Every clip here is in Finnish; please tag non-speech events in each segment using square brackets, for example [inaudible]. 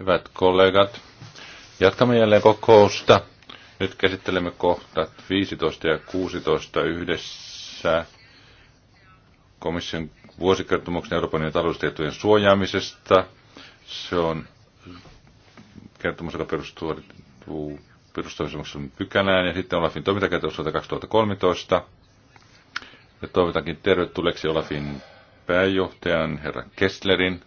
Hyvät kollegat, jatkamme jälleen kokousta. Nyt käsittelemme kohtat 15 ja 16 yhdessä komission vuosikertomuksen Euroopan ja taloustietojen suojaamisesta. Se on kertomus, joka perustuu perustamisen pykälään ja sitten Olafin toimintakertomus 2013. Ja toivotankin tervetulleeksi Olafin pääjohtajan herra Kesslerin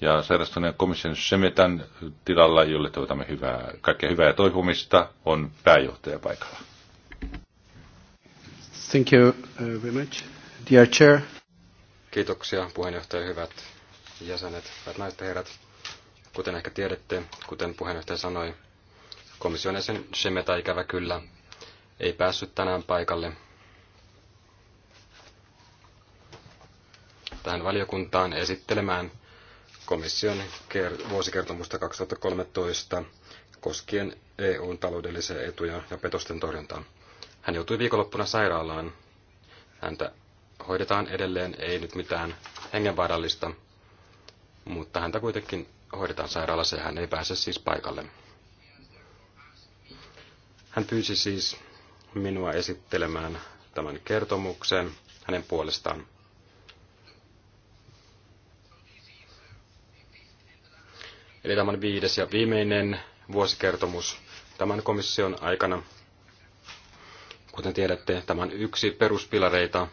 ja sairastuneen komission Semetan tilalla, jolle toivotamme hyvää, kaikkea hyvää toipumista, on pääjohtaja paikalla. Thank you uh, very much, dear chair. Kiitoksia puheenjohtaja, hyvät jäsenet, hyvät naiset ja herrat. Kuten ehkä tiedätte, kuten puheenjohtaja sanoi, komission jäsen Semeta ikävä kyllä ei päässyt tänään paikalle tähän valiokuntaan esittelemään – komission vuosikertomusta 2013 koskien EUn taloudellisia etuja ja petosten torjuntaa. Hän joutui viikonloppuna sairaalaan. Häntä hoidetaan edelleen, ei nyt mitään hengenvaarallista, mutta häntä kuitenkin hoidetaan sairaalassa ja hän ei pääse siis paikalle. Hän pyysi siis minua esittelemään tämän kertomuksen hänen puolestaan. Eli tämä on viides ja viimeinen vuosikertomus tämän komission aikana. Kuten tiedätte, tämä on yksi peruspilareita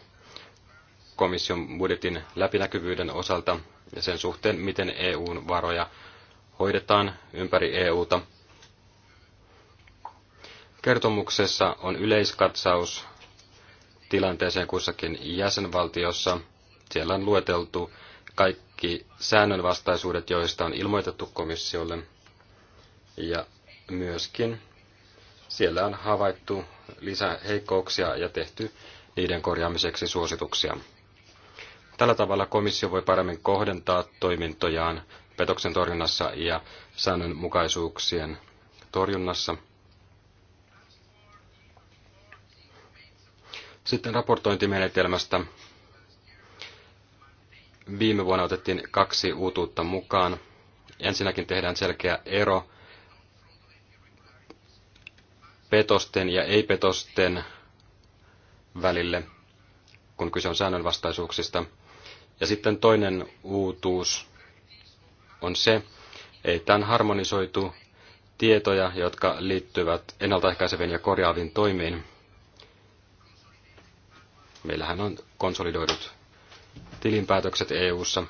komission budjetin läpinäkyvyyden osalta ja sen suhteen, miten EUn varoja hoidetaan ympäri EUta. Kertomuksessa on yleiskatsaus tilanteeseen kussakin jäsenvaltiossa. Siellä on lueteltu kaikki kaikki säännönvastaisuudet, joista on ilmoitettu komissiolle. Ja myöskin siellä on havaittu lisäheikkouksia ja tehty niiden korjaamiseksi suosituksia. Tällä tavalla komissio voi paremmin kohdentaa toimintojaan petoksen torjunnassa ja säännönmukaisuuksien torjunnassa. Sitten raportointimenetelmästä Viime vuonna otettiin kaksi uutuutta mukaan. Ensinnäkin tehdään selkeä ero petosten ja ei-petosten välille, kun kyse on säännönvastaisuuksista. Ja sitten toinen uutuus on se, että on harmonisoitu tietoja, jotka liittyvät ennaltaehkäiseviin ja korjaaviin toimiin. Meillähän on konsolidoidut tilinpäätökset EU:ssa,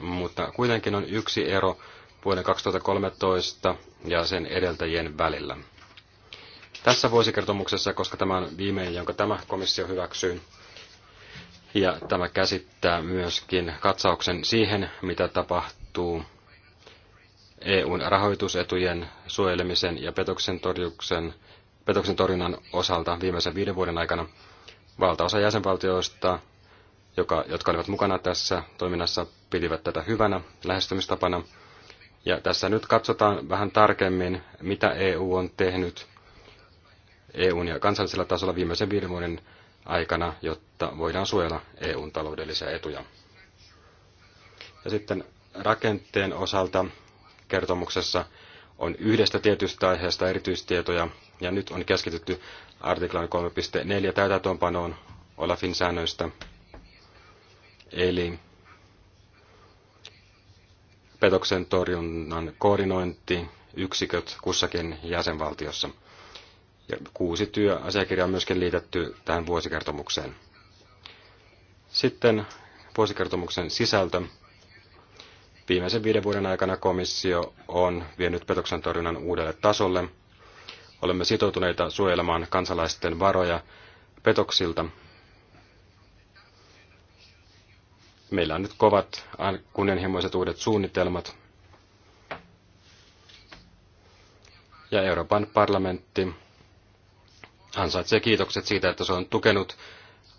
mutta kuitenkin on yksi ero vuoden 2013 ja sen edeltäjien välillä. Tässä vuosikertomuksessa, koska tämä on viimeinen, jonka tämä komissio hyväksyy, ja tämä käsittää myöskin katsauksen siihen, mitä tapahtuu EUn rahoitusetujen suojelemisen ja petoksen, torjuksen, petoksen torjunnan osalta viimeisen viiden vuoden aikana. Valtaosa jäsenvaltioista joka, jotka olivat mukana tässä toiminnassa, pitivät tätä hyvänä lähestymistapana. Ja tässä nyt katsotaan vähän tarkemmin, mitä EU on tehnyt EUn ja kansallisella tasolla viimeisen viiden vuoden aikana, jotta voidaan suojella EUn taloudellisia etuja. Ja sitten rakenteen osalta kertomuksessa on yhdestä tietystä aiheesta erityistietoja, ja nyt on keskitytty artiklan 3.4 täytäntöönpanoon Olafin säännöistä Eli petoksen torjunnan koordinointi, yksiköt kussakin jäsenvaltiossa. Ja kuusi työasiakirjaa on myöskin liitetty tähän vuosikertomukseen. Sitten vuosikertomuksen sisältö. Viimeisen viiden vuoden aikana komissio on vienyt petoksen torjunnan uudelle tasolle. Olemme sitoutuneita suojelemaan kansalaisten varoja petoksilta Meillä on nyt kovat kunnianhimoiset uudet suunnitelmat. Ja Euroopan parlamentti ansaitsee kiitokset siitä, että se on tukenut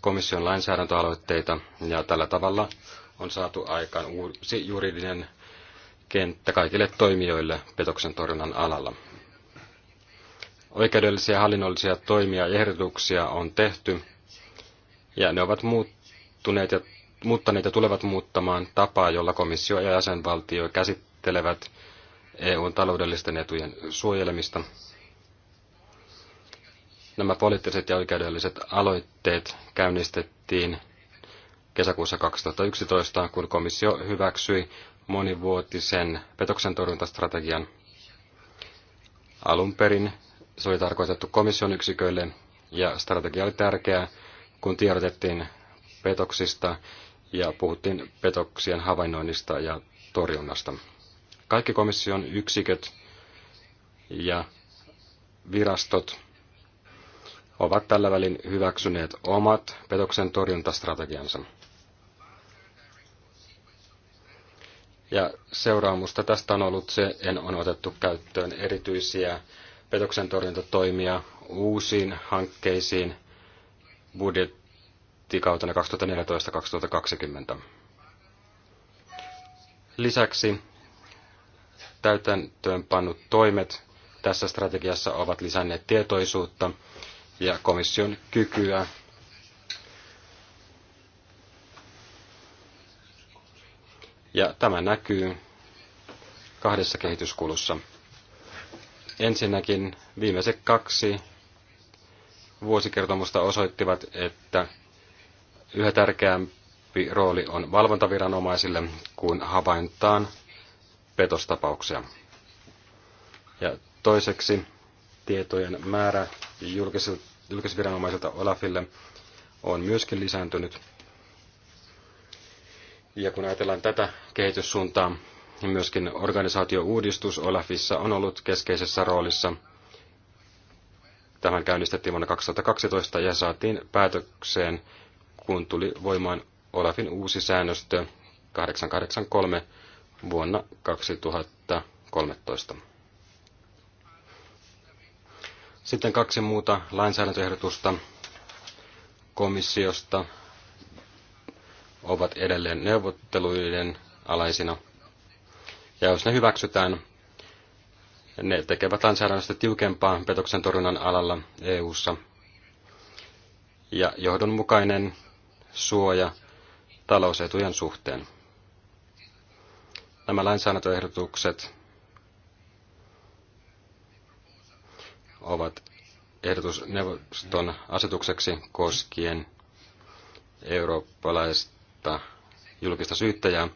komission lainsäädäntöaloitteita ja tällä tavalla on saatu aikaan uusi juridinen kenttä kaikille toimijoille petoksen torjunnan alalla. Oikeudellisia ja hallinnollisia toimia ja ehdotuksia on tehty, ja ne ovat muuttuneet ja mutta niitä tulevat muuttamaan tapaa, jolla komissio ja jäsenvaltio käsittelevät EUn taloudellisten etujen suojelemista. Nämä poliittiset ja oikeudelliset aloitteet käynnistettiin kesäkuussa 2011, kun komissio hyväksyi monivuotisen petoksen torjuntastrategian. Alun perin se oli tarkoitettu komission yksiköille ja strategia oli tärkeää, kun tiedotettiin petoksista ja puhuttiin petoksien havainnoinnista ja torjunnasta. Kaikki komission yksiköt ja virastot ovat tällä välin hyväksyneet omat petoksen torjuntastrategiansa. Ja seuraamusta tästä on ollut se, en on otettu käyttöön erityisiä petoksen torjuntatoimia uusiin hankkeisiin budjet, kautena 2014-2020. Lisäksi pannut toimet tässä strategiassa ovat lisänneet tietoisuutta ja komission kykyä Ja tämä näkyy kahdessa kehityskulussa. Ensinnäkin viimeiset kaksi vuosikertomusta osoittivat, että Yhä tärkeämpi rooli on valvontaviranomaisille, kun havaintaan petostapauksia. Ja toiseksi tietojen määrä julkisviranomaisilta Olafille on myöskin lisääntynyt. Ja kun ajatellaan tätä kehityssuuntaa, niin myöskin organisaatiouudistus Olafissa on ollut keskeisessä roolissa. Tämän käynnistettiin vuonna 2012 ja saatiin päätökseen kun tuli voimaan Olafin uusi säännöstö 883 vuonna 2013. Sitten kaksi muuta lainsäädäntöehdotusta komissiosta ovat edelleen neuvotteluiden alaisina. Ja jos ne hyväksytään, ne tekevät lainsäädännöstä tiukempaa petoksen torjunnan alalla EU:ssa. Ja johdonmukainen suoja talousetujen suhteen. Nämä lainsäädäntöehdotukset ovat ehdotusneuvoston asetukseksi koskien eurooppalaista julkista syyttäjää,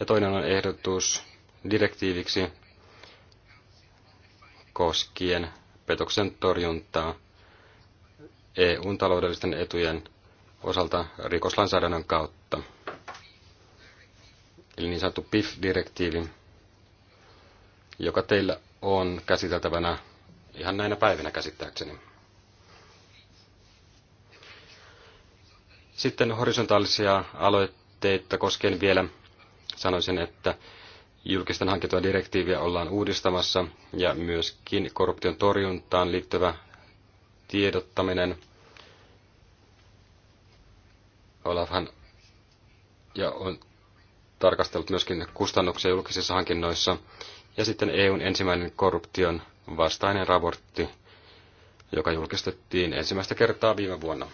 ja toinen on ehdotus direktiiviksi koskien petoksen torjuntaa EUn taloudellisten etujen osalta rikoslainsäädännön kautta. Eli niin sanottu PIF-direktiivi, joka teillä on käsiteltävänä ihan näinä päivinä käsittääkseni. Sitten horisontaalisia aloitteita koskien vielä sanoisin, että julkisten hankintojen direktiiviä ollaan uudistamassa ja myöskin korruption torjuntaan liittyvä tiedottaminen – Olafhan ja on tarkastellut myöskin kustannuksia julkisissa hankinnoissa. Ja sitten EUn ensimmäinen korruption vastainen raportti, joka julkistettiin ensimmäistä kertaa viime vuonna.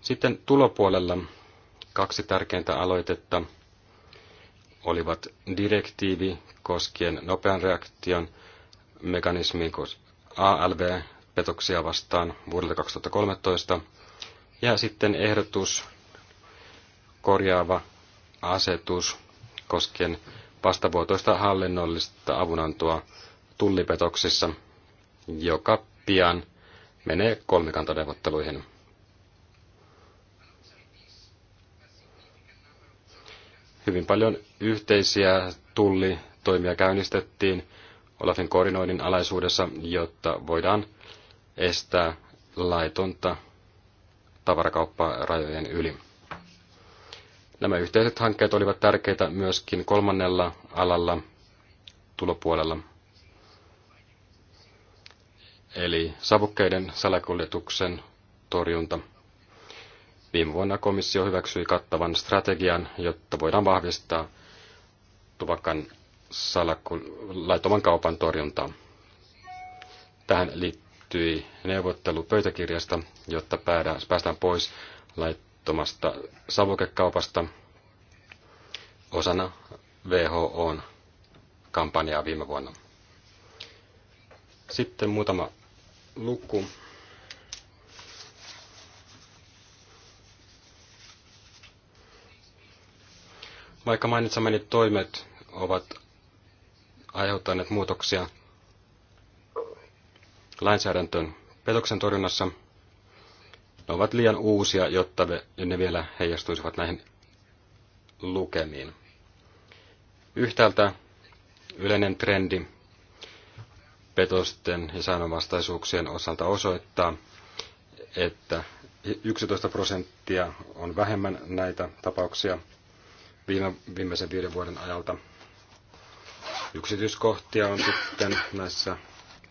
Sitten tulopuolella kaksi tärkeintä aloitetta olivat direktiivi koskien nopean reaktion mekanismiin ALV-petoksia vastaan vuodelta 2013 ja sitten ehdotus korjaava asetus koskien vastavuotoista hallinnollista avunantoa tullipetoksissa, joka pian menee kolmikantaneuvotteluihin. Hyvin paljon yhteisiä tullitoimia käynnistettiin Olafin koordinoinnin alaisuudessa, jotta voidaan estää laitonta tavarakauppaa rajojen yli. Nämä yhteiset hankkeet olivat tärkeitä myöskin kolmannella alalla tulopuolella, eli savukkeiden salakuljetuksen torjunta. Viime vuonna komissio hyväksyi kattavan strategian, jotta voidaan vahvistaa tupakan salaku- laittoman kaupan torjuntaa. Tähän liittyy löytyi neuvottelupöytäkirjasta, jotta päästään pois laittomasta savukekaupasta osana WHOn kampanjaa viime vuonna. Sitten muutama luku. Vaikka mainitsemani toimet ovat aiheuttaneet muutoksia lainsäädäntöön petoksen torjunnassa. Ne ovat liian uusia, jotta ne vielä heijastuisivat näihin lukemiin. Yhtäältä yleinen trendi petosten ja säännönvastaisuuksien osalta osoittaa, että 11 prosenttia on vähemmän näitä tapauksia viime, viimeisen viiden vuoden ajalta. Yksityiskohtia on sitten näissä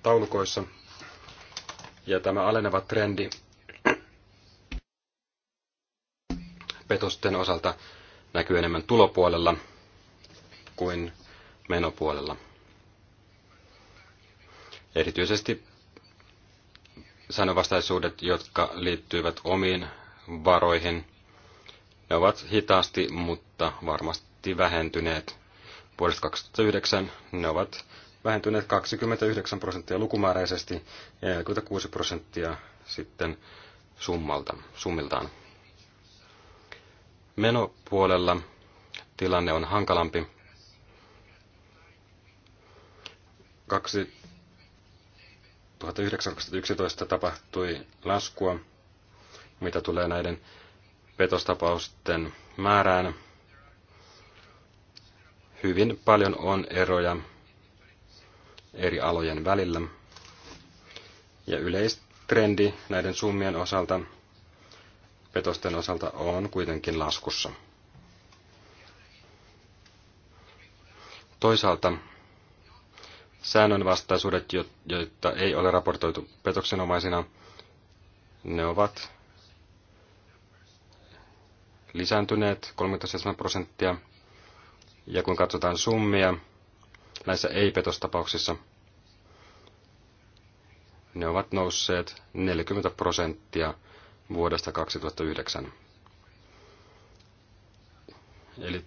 taulukoissa, ja tämä aleneva trendi petosten osalta näkyy enemmän tulopuolella kuin menopuolella. Erityisesti sanovastaisuudet, jotka liittyvät omiin varoihin, ne ovat hitaasti, mutta varmasti vähentyneet. Vuodesta 2009 ne ovat vähentyneet 29 prosenttia lukumääräisesti ja 46 prosenttia sitten summalta, summiltaan. Menopuolella tilanne on hankalampi. 2009-2011 tapahtui laskua, mitä tulee näiden petostapausten määrään. Hyvin paljon on eroja eri alojen välillä. Ja yleistrendi näiden summien osalta, petosten osalta, on kuitenkin laskussa. Toisaalta säännönvastaisuudet, joita ei ole raportoitu petoksenomaisina, ne ovat lisääntyneet 37 prosenttia. Ja kun katsotaan summia, näissä ei-petostapauksissa. Ne ovat nousseet 40 prosenttia vuodesta 2009. Eli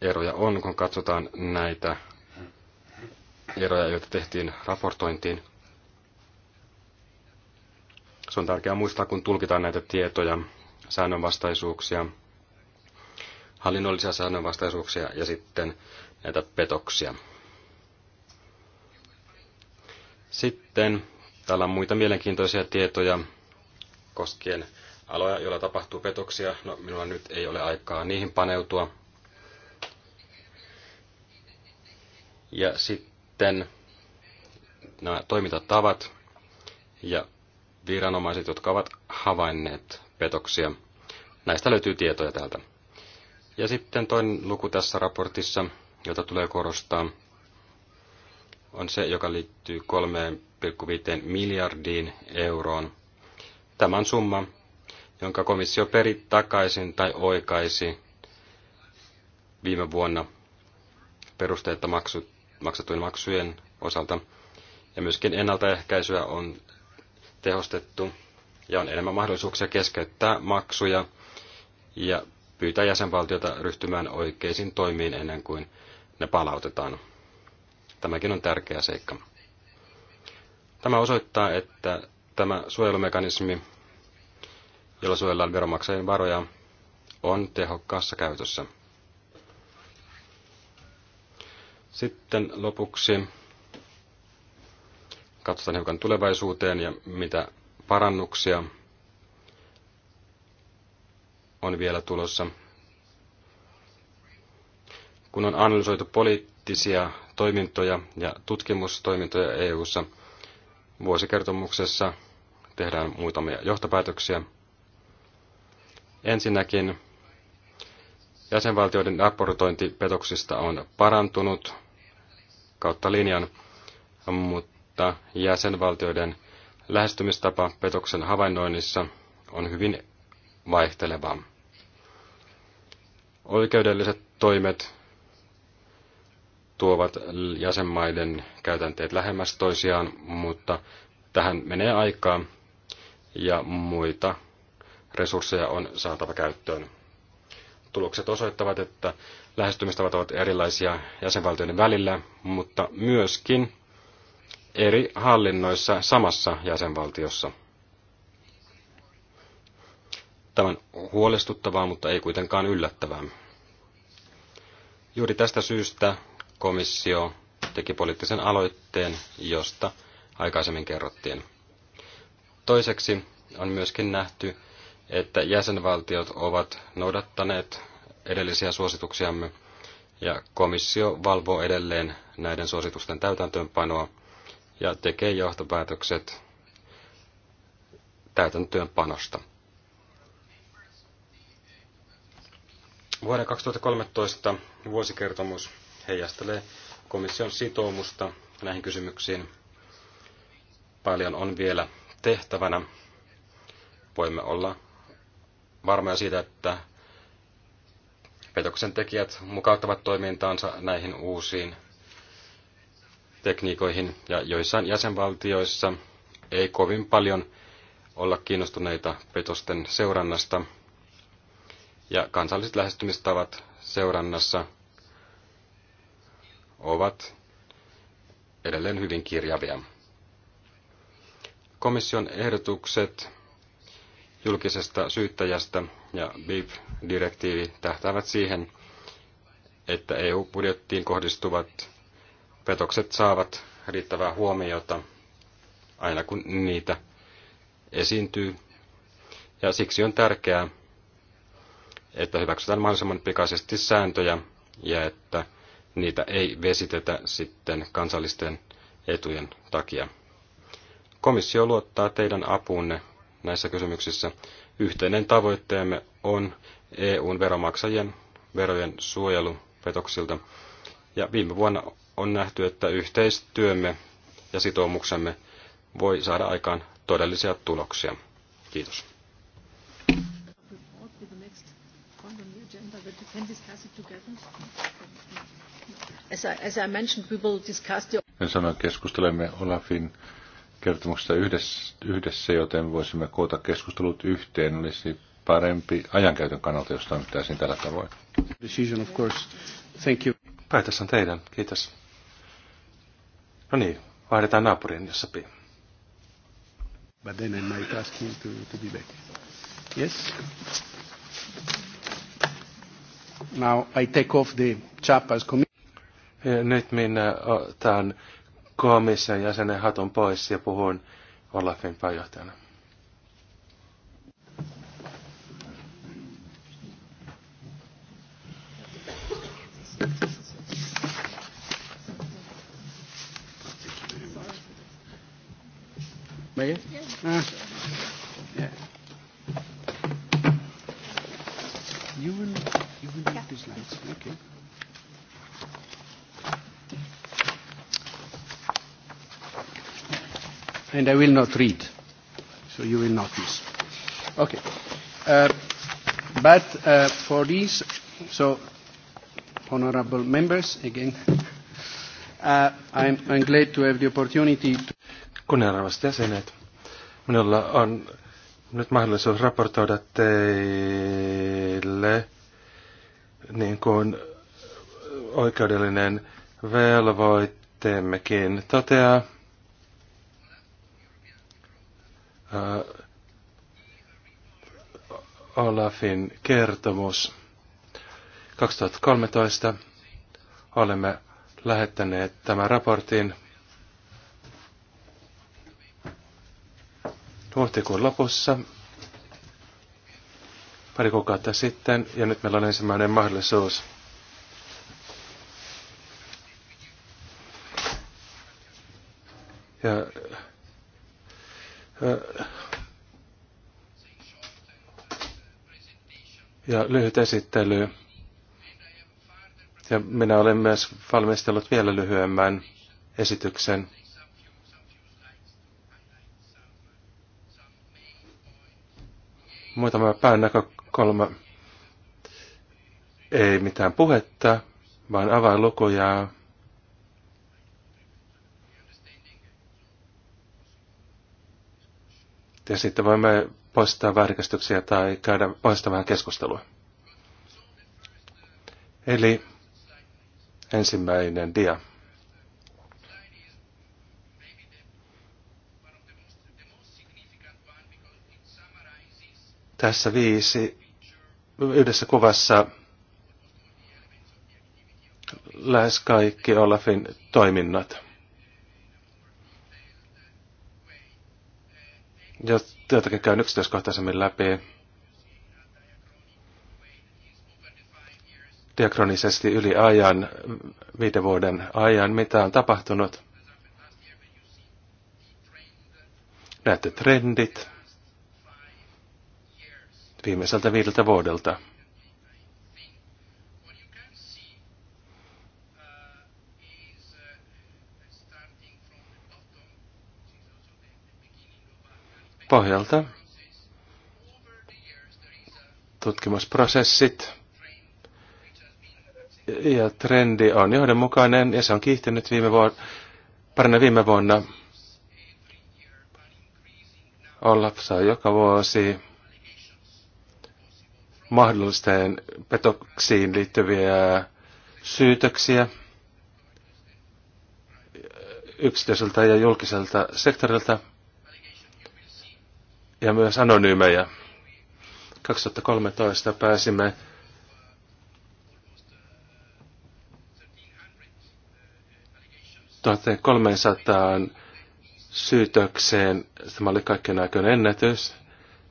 eroja on, kun katsotaan näitä eroja, joita tehtiin raportointiin. Se on tärkeää muistaa, kun tulkitaan näitä tietoja, säännönvastaisuuksia, hallinnollisia säännönvastaisuuksia ja sitten näitä petoksia. Sitten täällä on muita mielenkiintoisia tietoja koskien aloja, joilla tapahtuu petoksia. No, minulla nyt ei ole aikaa niihin paneutua. Ja sitten nämä toimintatavat ja viranomaiset, jotka ovat havainneet petoksia. Näistä löytyy tietoja täältä. Ja sitten toinen luku tässä raportissa jota tulee korostaa, on se, joka liittyy 3,5 miljardiin euroon. Tämän summa, jonka komissio peri takaisin tai oikaisi viime vuonna perusteetta maksu, maksatuin maksujen osalta. Ja myöskin ennaltaehkäisyä on tehostettu ja on enemmän mahdollisuuksia keskeyttää maksuja ja pyytää jäsenvaltiota ryhtymään oikeisiin toimiin ennen kuin ne palautetaan. Tämäkin on tärkeä seikka. Tämä osoittaa, että tämä suojelumekanismi, jolla suojellaan veronmaksajien varoja, on tehokkaassa käytössä. Sitten lopuksi katsotaan hiukan tulevaisuuteen ja mitä parannuksia on vielä tulossa kun on analysoitu poliittisia toimintoja ja tutkimustoimintoja EU:ssa, vuosikertomuksessa tehdään muutamia johtopäätöksiä. Ensinnäkin jäsenvaltioiden raportointi petoksista on parantunut kautta linjan, mutta jäsenvaltioiden lähestymistapa petoksen havainnoinnissa on hyvin vaihteleva. Oikeudelliset toimet tuovat jäsenmaiden käytänteet lähemmäs toisiaan, mutta tähän menee aikaa ja muita resursseja on saatava käyttöön. Tulokset osoittavat, että lähestymistavat ovat erilaisia jäsenvaltioiden välillä, mutta myöskin eri hallinnoissa samassa jäsenvaltiossa. Tämän huolestuttavaa, mutta ei kuitenkaan yllättävää. Juuri tästä syystä komissio teki poliittisen aloitteen, josta aikaisemmin kerrottiin. Toiseksi on myöskin nähty, että jäsenvaltiot ovat noudattaneet edellisiä suosituksiamme ja komissio valvoo edelleen näiden suositusten täytäntöönpanoa ja tekee johtopäätökset täytäntöönpanosta. Vuoden 2013 vuosikertomus heijastelee komission sitoumusta näihin kysymyksiin. Paljon on vielä tehtävänä. Voimme olla varmoja siitä, että petoksen tekijät mukauttavat toimintaansa näihin uusiin tekniikoihin ja joissain jäsenvaltioissa ei kovin paljon olla kiinnostuneita petosten seurannasta ja kansalliset lähestymistavat seurannassa – ovat edelleen hyvin kirjavia. Komission ehdotukset julkisesta syyttäjästä ja BIP-direktiivi tähtäävät siihen, että EU-budjettiin kohdistuvat petokset saavat riittävää huomiota aina kun niitä esiintyy. Ja siksi on tärkeää, että hyväksytään mahdollisimman pikaisesti sääntöjä ja että niitä ei vesitetä sitten kansallisten etujen takia. Komissio luottaa teidän apuunne näissä kysymyksissä. Yhteinen tavoitteemme on EUn veromaksajien verojen suojelu petoksilta. Ja viime vuonna on nähty, että yhteistyömme ja sitoumuksemme voi saada aikaan todellisia tuloksia. Kiitos. it together? En niin sano, keskustelemme Olafin kertomuksesta yhdessä, yhdessä, joten voisimme koota keskustelut yhteen. Olisi parempi ajankäytön kannalta, jos toimittaisiin tällä tavoin. Decision, of course. Thank you. Päätös on teidän. Kiitos. No niin, vaihdetaan naapuriin, jos sopii. But then I might ask him to, to be back. Yes? Now I take off the as committee. Ja nyt minä otan komission jäsenen hatun pois ja puhun Olafin pääjohtajana. Yeah. Uh. and I will not read, so you will notice. Okay. Uh, but uh, for this, so, honorable members, again, uh, I'm, I'm glad to have the opportunity to... Kunnianarvoiset jäsenet, minulla on nyt mahdollisuus raportoida teille niin kuin oikeudellinen velvoitteemmekin toteaa. Äh, Olafin kertomus 2013. Olemme lähettäneet tämän raportin huhtikuun lopussa pari kuukautta sitten ja nyt meillä on ensimmäinen mahdollisuus ja ja lyhyt esittely. Ja minä olen myös valmistellut vielä lyhyemmän esityksen. Muutama päänäkökulma. Ei mitään puhetta, vaan avainlukuja Ja sitten voimme poistaa väärinkäsityksiä tai käydä poistaa vähän keskustelua. Eli ensimmäinen dia. Tässä viisi yhdessä kuvassa lähes kaikki Olafin toiminnat. Ja tietenkin käyn yksityiskohtaisemmin läpi. diakronisesti yli ajan, viiden vuoden ajan, mitä on tapahtunut. Näette trendit viimeiseltä viideltä vuodelta. pohjalta tutkimusprosessit ja trendi on johdonmukainen ja se on kiihtynyt viime vuonna, parina viime vuonna. Olaf saa joka vuosi mahdollisten petoksiin liittyviä syytöksiä yksityiseltä ja julkiselta sektorilta – ja myös anonyymejä. 2013 pääsimme kolmeensataan syytökseen. Tämä oli kaikkien aikojen ennätys.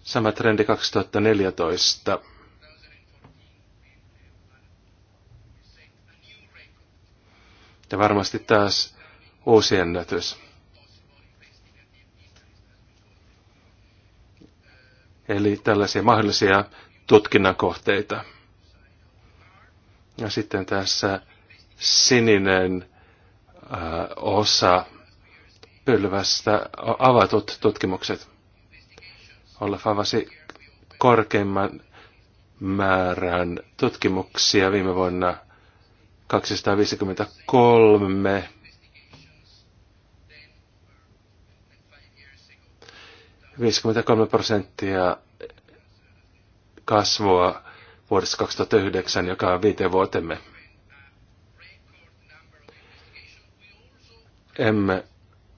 Sama trendi 2014. Ja varmasti taas uusi ennätys. eli tällaisia mahdollisia tutkinnan kohteita. Ja sitten tässä sininen äh, osa pylvästä avatut tutkimukset. Olaf avasi korkeimman määrän tutkimuksia viime vuonna 253 53 prosenttia kasvua vuodesta 2009, joka on viiteen vuotemme. Emme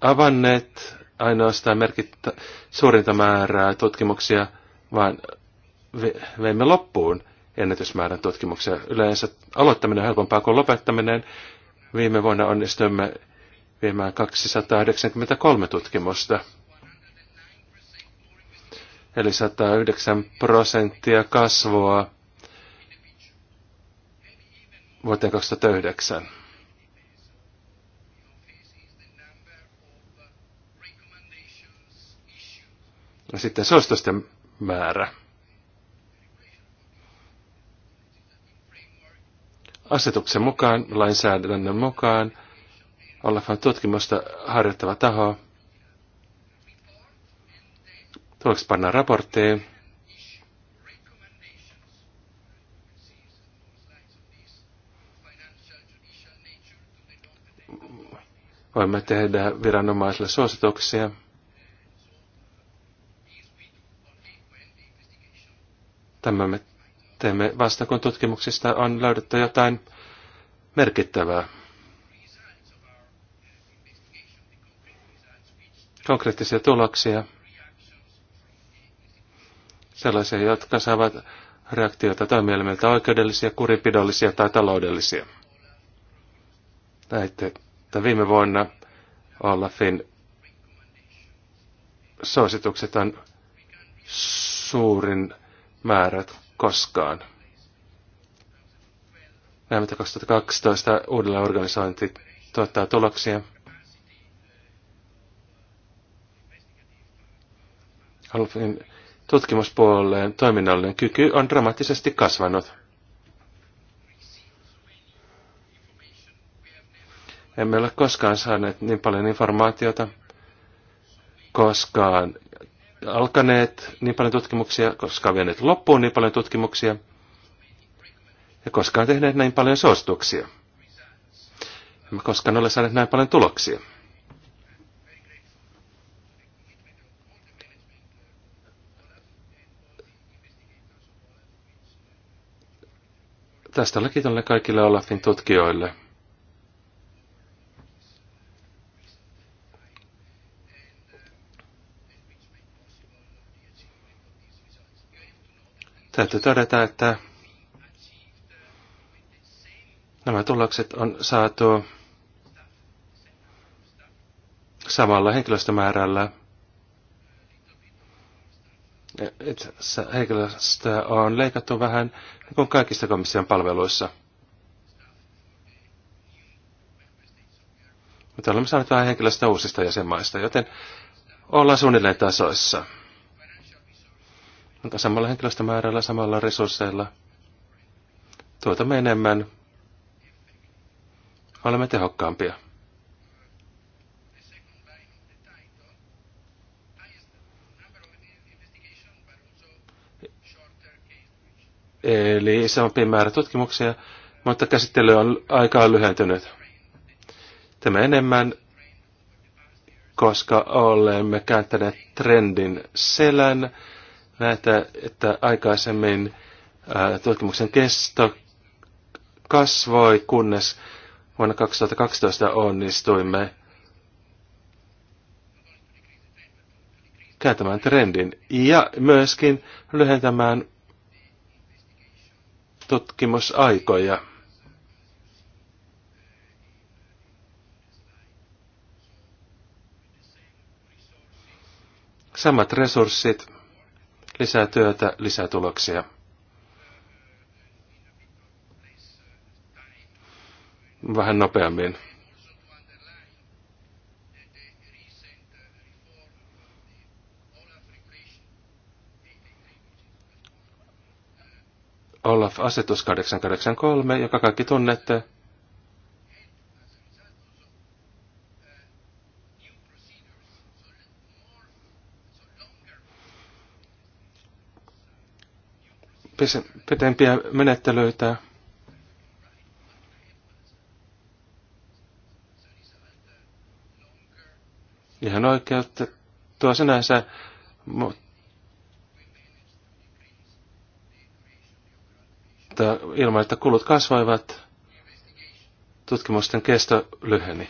avanneet ainoastaan merkittä, suurinta määrää tutkimuksia, vaan veimme loppuun ennätysmäärän tutkimuksia. Yleensä aloittaminen on helpompaa kuin lopettaminen. Viime vuonna onnistuimme viemään 293 tutkimusta eli 109 prosenttia kasvua vuoteen 2009. Ja sitten suositusten määrä. Asetuksen mukaan, lainsäädännön mukaan, Olafan tutkimusta harjoittava taho Tuoksi panna raportteja. Voimme tehdä viranomaisille suosituksia. Tämä me teemme vasta, kun tutkimuksista on löydetty jotain merkittävää. Konkreettisia tuloksia sellaisia, jotka saavat reaktioita toimielimiltä oikeudellisia, kuripidollisia tai taloudellisia. Näitte, että viime vuonna Olafin suositukset on suurin määrät koskaan. Näemme, että 2012 uudelleen organisointi tuottaa tuloksia. Olafin tutkimuspuoleen toiminnallinen kyky on dramaattisesti kasvanut. Emme ole koskaan saaneet niin paljon informaatiota, koskaan alkaneet niin paljon tutkimuksia, koskaan vieneet loppuun niin paljon tutkimuksia ja koskaan tehneet näin paljon suosituksia. Emme koskaan ole saaneet näin paljon tuloksia. Tästä olen kiitollinen kaikille Olafin tutkijoille. Täytyy todeta, että nämä tulokset on saatu samalla henkilöstömäärällä – että henkilöstöä on leikattu vähän niin kuin kaikista komission palveluissa. Mutta olemme saaneet vähän henkilöstöä uusista jäsenmaista, joten ollaan suunnilleen tasoissa. Mutta samalla henkilöstömäärällä, samalla resursseilla tuotamme enemmän. Olemme tehokkaampia. eli isompi määrä tutkimuksia, mutta käsittely on aikaa lyhentynyt. Tämä enemmän, koska olemme kääntäneet trendin selän. Näitä, että aikaisemmin tutkimuksen kesto kasvoi, kunnes vuonna 2012 onnistuimme kääntämään trendin ja myöskin lyhentämään tutkimusaikoja. Samat resurssit, lisää työtä, lisää tuloksia. Vähän nopeammin. Olaf-asetus 883, joka kaikki tunnette. pitempiä menettelyitä. Ihan oikeutta tuo sinänsä, mutta mutta ilman, että kulut kasvoivat, tutkimusten kesto lyheni.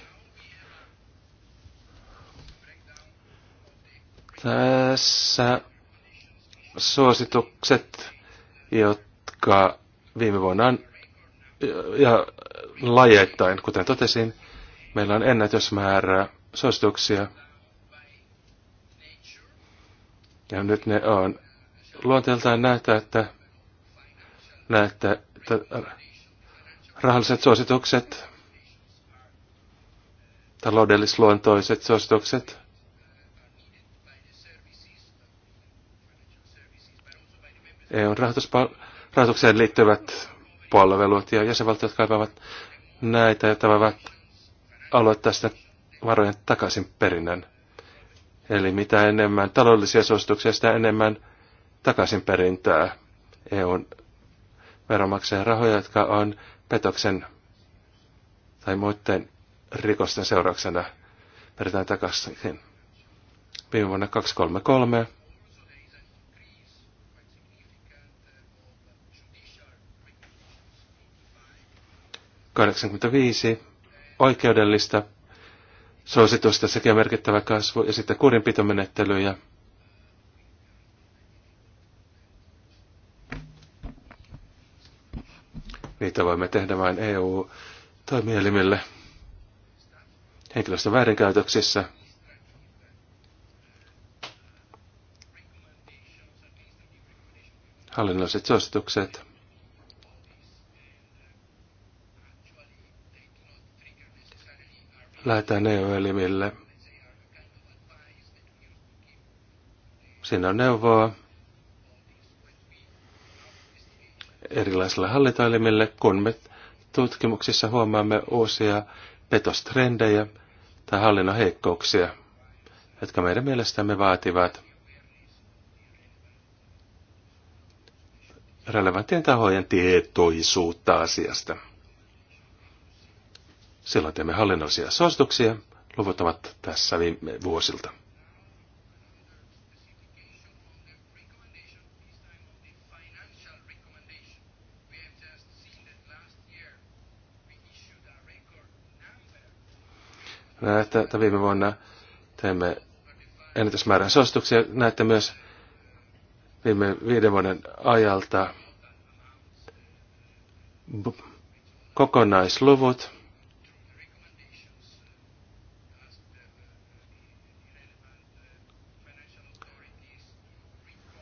Tässä suositukset, jotka viime vuonna on, ja lajeittain, kuten totesin, meillä on ennätysmäärä suosituksia. Ja nyt ne on luonteeltaan näyttää, että näette, että rahalliset suositukset, taloudellisluontoiset suositukset, EUn rahoitukseen liittyvät palvelut ja jäsenvaltiot kaipaavat näitä ja tämä aloittaa sitä varojen takaisin perinnän. Eli mitä enemmän taloudellisia suosituksia, sitä enemmän takaisin perintää EUn veronmaksajan rahoja, jotka on petoksen tai muiden rikosten seurauksena peritään takaisin. Viime vuonna 233 85 oikeudellista suositusta sekä merkittävä kasvu ja sitten kurinpitomenettelyjä Niitä voimme tehdä vain EU-toimielimille henkilöstön väärinkäytöksissä. Hallinnolliset suositukset. Lähetään EU-elimille. Siinä on neuvoa, erilaisilla hallintoelimille, kun me tutkimuksissa huomaamme uusia petostrendejä tai hallinnon heikkouksia, jotka meidän mielestämme vaativat relevanttien tahojen tietoisuutta asiasta. Silloin teemme hallinnollisia suosituksia. Luvut ovat tässä viime vuosilta. Näette, että viime vuonna teimme ennätysmäärän suosituksia. Näette myös viime viiden vuoden ajalta kokonaisluvut.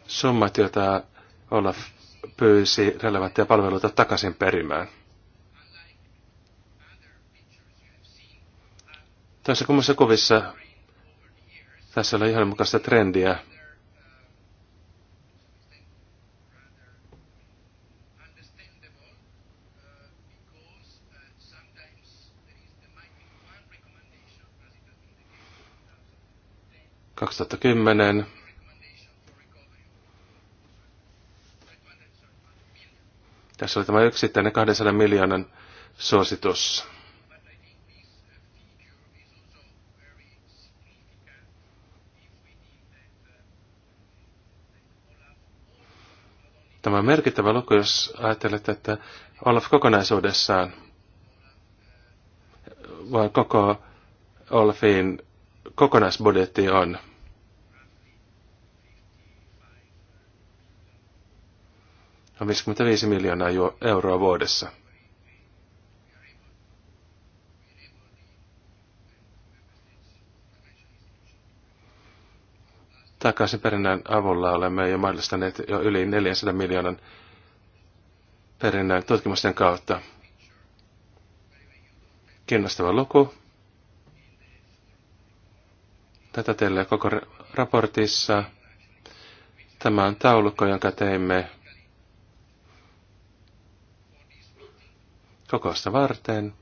Summat, joita Olaf pyysi relevantteja palveluita takaisin perimään. Tässä kummassa kovissa, tässä oli ihan mukaista trendiä. kymmenen. Tässä oli tämä yksittäinen 200 miljoonan suositus. Tämä on merkittävä luku, jos ajattelet, että Olaf kokonaisuudessaan, vaan koko Olafin kokonaisbudjetti on on 55 miljoonaa euroa vuodessa. takaisin perinnän avulla olemme jo mahdollistaneet jo yli 400 miljoonan perinnän tutkimusten kautta. Kiinnostava luku. Tätä teille koko raportissa. Tämä on taulukko, jonka teimme kokousta varten.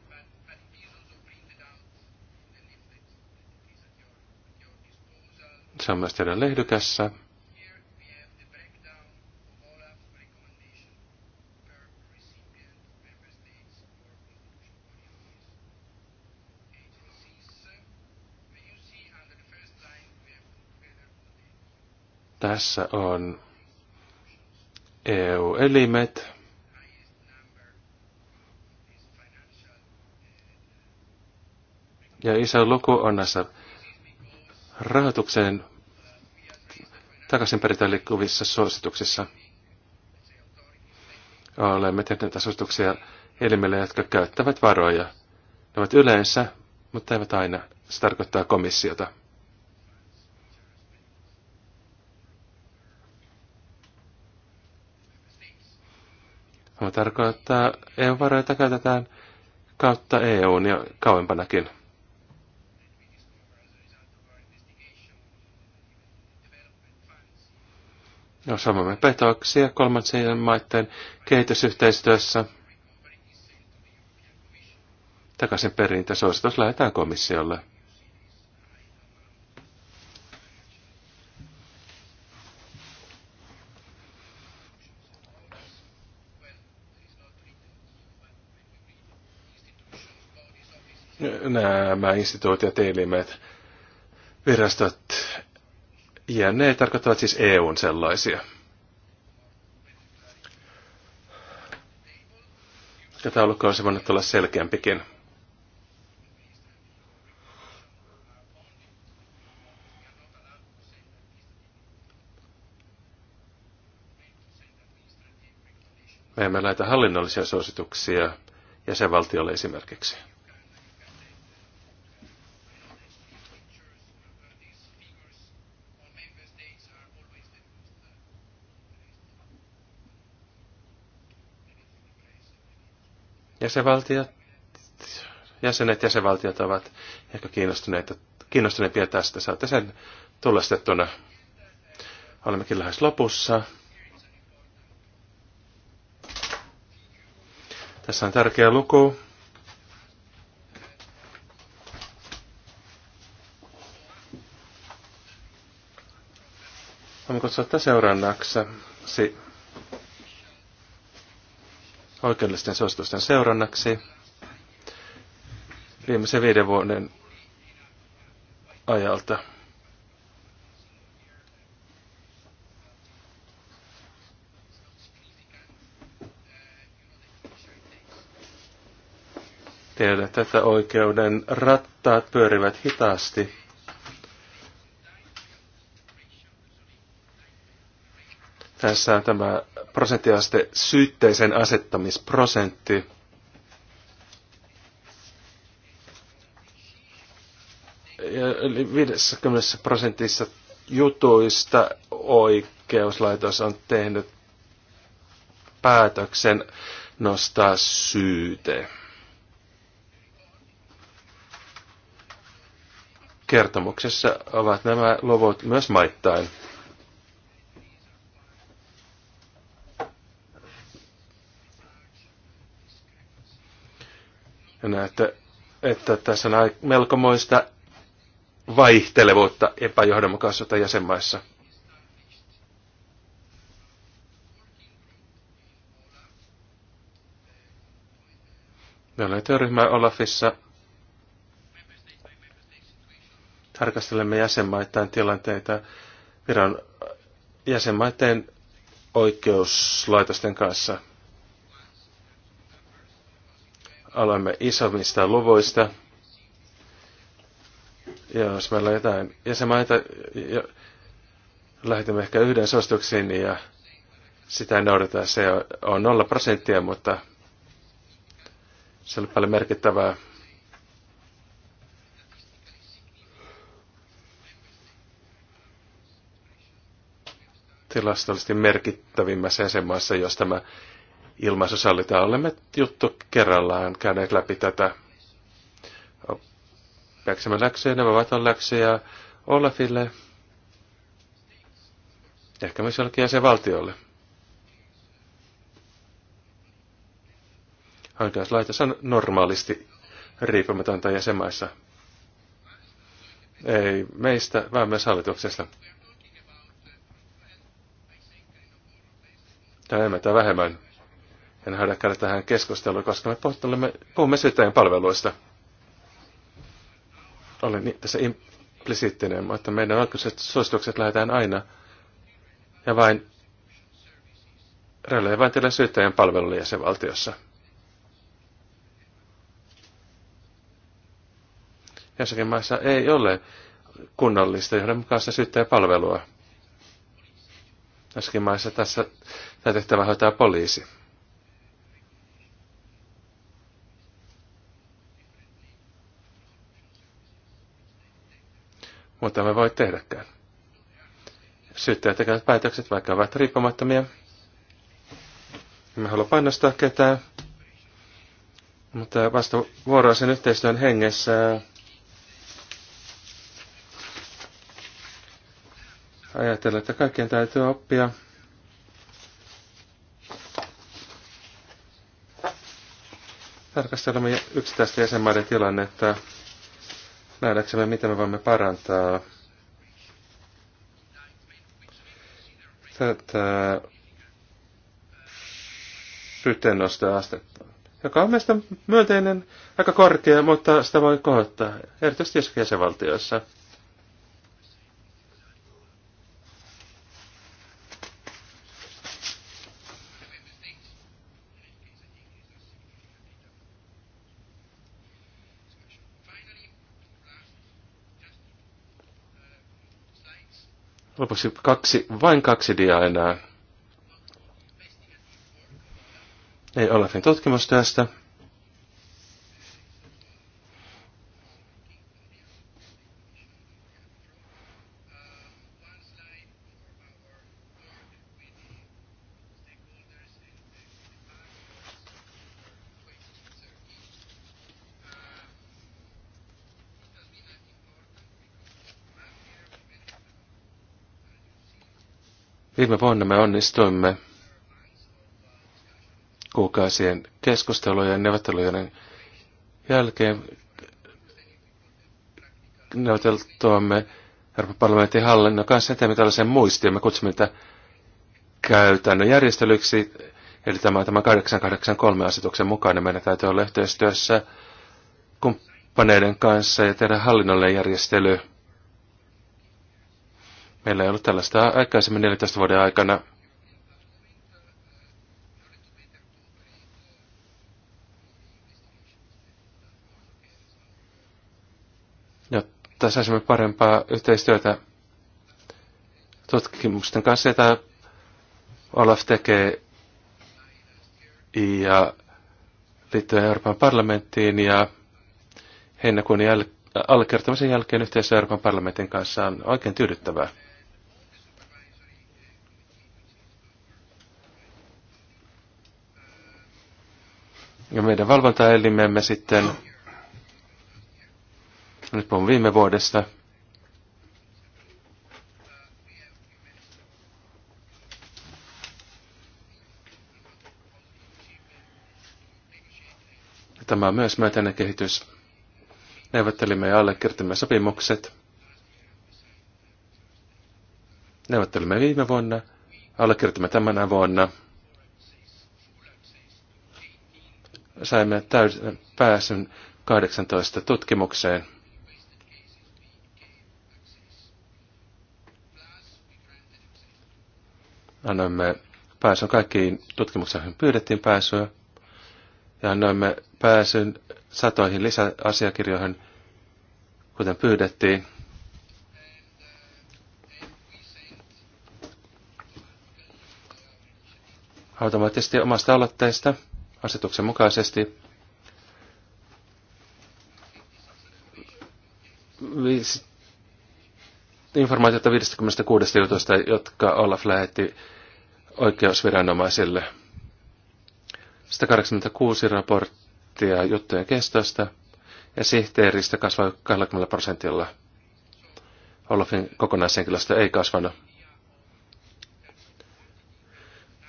se teidän lehdykässä. Tässä on EU-elimet. Ja iso luku on näissä rahoituksen takaisin perintöön liikkuvissa suosituksissa. Olemme tehneet suosituksia elimille, jotka käyttävät varoja. Ne ovat yleensä, mutta eivät aina. Se tarkoittaa komissiota. Tämä tarkoittaa EU-varoja käytetään kautta EUn ja kauempanakin. No, samoin petoksia kolmansien maiden kehitysyhteistyössä. Takaisin perintäsuositus lähetään komissiolle. nämä instituutiot, elimet, virastot INE tarkoittavat siis EUn sellaisia. Ja taulukko olisi voinut olla selkeämpikin. Me emme näitä hallinnollisia suosituksia jäsenvaltiolle esimerkiksi. Jäsenvaltiot, jäsenet jäsenvaltiot ovat ehkä kiinnostuneita, kiinnostuneempia tästä. Saatte sen tullastettuna. Olemmekin lähes lopussa. Tässä on tärkeä luku. Voimme kutsua tätä seurannaksi oikeudellisten suositusten seurannaksi. Viimeisen viiden vuoden ajalta. Tiedät, tätä oikeuden rattaat pyörivät hitaasti. Tässä on tämä prosenttiaste syytteisen asettamisprosentti. Ja yli 50 prosentissa jutuista oikeuslaitos on tehnyt päätöksen nostaa syyte. Kertomuksessa ovat nämä luvut myös maittain. Ja näette, että tässä on melkomoista vaihtelevuutta epäjohdonmukaisuutta jäsenmaissa. Meillä on työryhmä Olafissa. Tarkastelemme jäsenmaittain tilanteita viran jäsenmaiden oikeuslaitosten kanssa alamme isommista luvuista. Ja jos meillä on jotain jäsenmaita, ja lähetimme ehkä yhden suosituksiin ja sitä noudatetaan. Se on nolla prosenttia, mutta se oli paljon merkittävää. tilastollisesti merkittävimmässä jäsenmaassa, jos tämä Ilmassa sallitaan. Olemme juttu kerrallaan käyneet läpi tätä. Läksemme läksyä, nämä ovat on läksyä, Olafille, ehkä myös jollekin jäsenvaltiolle. Oikeuslaitos on normaalisti riippumatonta jäsenmaissa. Ei meistä, vaan myös hallituksesta. Tai enemmän tai vähemmän en hädäkään tähän keskusteluun, koska me puhumme, puhumme syyttäjän palveluista. Olen niin tässä implisiittinen, mutta meidän oikeudelliset suositukset lähdetään aina ja vain relevantille syyttäjän palvelulle jäsenvaltiossa. Jossakin maissa ei ole kunnallista johdonmukaista palvelua. Jossakin maissa tässä tämä tehtävä hoitaa poliisi. Mutta me voi tehdäkään. Syyttäjät tekevät päätökset, vaikka ovat riippumattomia. Me halua painostaa ketään. Mutta vasta vuoroisen yhteistyön hengessä ajatella, että kaikkien täytyy oppia tarkastelemme yksittäisten jäsenmaiden tilannetta nähdäksemme, mitä me voimme parantaa tätä astetta, joka on mielestäni myönteinen, aika korkea, mutta sitä voi kohottaa, erityisesti jossakin jäsenvaltioissa. Lopuksi kaksi, vain kaksi diaa enää. Ei niin tutkimus tästä. Viime vuonna me onnistuimme kuukausien keskustelujen ja neuvottelujen jälkeen neuvoteltuamme Euroopan parlamentin hallinnon kanssa teemme tällaisen muistion. Me kutsumme niitä käytännön järjestelyksi, eli tämä tämä 883-asetuksen mukainen. Meidän täytyy olla yhteistyössä kumppaneiden kanssa ja tehdä hallinnollinen järjestely – Meillä ei ollut tällaista aikaisemmin 14 vuoden aikana. Jotta saisimme parempaa yhteistyötä tutkimusten kanssa, jota Olaf tekee ja liittyen Euroopan parlamenttiin ja heinäkuun jäl- allekirjoittamisen jälkeen yhteistyö Euroopan parlamentin kanssa on oikein tyydyttävää. Ja meidän valvontaelimemme sitten, nyt puhun viime vuodesta, Tämä on myös myötäinen kehitys. Neuvottelimme ja allekirjoitimme sopimukset. Neuvottelimme viime vuonna, allekirjoitimme tämänä vuonna. saimme täysin pääsyn 18 tutkimukseen. Annoimme pääsyn kaikkiin tutkimuksiin, pyydettiin pääsyä. Ja annoimme pääsyn satoihin lisäasiakirjoihin, kuten pyydettiin. Automaattisesti omasta aloitteesta – asetuksen mukaisesti 5, informaatiota 56 jutusta, jotka Olaf lähetti oikeusviranomaisille. 186 raporttia juttujen kestosta ja sihteeristä kasvoi 20 prosentilla. Olafin kokonaishenkilöstö ei kasvanut.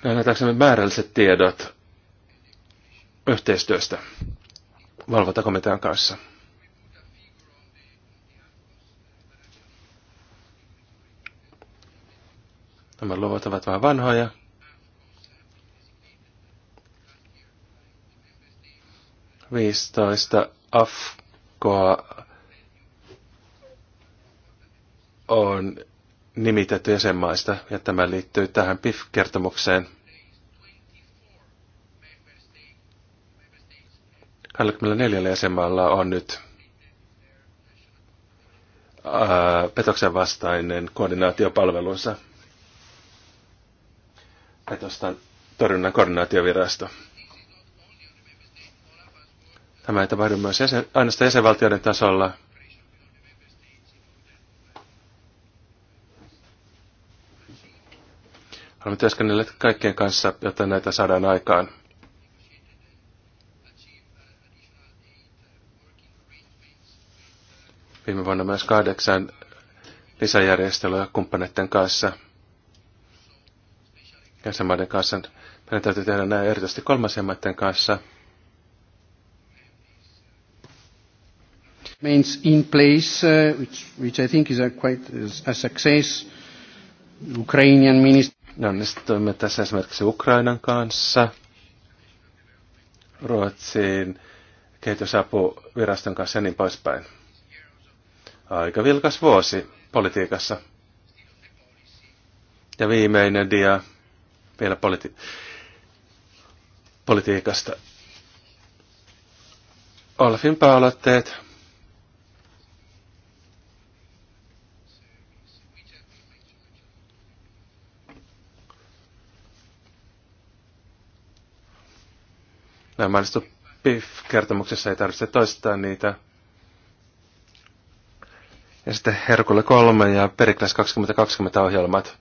Nähdäänkö määrälliset tiedot yhteistyöstä valvontakomitean kanssa. Nämä luvut ovat vähän vanhoja. Viistoista afkoa on nimitetty jäsenmaista, ja tämä liittyy tähän PIF-kertomukseen – 24 jäsenmaalla on nyt petoksen vastainen koordinaatiopalvelunsa. Petostan torjunnan koordinaatiovirasto. Tämä ei tapahdu myös jäsen, ainoastaan jäsenvaltioiden tasolla. Haluamme työskennellä kaikkien kanssa, jotta näitä saadaan aikaan. Viime vuonna myös kahdeksan lisäjärjestelyä kumppaneiden kanssa, jäsenmaiden kanssa. Meidän täytyy tehdä nämä erityisesti kolmansien maiden kanssa. Means in place, uh, which, which I think is a quite a success. Ukrainian minister... Me onnistuimme tässä esimerkiksi Ukrainan kanssa, Ruotsiin, kehitysapuviraston kanssa ja niin poispäin. Aika vilkas vuosi politiikassa. Ja viimeinen dia vielä politi- politiikasta. Olfin pääaloitteet. Nämä mainittu PIF-kertomuksessa ei tarvitse toistaa niitä ja sitten Herkulle 3 ja Perikles 2020 ohjelmat.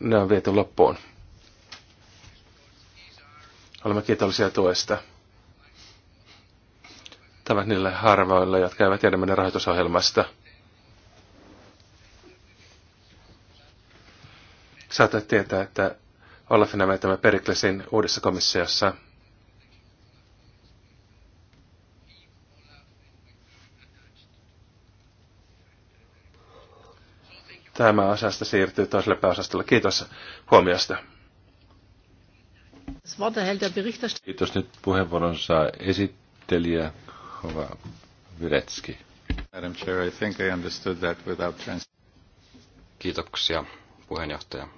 Ne on viety loppuun. Olemme kiitollisia tuesta. Tämä niille harvoille, jotka eivät tiedä meidän rahoitusohjelmasta. Saatat tietää, että Olafina meitä Periklesin uudessa komissiossa – tämä osasta siirtyy toiselle pääosastolle. Kiitos huomiosta. Kiitos nyt puheenvuoronsa esittelijä Hova Viretski. Kiitoksia puheenjohtaja.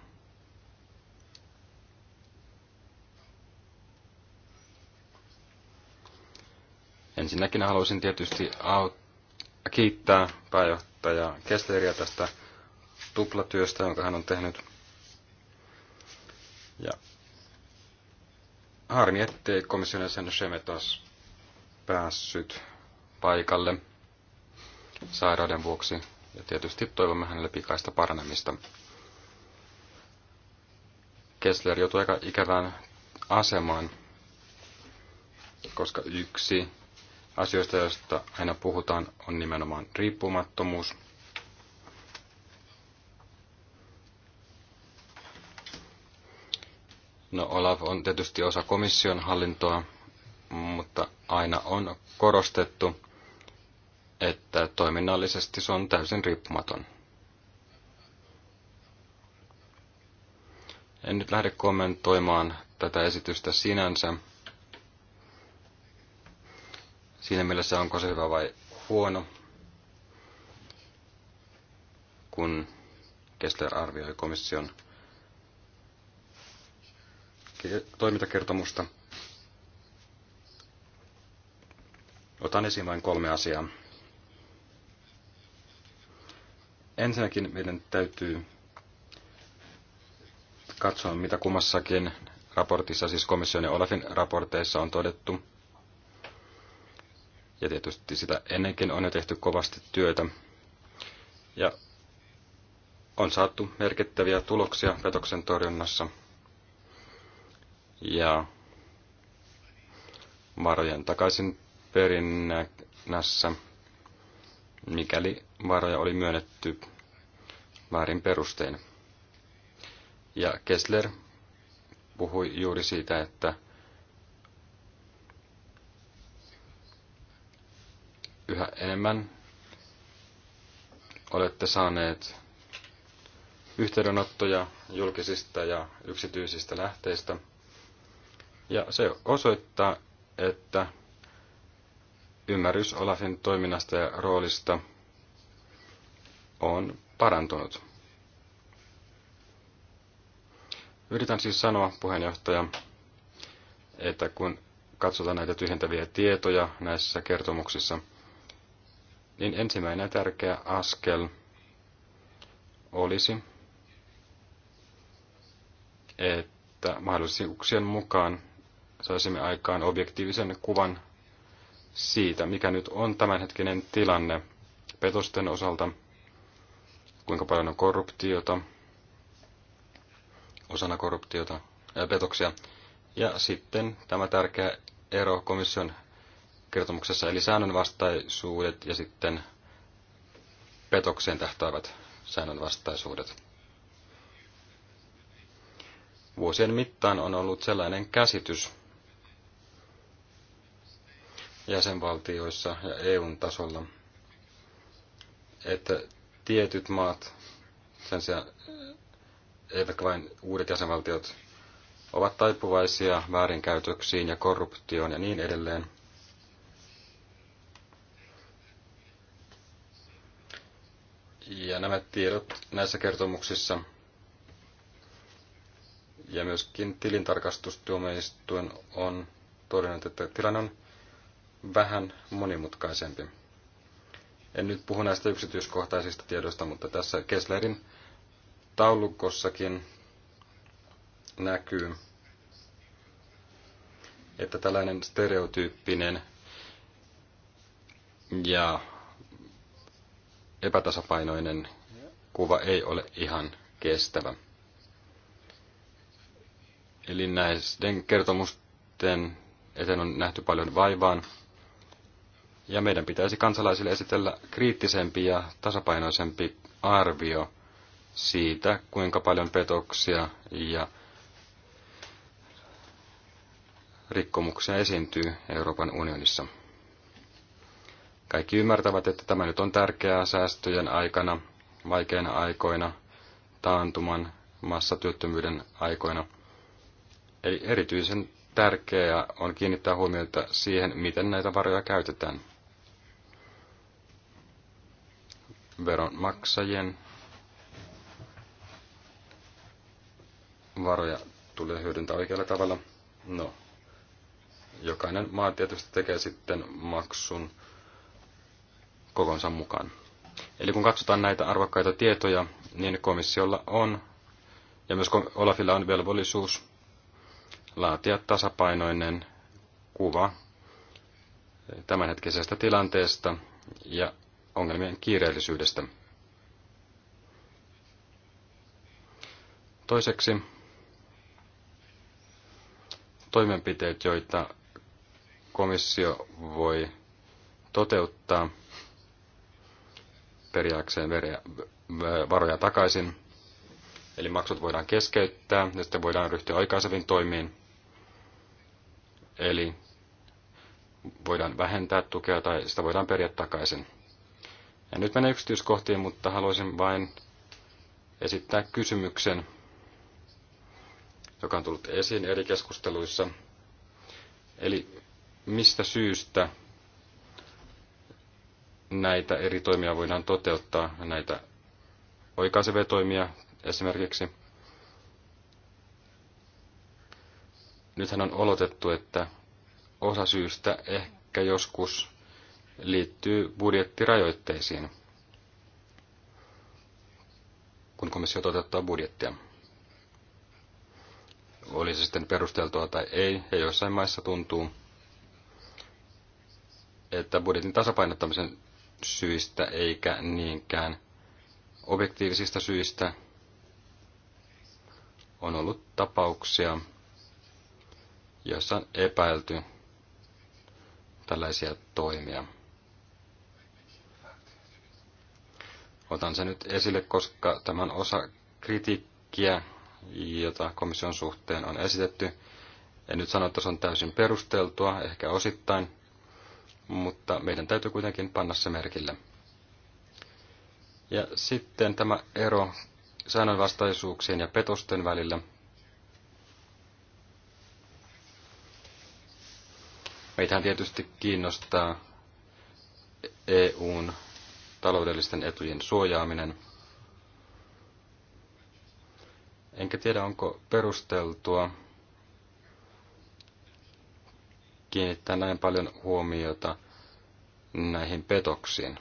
Ensinnäkin haluaisin tietysti aut- kiittää pääjohtajaa Kesteriä tästä tuplatyöstä, jonka hän on tehnyt. Ja harmi, ettei komission jäsen taas päässyt paikalle sairauden vuoksi. Ja tietysti toivomme hänelle pikaista paranemista. Kessler joutui aika ikävään asemaan, koska yksi asioista, joista aina puhutaan, on nimenomaan riippumattomuus – No Olaf on tietysti osa komission hallintoa, mutta aina on korostettu, että toiminnallisesti se on täysin riippumaton. En nyt lähde kommentoimaan tätä esitystä sinänsä. Siinä mielessä onko se hyvä vai huono, kun Kessler arvioi komission toimintakertomusta. Otan esiin vain kolme asiaa. Ensinnäkin meidän täytyy katsoa, mitä kummassakin raportissa, siis komission ja Olafin raporteissa on todettu. Ja tietysti sitä ennenkin on jo tehty kovasti työtä. Ja on saatu merkittäviä tuloksia petoksen torjunnassa – ja varojen takaisin perinnässä, mikäli varoja oli myönnetty väärin perustein. Ja Kessler puhui juuri siitä, että yhä enemmän olette saaneet yhteydenottoja julkisista ja yksityisistä lähteistä – ja se osoittaa, että ymmärrys Olafin toiminnasta ja roolista on parantunut. Yritän siis sanoa, puheenjohtaja, että kun katsotaan näitä tyhjentäviä tietoja näissä kertomuksissa, niin ensimmäinen tärkeä askel olisi, että mahdollisuuksien mukaan saisimme aikaan objektiivisen kuvan siitä, mikä nyt on tämänhetkinen tilanne petosten osalta, kuinka paljon on korruptiota, osana korruptiota ja äh, petoksia. Ja sitten tämä tärkeä ero komission kertomuksessa, eli säännönvastaisuudet ja sitten petokseen tähtäävät säännönvastaisuudet. Vuosien mittaan on ollut sellainen käsitys, jäsenvaltioissa ja EUn tasolla, että tietyt maat, sen sijaan eivätkä vain uudet jäsenvaltiot, ovat taipuvaisia väärinkäytöksiin ja korruptioon ja niin edelleen. Ja nämä tiedot näissä kertomuksissa ja myöskin tilintarkastustuomioistuin on todennut, että tilanne on vähän monimutkaisempi. En nyt puhu näistä yksityiskohtaisista tiedoista, mutta tässä Kesslerin taulukossakin näkyy, että tällainen stereotyyppinen ja epätasapainoinen kuva ei ole ihan kestävä. Eli näiden kertomusten eteen on nähty paljon vaivaan. Ja meidän pitäisi kansalaisille esitellä kriittisempi ja tasapainoisempi arvio siitä, kuinka paljon petoksia ja rikkomuksia esiintyy Euroopan unionissa. Kaikki ymmärtävät, että tämä nyt on tärkeää säästöjen aikana, vaikeina aikoina, taantuman, massatyöttömyyden aikoina. Eli erityisen tärkeää on kiinnittää huomiota siihen, miten näitä varoja käytetään. veronmaksajien varoja tulee hyödyntää oikealla tavalla. No, jokainen maa tietysti tekee sitten maksun kokonsa mukaan. Eli kun katsotaan näitä arvokkaita tietoja, niin komissiolla on, ja myös Olafilla on velvollisuus laatia tasapainoinen kuva tämänhetkisestä tilanteesta ja ongelmien kiireellisyydestä. Toiseksi toimenpiteet, joita komissio voi toteuttaa periaakseen varoja takaisin. Eli maksut voidaan keskeyttää ja sitten voidaan ryhtyä aikaisemmin toimiin. Eli voidaan vähentää tukea tai sitä voidaan periä takaisin. En nyt mene yksityiskohtiin, mutta haluaisin vain esittää kysymyksen, joka on tullut esiin eri keskusteluissa. Eli mistä syystä näitä eri toimia voidaan toteuttaa, näitä oikaisevia toimia esimerkiksi. Nythän on olotettu, että osa syystä ehkä joskus liittyy budjettirajoitteisiin, kun komissio toteuttaa budjettia. Oli se sitten perusteltua tai ei, ja joissain maissa tuntuu, että budjetin tasapainottamisen syistä eikä niinkään objektiivisista syistä on ollut tapauksia, joissa on epäilty tällaisia toimia. Otan sen nyt esille, koska tämän osa kritiikkiä, jota komission suhteen on esitetty. En nyt sano, että se on täysin perusteltua, ehkä osittain, mutta meidän täytyy kuitenkin panna se merkille. Ja sitten tämä ero säännönvastaisuuksien ja petosten välillä. Meitähän tietysti kiinnostaa EUn taloudellisten etujen suojaaminen. Enkä tiedä, onko perusteltua kiinnittää näin paljon huomiota näihin petoksiin.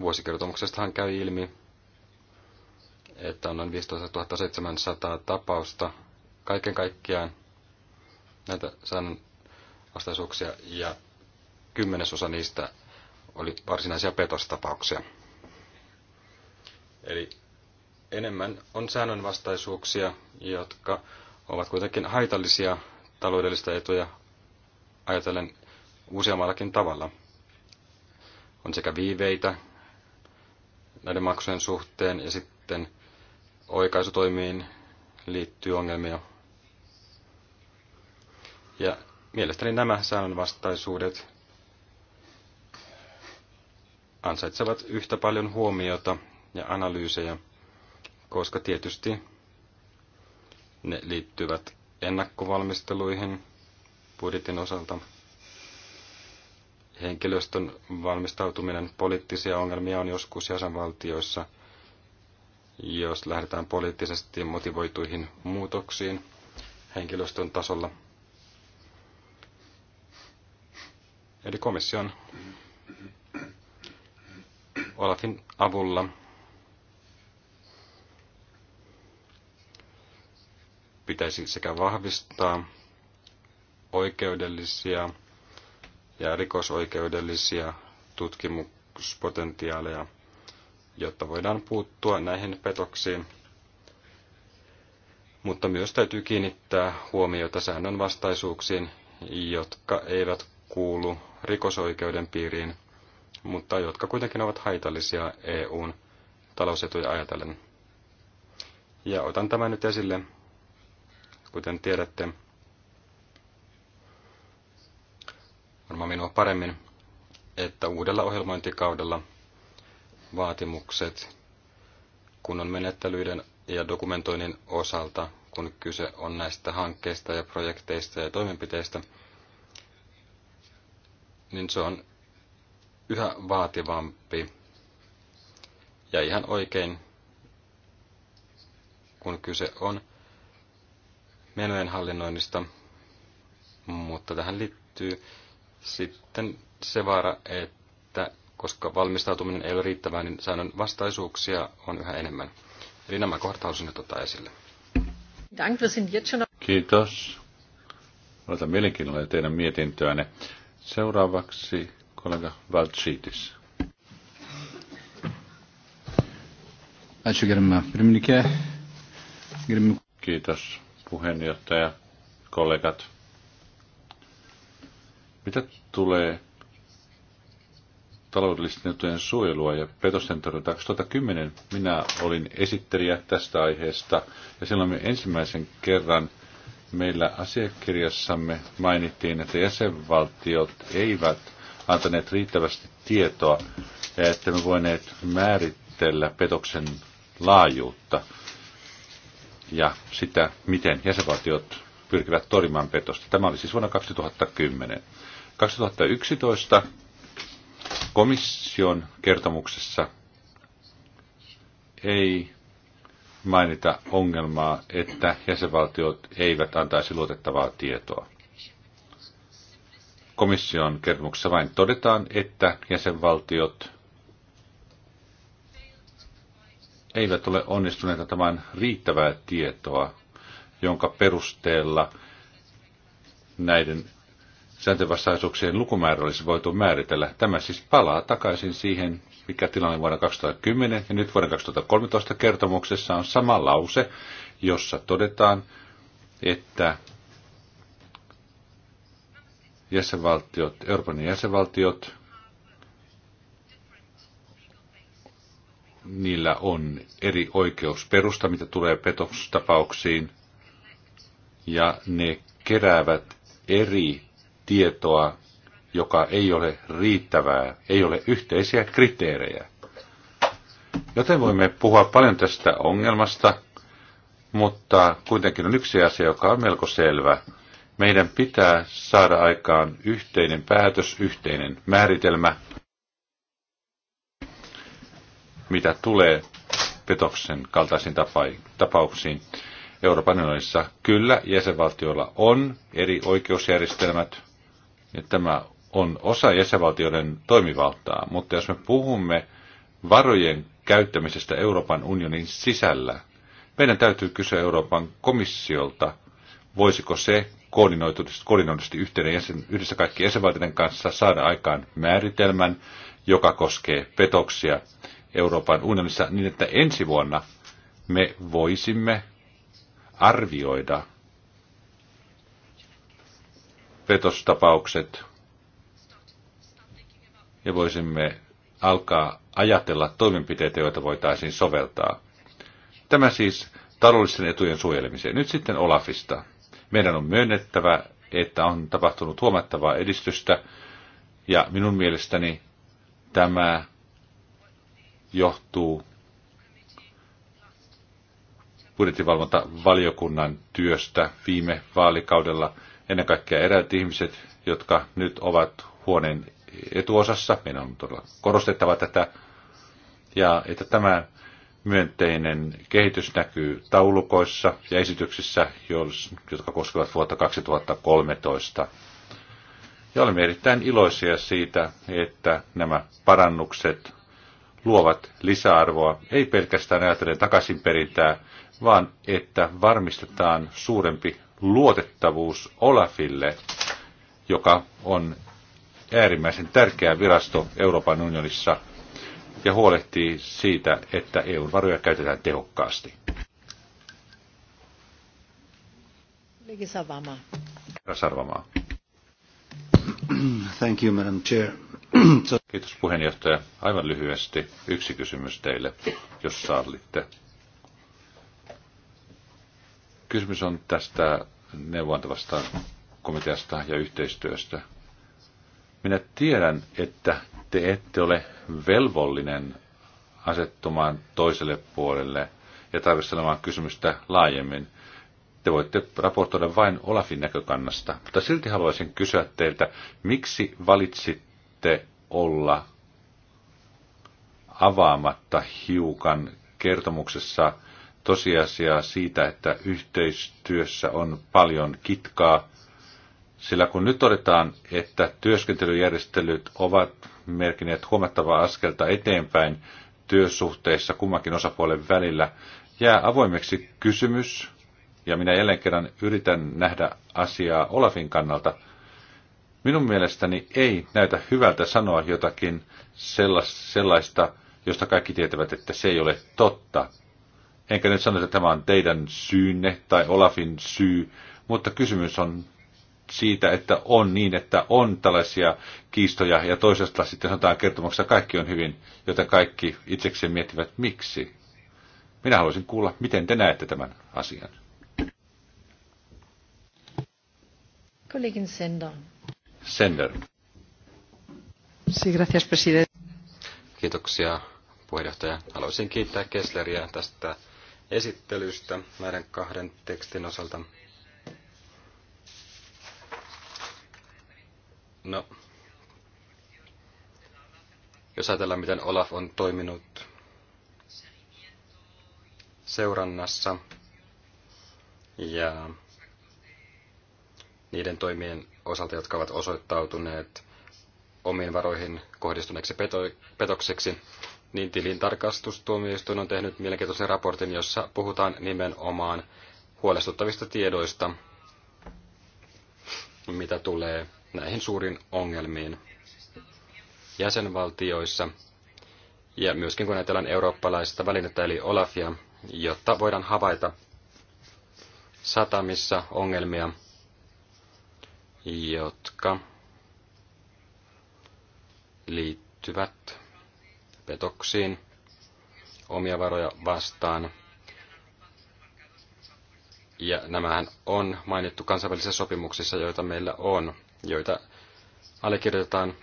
Vuosikertomuksestahan käy ilmi, että on noin 15 700 tapausta kaiken kaikkiaan näitä vastaisuuksia ja kymmenesosa niistä oli varsinaisia petostapauksia. Eli enemmän on säännönvastaisuuksia, jotka ovat kuitenkin haitallisia taloudellista etuja ajatellen useammallakin tavalla. On sekä viiveitä näiden maksujen suhteen ja sitten oikaisutoimiin liittyy ongelmia. Ja mielestäni nämä säännönvastaisuudet ansaitsevat yhtä paljon huomiota ja analyysejä, koska tietysti ne liittyvät ennakkovalmisteluihin budjetin osalta. Henkilöstön valmistautuminen poliittisia ongelmia on joskus jäsenvaltioissa, jos lähdetään poliittisesti motivoituihin muutoksiin henkilöstön tasolla. Eli komission Olafin avulla pitäisi sekä vahvistaa oikeudellisia ja rikosoikeudellisia tutkimuspotentiaaleja, jotta voidaan puuttua näihin petoksiin. Mutta myös täytyy kiinnittää huomiota säännönvastaisuuksiin, jotka eivät kuulu rikosoikeuden piiriin, mutta jotka kuitenkin ovat haitallisia EUn talousetuja ajatellen. Ja otan tämän nyt esille, kuten tiedätte, varmaan minua paremmin, että uudella ohjelmointikaudella vaatimukset kunnon menettelyiden ja dokumentoinnin osalta, kun kyse on näistä hankkeista ja projekteista ja toimenpiteistä, niin se on yhä vaativampi ja ihan oikein, kun kyse on menojen hallinnoinnista, mutta tähän liittyy sitten se vaara, että koska valmistautuminen ei ole riittävää, niin säännön vastaisuuksia on yhä enemmän. Eli nämä kohdat halusin nyt ottaa esille. Kiitos. Olen mielenkiinnolla teidän mietintöänne. Seuraavaksi kolega Valtšytis. Kiitos puheenjohtaja, kollegat. Mitä tulee taloudellisten etujen suojelua ja petosten torjunta. 2010 minä olin esittelijä tästä aiheesta ja silloin me ensimmäisen kerran meillä asiakirjassamme mainittiin, että jäsenvaltiot eivät antaneet riittävästi tietoa ja että me voineet määritellä petoksen laajuutta ja sitä, miten jäsenvaltiot pyrkivät torjumaan petosta. Tämä oli siis vuonna 2010. 2011 komission kertomuksessa ei mainita ongelmaa, että jäsenvaltiot eivät antaisi luotettavaa tietoa. Komission kertomuksessa vain todetaan, että jäsenvaltiot eivät ole onnistuneet antamaan riittävää tietoa, jonka perusteella näiden sääntövastaisuuksien lukumäärä olisi voitu määritellä. Tämä siis palaa takaisin siihen, mikä tilanne vuonna 2010 ja nyt vuoden 2013 kertomuksessa on sama lause, jossa todetaan, että jäsenvaltiot, Euroopan jäsenvaltiot, niillä on eri oikeusperusta, mitä tulee petostapauksiin, ja ne keräävät eri tietoa, joka ei ole riittävää, ei ole yhteisiä kriteerejä. Joten voimme puhua paljon tästä ongelmasta, mutta kuitenkin on yksi asia, joka on melko selvä – meidän pitää saada aikaan yhteinen päätös, yhteinen määritelmä, mitä tulee petoksen kaltaisiin tapauksiin. Euroopan unionissa kyllä jäsenvaltioilla on eri oikeusjärjestelmät, ja tämä on osa jäsenvaltioiden toimivaltaa, mutta jos me puhumme varojen käyttämisestä Euroopan unionin sisällä, meidän täytyy kysyä Euroopan komissiolta, voisiko se koordinoidusti, koordinoidusti jäsen, yhdessä kaikki jäsenvaltioiden kanssa saada aikaan määritelmän, joka koskee petoksia Euroopan unionissa, niin että ensi vuonna me voisimme arvioida petostapaukset ja voisimme alkaa ajatella toimenpiteitä, joita voitaisiin soveltaa. Tämä siis taloudellisten etujen suojelemiseen. Nyt sitten Olafista. Meidän on myönnettävä, että on tapahtunut huomattavaa edistystä, ja minun mielestäni tämä johtuu budjettivalvontavaliokunnan työstä viime vaalikaudella. Ennen kaikkea eräät ihmiset, jotka nyt ovat huoneen etuosassa, meidän on todella korostettava tätä, ja että tämä myönteinen kehitys näkyy taulukoissa ja esityksissä, jotka koskevat vuotta 2013. Ja olemme erittäin iloisia siitä, että nämä parannukset luovat lisäarvoa, ei pelkästään ajatellen takaisinperintää, vaan että varmistetaan suurempi luotettavuus Olafille, joka on äärimmäisen tärkeä virasto Euroopan unionissa ja huolehtii siitä, että EUn varoja käytetään tehokkaasti. Thank you, Madam Chair. [clears throat] Kiitos puheenjohtaja. Aivan lyhyesti yksi kysymys teille, jos sallitte. Kysymys on tästä neuvontavasta komiteasta ja yhteistyöstä. Minä tiedän, että te ette ole velvollinen asettumaan toiselle puolelle ja tarvitsemaan kysymystä laajemmin. Te voitte raportoida vain Olafin näkökannasta, mutta silti haluaisin kysyä teiltä, miksi valitsitte olla avaamatta hiukan kertomuksessa tosiasiaa siitä, että yhteistyössä on paljon kitkaa sillä kun nyt todetaan, että työskentelyjärjestelyt ovat merkineet huomattavaa askelta eteenpäin työsuhteissa kummankin osapuolen välillä, jää avoimeksi kysymys, ja minä jälleen kerran yritän nähdä asiaa Olafin kannalta. Minun mielestäni ei näytä hyvältä sanoa jotakin sellaista, josta kaikki tietävät, että se ei ole totta. Enkä nyt sano, että tämä on teidän syynne tai Olafin syy, mutta kysymys on siitä, että on niin, että on tällaisia kiistoja ja toisesta sitten sanotaan kertomuksessa kaikki on hyvin, joten kaikki itsekseen miettivät miksi. Minä haluaisin kuulla, miten te näette tämän asian. Kollegin Sender. Sender. Sí, gracias, presidente. Kiitoksia puheenjohtaja. Haluaisin kiittää Kessleriä tästä esittelystä näiden kahden tekstin osalta. No, jos ajatellaan, miten Olaf on toiminut seurannassa ja niiden toimien osalta, jotka ovat osoittautuneet omiin varoihin kohdistuneeksi peto- petokseksi, niin tilintarkastustuomioistuin on tehnyt mielenkiintoisen raportin, jossa puhutaan nimenomaan huolestuttavista tiedoista, mitä tulee näihin suuriin ongelmiin jäsenvaltioissa ja myöskin kun ajatellaan eurooppalaista välinettä eli Olafia, jotta voidaan havaita satamissa ongelmia, jotka liittyvät petoksiin omia varoja vastaan. Ja nämähän on mainittu kansainvälisissä sopimuksissa, joita meillä on joita allekirjoitetaan.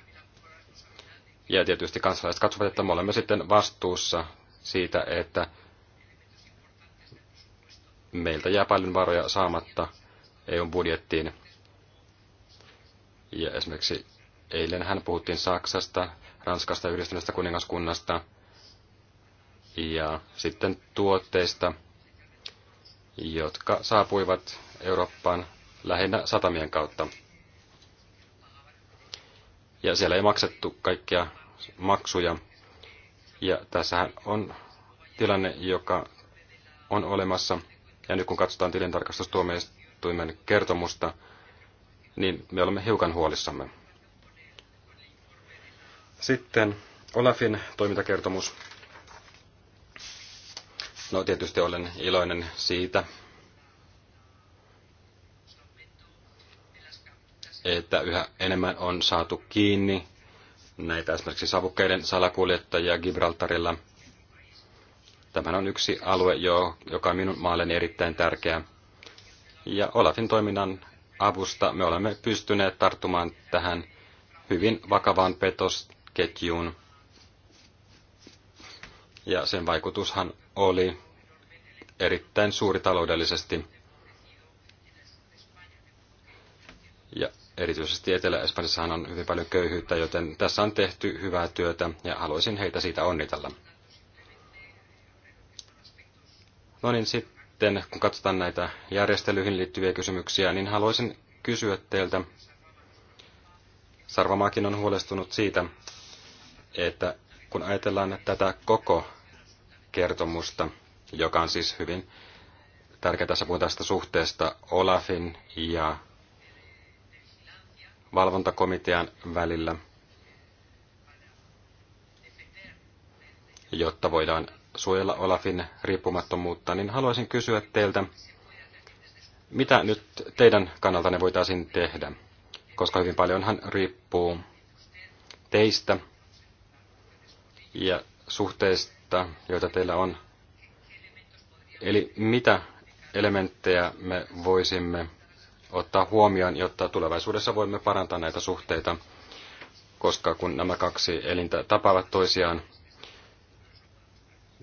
Ja tietysti kansalaiset katsovat, että me olemme sitten vastuussa siitä, että meiltä jää paljon varoja saamatta EUn budjettiin. Ja esimerkiksi eilen hän puhuttiin Saksasta, Ranskasta ja yhdistyneestä kuningaskunnasta ja sitten tuotteista, jotka saapuivat Eurooppaan lähinnä satamien kautta ja siellä ei maksettu kaikkia maksuja. Ja tässähän on tilanne, joka on olemassa. Ja nyt kun katsotaan tilintarkastustuomioistuimen kertomusta, niin me olemme hiukan huolissamme. Sitten Olafin toimintakertomus. No tietysti olen iloinen siitä, että yhä enemmän on saatu kiinni näitä esimerkiksi savukkeiden salakuljettajia Gibraltarilla. Tämä on yksi alue, joka on minun maalleni erittäin tärkeä. Ja Olafin toiminnan avusta me olemme pystyneet tarttumaan tähän hyvin vakavaan petosketjuun. Ja sen vaikutushan oli erittäin suuri taloudellisesti. Ja Erityisesti Etelä-Espanjassahan on hyvin paljon köyhyyttä, joten tässä on tehty hyvää työtä ja haluaisin heitä siitä onnitella. No niin, sitten kun katsotaan näitä järjestelyihin liittyviä kysymyksiä, niin haluaisin kysyä teiltä. Sarvamaakin on huolestunut siitä, että kun ajatellaan tätä koko kertomusta, joka on siis hyvin tärkeä tässä puhutaan tästä suhteesta Olafin ja valvontakomitean välillä, jotta voidaan suojella Olafin riippumattomuutta, niin haluaisin kysyä teiltä, mitä nyt teidän kannaltanne voitaisiin tehdä? Koska hyvin paljonhan riippuu teistä ja suhteista, joita teillä on. Eli mitä elementtejä me voisimme ottaa huomioon, jotta tulevaisuudessa voimme parantaa näitä suhteita, koska kun nämä kaksi elintä tapaavat toisiaan,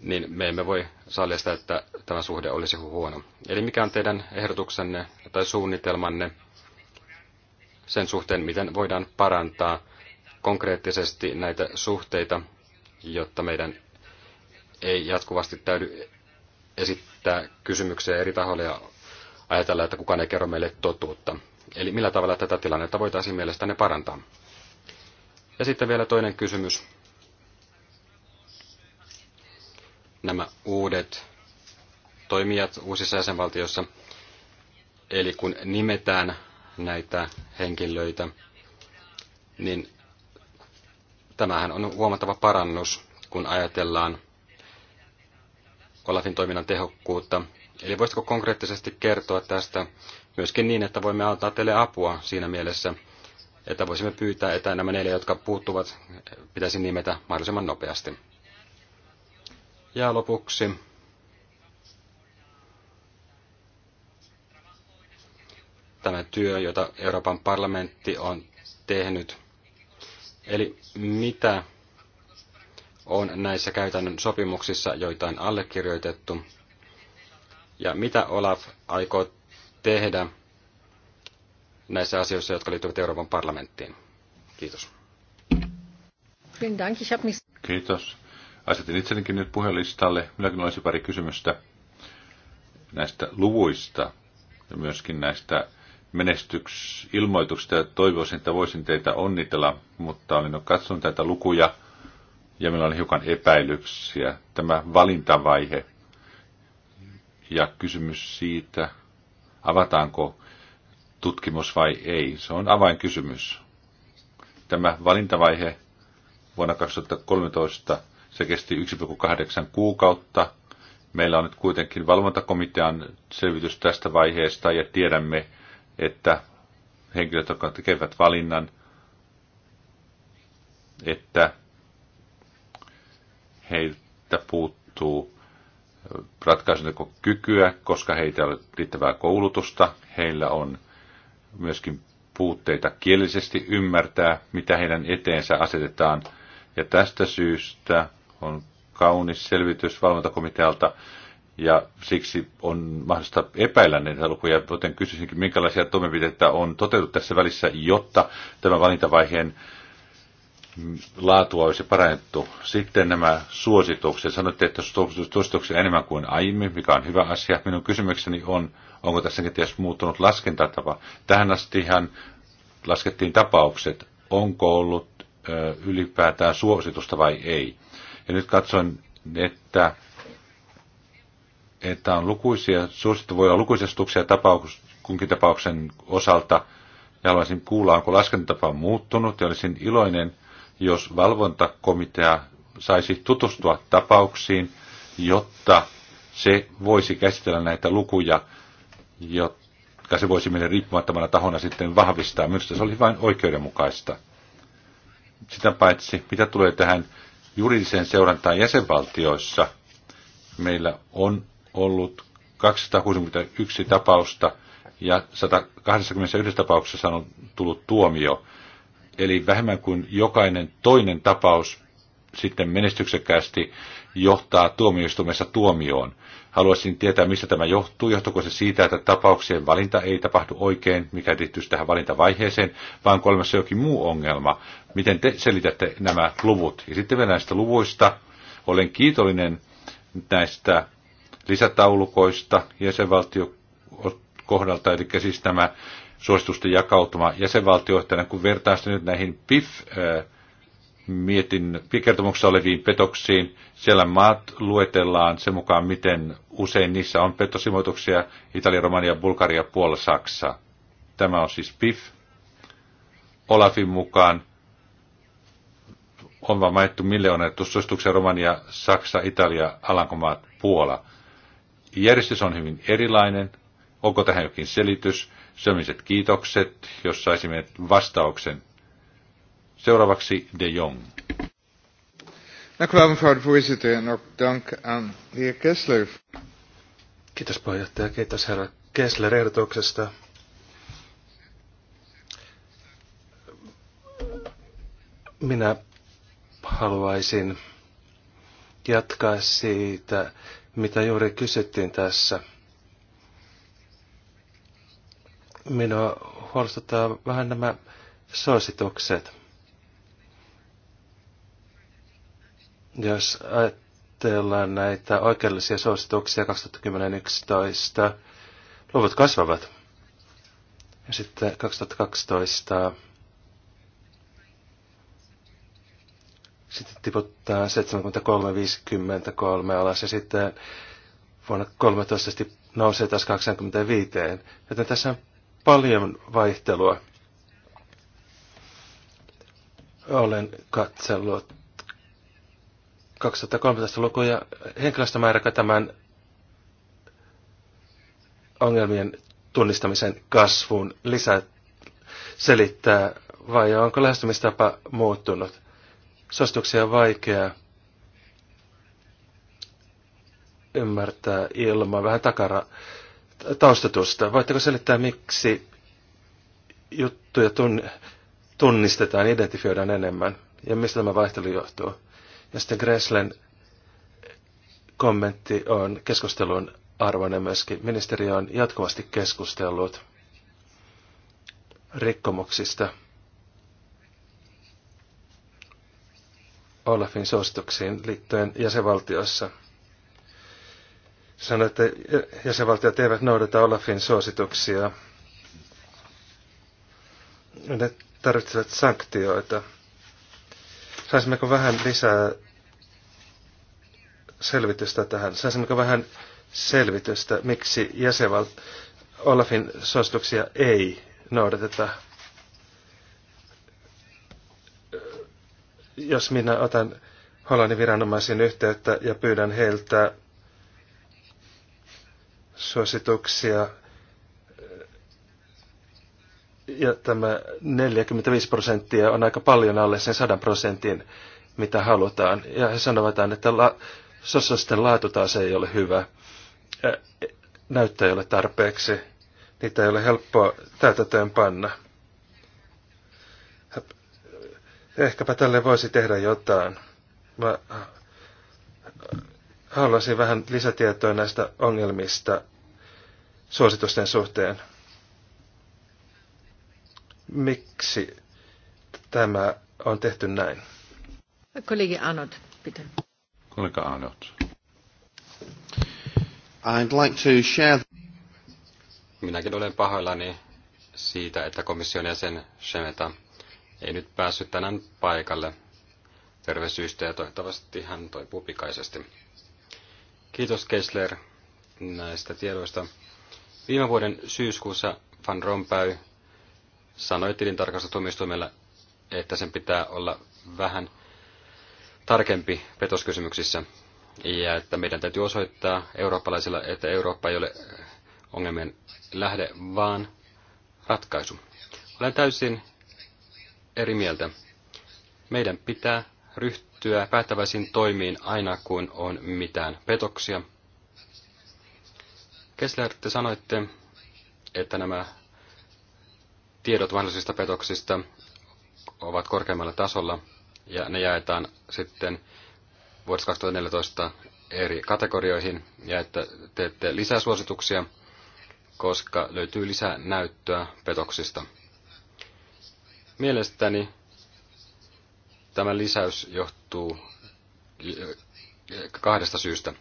niin me emme voi sallia sitä, että tämä suhde olisi huono. Eli mikä on teidän ehdotuksenne tai suunnitelmanne sen suhteen, miten voidaan parantaa konkreettisesti näitä suhteita, jotta meidän ei jatkuvasti täydy esittää kysymyksiä eri tahoille ja ajatellaan, että kukaan ei kerro meille totuutta. Eli millä tavalla tätä tilannetta voitaisiin mielestäni parantaa? Ja sitten vielä toinen kysymys. Nämä uudet toimijat uusissa jäsenvaltioissa, eli kun nimetään näitä henkilöitä, niin tämähän on huomattava parannus, kun ajatellaan Olafin toiminnan tehokkuutta Eli voisitko konkreettisesti kertoa tästä myöskin niin, että voimme antaa teille apua siinä mielessä, että voisimme pyytää, että nämä neljä, jotka puuttuvat, pitäisi nimetä mahdollisimman nopeasti. Ja lopuksi tämä työ, jota Euroopan parlamentti on tehnyt. Eli mitä on näissä käytännön sopimuksissa, joita on allekirjoitettu, ja mitä Olaf aikoo tehdä näissä asioissa, jotka liittyvät Euroopan parlamenttiin? Kiitos. Kiitos. Asetin itsenikin nyt puhelistalle. Minäkin olisi pari kysymystä näistä luvuista ja myöskin näistä menestyksilmoituksista. toivoisin, että voisin teitä onnitella, mutta olin katsonut näitä lukuja ja meillä oli hiukan epäilyksiä. Tämä valintavaihe – ja kysymys siitä, avataanko tutkimus vai ei, se on avainkysymys. Tämä valintavaihe vuonna 2013 se kesti 1,8 kuukautta. Meillä on nyt kuitenkin valvontakomitean selvitys tästä vaiheesta ja tiedämme, että henkilöt, jotka tekevät valinnan, että heiltä puuttuu kykyä, koska heitä ei ole riittävää koulutusta. Heillä on myöskin puutteita kielisesti ymmärtää, mitä heidän eteensä asetetaan. Ja tästä syystä on kaunis selvitys valvontakomitealta, ja siksi on mahdollista epäillä näitä lukuja, joten kysyisinkin, minkälaisia toimenpiteitä on toteutettu tässä välissä, jotta tämän valintavaiheen laatua olisi parannettu. Sitten nämä suositukset. Sanoitte, että suosituksia enemmän kuin aiemmin, mikä on hyvä asia. Minun kysymykseni on, onko tässä kenties muuttunut laskentatapa. Tähän astihan laskettiin tapaukset, onko ollut ö, ylipäätään suositusta vai ei. Ja nyt katson, että, että on lukuisia, suosittu voi olla lukuisia suosituksia tapauks, kunkin tapauksen osalta, ja haluaisin kuulla, onko laskentatapa muuttunut, ja olisin iloinen, jos valvontakomitea saisi tutustua tapauksiin, jotta se voisi käsitellä näitä lukuja, jotka se voisi meille riippumattomana tahona sitten vahvistaa. Minusta se oli vain oikeudenmukaista. Sitä paitsi, mitä tulee tähän juridiseen seurantaan jäsenvaltioissa, meillä on ollut 261 tapausta ja 121 tapauksessa on tullut tuomio eli vähemmän kuin jokainen toinen tapaus sitten menestyksekkäästi johtaa tuomioistuimessa tuomioon. Haluaisin tietää, mistä tämä johtuu. Johtuuko se siitä, että tapauksien valinta ei tapahdu oikein, mikä liittyy tähän valintavaiheeseen, vaan kolmessa jokin muu ongelma. Miten te selitätte nämä luvut? Ja sitten vielä näistä luvuista. Olen kiitollinen näistä lisätaulukoista jäsenvaltio kohdalta, eli siis nämä suositusten jakautuma jäsenvaltioiden kun vertaan sitä nyt näihin PIF äh, mietin kertomuksessa oleviin petoksiin. Siellä maat luetellaan sen mukaan, miten usein niissä on petosimoituksia Italia, Romania, Bulgaria, Puola, Saksa. Tämä on siis PIF. Olafin mukaan on vaan mainittu miljoonettu suosituksia Romania, Saksa, Italia, Alankomaat, Puola. Järjestys on hyvin erilainen. Onko tähän jokin selitys? Sellaiset kiitokset, jos saisimme vastauksen. Seuraavaksi De Jong. Kiitos puheenjohtaja, kiitos herra Kessler ehdotuksesta. Minä haluaisin jatkaa siitä, mitä juuri kysyttiin tässä – minua huolestuttaa vähän nämä suositukset. Jos ajatellaan näitä oikeudellisia suosituksia 2011, luvut kasvavat. Ja sitten 2012 sitten tiputtaa 73-53 alas ja sitten vuonna 13 nousee taas 25. Joten tässä on paljon vaihtelua. Olen katsellut 2013 lukuja henkilöstömääräkä tämän ongelmien tunnistamisen kasvun lisää selittää, vai onko lähestymistapa muuttunut? Suosituksia on vaikea ymmärtää ilman vähän takara taustatusta. Voitteko selittää, miksi juttuja tunnistetaan, identifioidaan enemmän ja mistä tämä vaihtelu johtuu? Ja sitten Greslen kommentti on keskustelun arvoinen myöskin. Ministeriö on jatkuvasti keskustellut rikkomuksista Olafin suosituksiin liittyen jäsenvaltiossa – sanoi, että jäsenvaltiot eivät noudata Olafin suosituksia. Ne tarvitsevat sanktioita. Saisimmeko vähän lisää selvitystä tähän? Saisimmeko vähän selvitystä, miksi jäsenvalt- Olafin suosituksia ei noudateta? Jos minä otan Hollannin viranomaisiin yhteyttä ja pyydän heiltä suosituksia. Ja tämä 45 prosenttia on aika paljon alle sen 100 prosentin, mitä halutaan. Ja he sanovat, että la- sosiaalisten laatu taas ei ole hyvä. Näyttää ei ole tarpeeksi. Niitä ei ole helppoa täytäntöön panna. Ehkäpä tälle voisi tehdä jotain. Mä haluaisin vähän lisätietoa näistä ongelmista suositusten suhteen. Miksi tämä on tehty näin? Kollegi Anot, pitää. Kollega Anot. I'd like to share... Minäkin olen pahoillani siitä, että komission jäsen Shemeta ei nyt päässyt tänään paikalle terveyssyistä ja toivottavasti hän toipuu pikaisesti. Kiitos Kessler näistä tiedoista. Viime vuoden syyskuussa Van Rompuy sanoi tilintarkastustuomioistuimelle, että sen pitää olla vähän tarkempi petoskysymyksissä ja että meidän täytyy osoittaa eurooppalaisilla, että Eurooppa ei ole ongelmien lähde, vaan ratkaisu. Olen täysin eri mieltä. Meidän pitää ryhtyä päättäväisiin toimiin aina, kun on mitään petoksia. Kessler, te sanoitte, että nämä tiedot mahdollisista petoksista ovat korkeammalla tasolla ja ne jaetaan sitten vuodesta 2014 eri kategorioihin ja että teette lisää suosituksia, koska löytyy lisää näyttöä petoksista. Mielestäni Tämä lisäys johtuu eh, kahdesta syystä.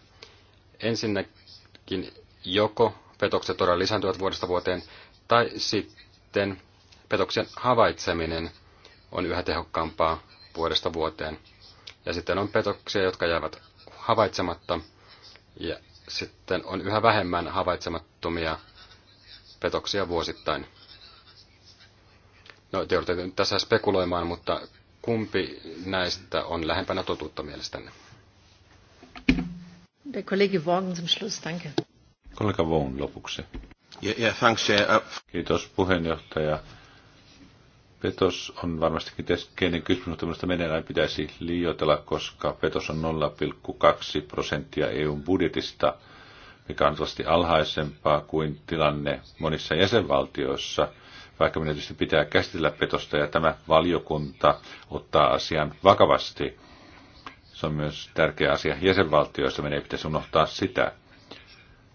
Ensinnäkin joko petokset todella lisääntyvät vuodesta vuoteen, tai sitten petoksen havaitseminen on yhä tehokkaampaa vuodesta vuoteen. Ja sitten on petoksia, jotka jäävät havaitsematta, ja sitten on yhä vähemmän havaitsemattomia petoksia vuosittain. No, te joudutte tässä spekuloimaan, mutta Kumpi näistä on lähempänä totuutta mielestänne? Der Kollege Vaughan zum Schluss, danke. Kollega Vaughan lopuksi. Yeah, yeah, thanks, uh, Kiitos puheenjohtaja. Petos on varmastikin keskeinen kysymys, mutta minusta meidän ei pitäisi liioitella, koska petos on 0,2 prosenttia EUn budjetista, mikä on alhaisempaa kuin tilanne monissa jäsenvaltioissa – vaikka meidän tietysti pitää käsitellä petosta ja tämä valiokunta ottaa asian vakavasti. Se on myös tärkeä asia jäsenvaltioissa, meidän ei pitäisi unohtaa sitä.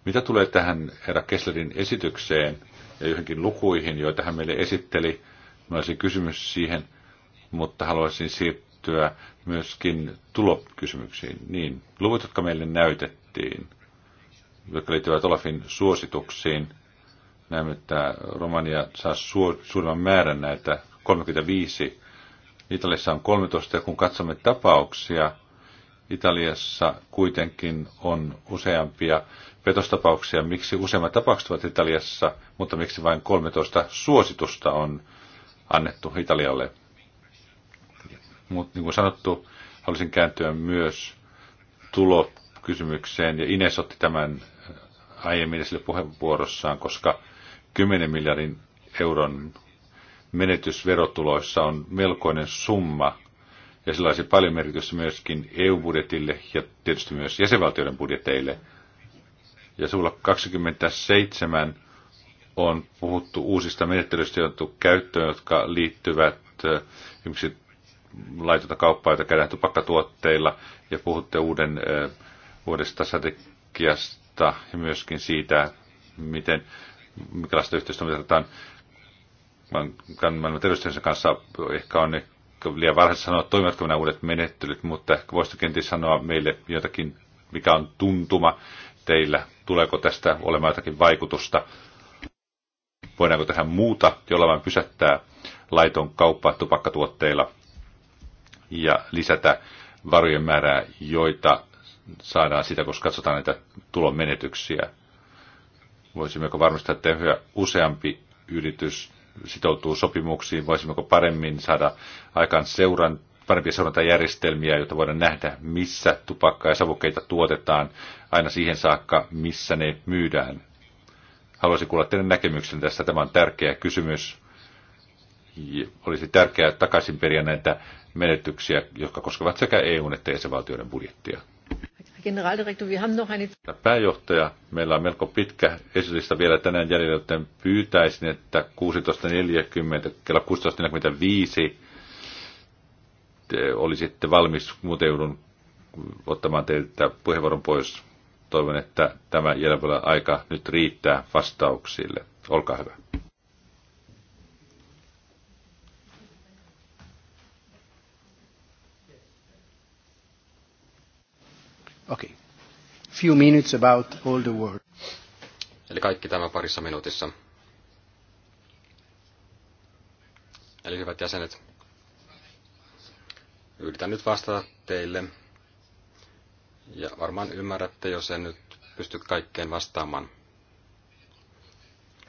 Mitä tulee tähän herra Kesslerin esitykseen ja johonkin lukuihin, joita hän meille esitteli, minulla olisi kysymys siihen, mutta haluaisin siirtyä myöskin tulokysymyksiin. Niin, luvut, jotka meille näytettiin, jotka liittyvät Olafin suosituksiin – Näemme, että Romania saa suurimman määrän näitä 35. Italiassa on 13 ja kun katsomme tapauksia, Italiassa kuitenkin on useampia petostapauksia. Miksi useimmat tapaukset ovat Italiassa, mutta miksi vain 13 suositusta on annettu Italialle? Mutta niin kuin sanottu, haluaisin kääntyä myös tulokysymykseen, ja Ines otti tämän äh, aiemmin esille puheenvuorossaan, koska 10 miljardin euron menetys verotuloissa on melkoinen summa, ja sillä olisi paljon merkitystä myöskin EU-budjetille ja tietysti myös jäsenvaltioiden budjeteille. Ja sulla 27 on puhuttu uusista menettelyistä, joita käyttöön, jotka liittyvät esimerkiksi eh, laitonta kauppaa, jota käydään tupakkatuotteilla, ja puhutte uuden, eh, uudesta strategiasta ja myöskin siitä, miten minkälaista yhteistyötä otetaan maailman terveystyössä kanssa. Ehkä on liian varhaisesti sanoa, toimivatko nämä uudet menettelyt, mutta voisitko kenties sanoa meille jotakin, mikä on tuntuma teillä. Tuleeko tästä olemaan jotakin vaikutusta? Voidaanko tehdä muuta, jolla vain pysäyttää laiton kauppaa tupakkatuotteilla ja lisätä varojen määrää, joita saadaan sitä, koska katsotaan näitä tulon menetyksiä. Voisimmeko varmistaa, että yhä useampi yritys sitoutuu sopimuksiin? Voisimmeko paremmin saada aikaan seuran, parempia seurantajärjestelmiä, jotta voidaan nähdä, missä tupakkaa ja savukkeita tuotetaan aina siihen saakka, missä ne myydään? Haluaisin kuulla teidän näkemyksen tästä. Tämä on tärkeä kysymys. Olisi tärkeää takaisin näitä menetyksiä, jotka koskevat sekä EUn että jäsenvaltioiden budjettia. Generaldirektor, wir haben noch eine... Pääjohtaja, meillä on melko pitkä esitys vielä tänään jäljellä, joten pyytäisin, että 16.40, kello 16.45 olisitte valmis, muuten joudun ottamaan teiltä puheenvuoron pois. Toivon, että tämä jäljellä aika nyt riittää vastauksille. Olkaa hyvä. Okay. Few minutes about all the world. Eli kaikki tämä parissa minuutissa. Eli hyvät jäsenet, yritän nyt vastata teille. Ja varmaan ymmärrätte, jos en nyt pysty kaikkeen vastaamaan.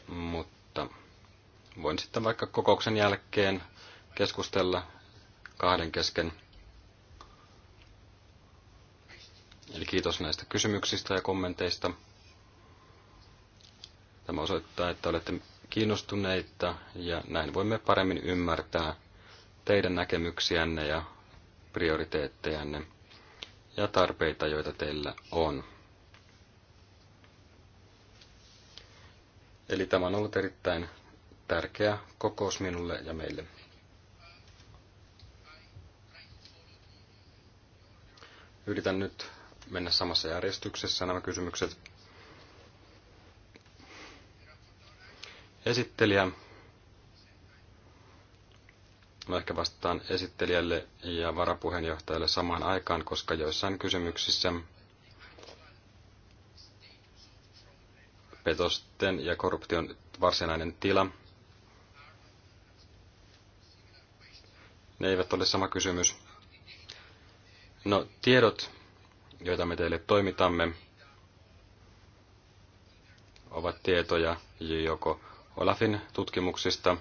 Mutta voin sitten vaikka kokouksen jälkeen keskustella kahden kesken Eli kiitos näistä kysymyksistä ja kommenteista. Tämä osoittaa, että olette kiinnostuneita ja näin voimme paremmin ymmärtää teidän näkemyksiänne ja prioriteettejanne ja tarpeita, joita teillä on. Eli tämä on ollut erittäin tärkeä kokous minulle ja meille. Yritän nyt mennä samassa järjestyksessä nämä kysymykset. Esittelijä. Mä no, ehkä vastaan esittelijälle ja varapuheenjohtajalle samaan aikaan, koska joissain kysymyksissä petosten ja korruption varsinainen tila. Ne eivät ole sama kysymys. No, tiedot joita me teille toimitamme, ovat tietoja joko Olafin tutkimuksista,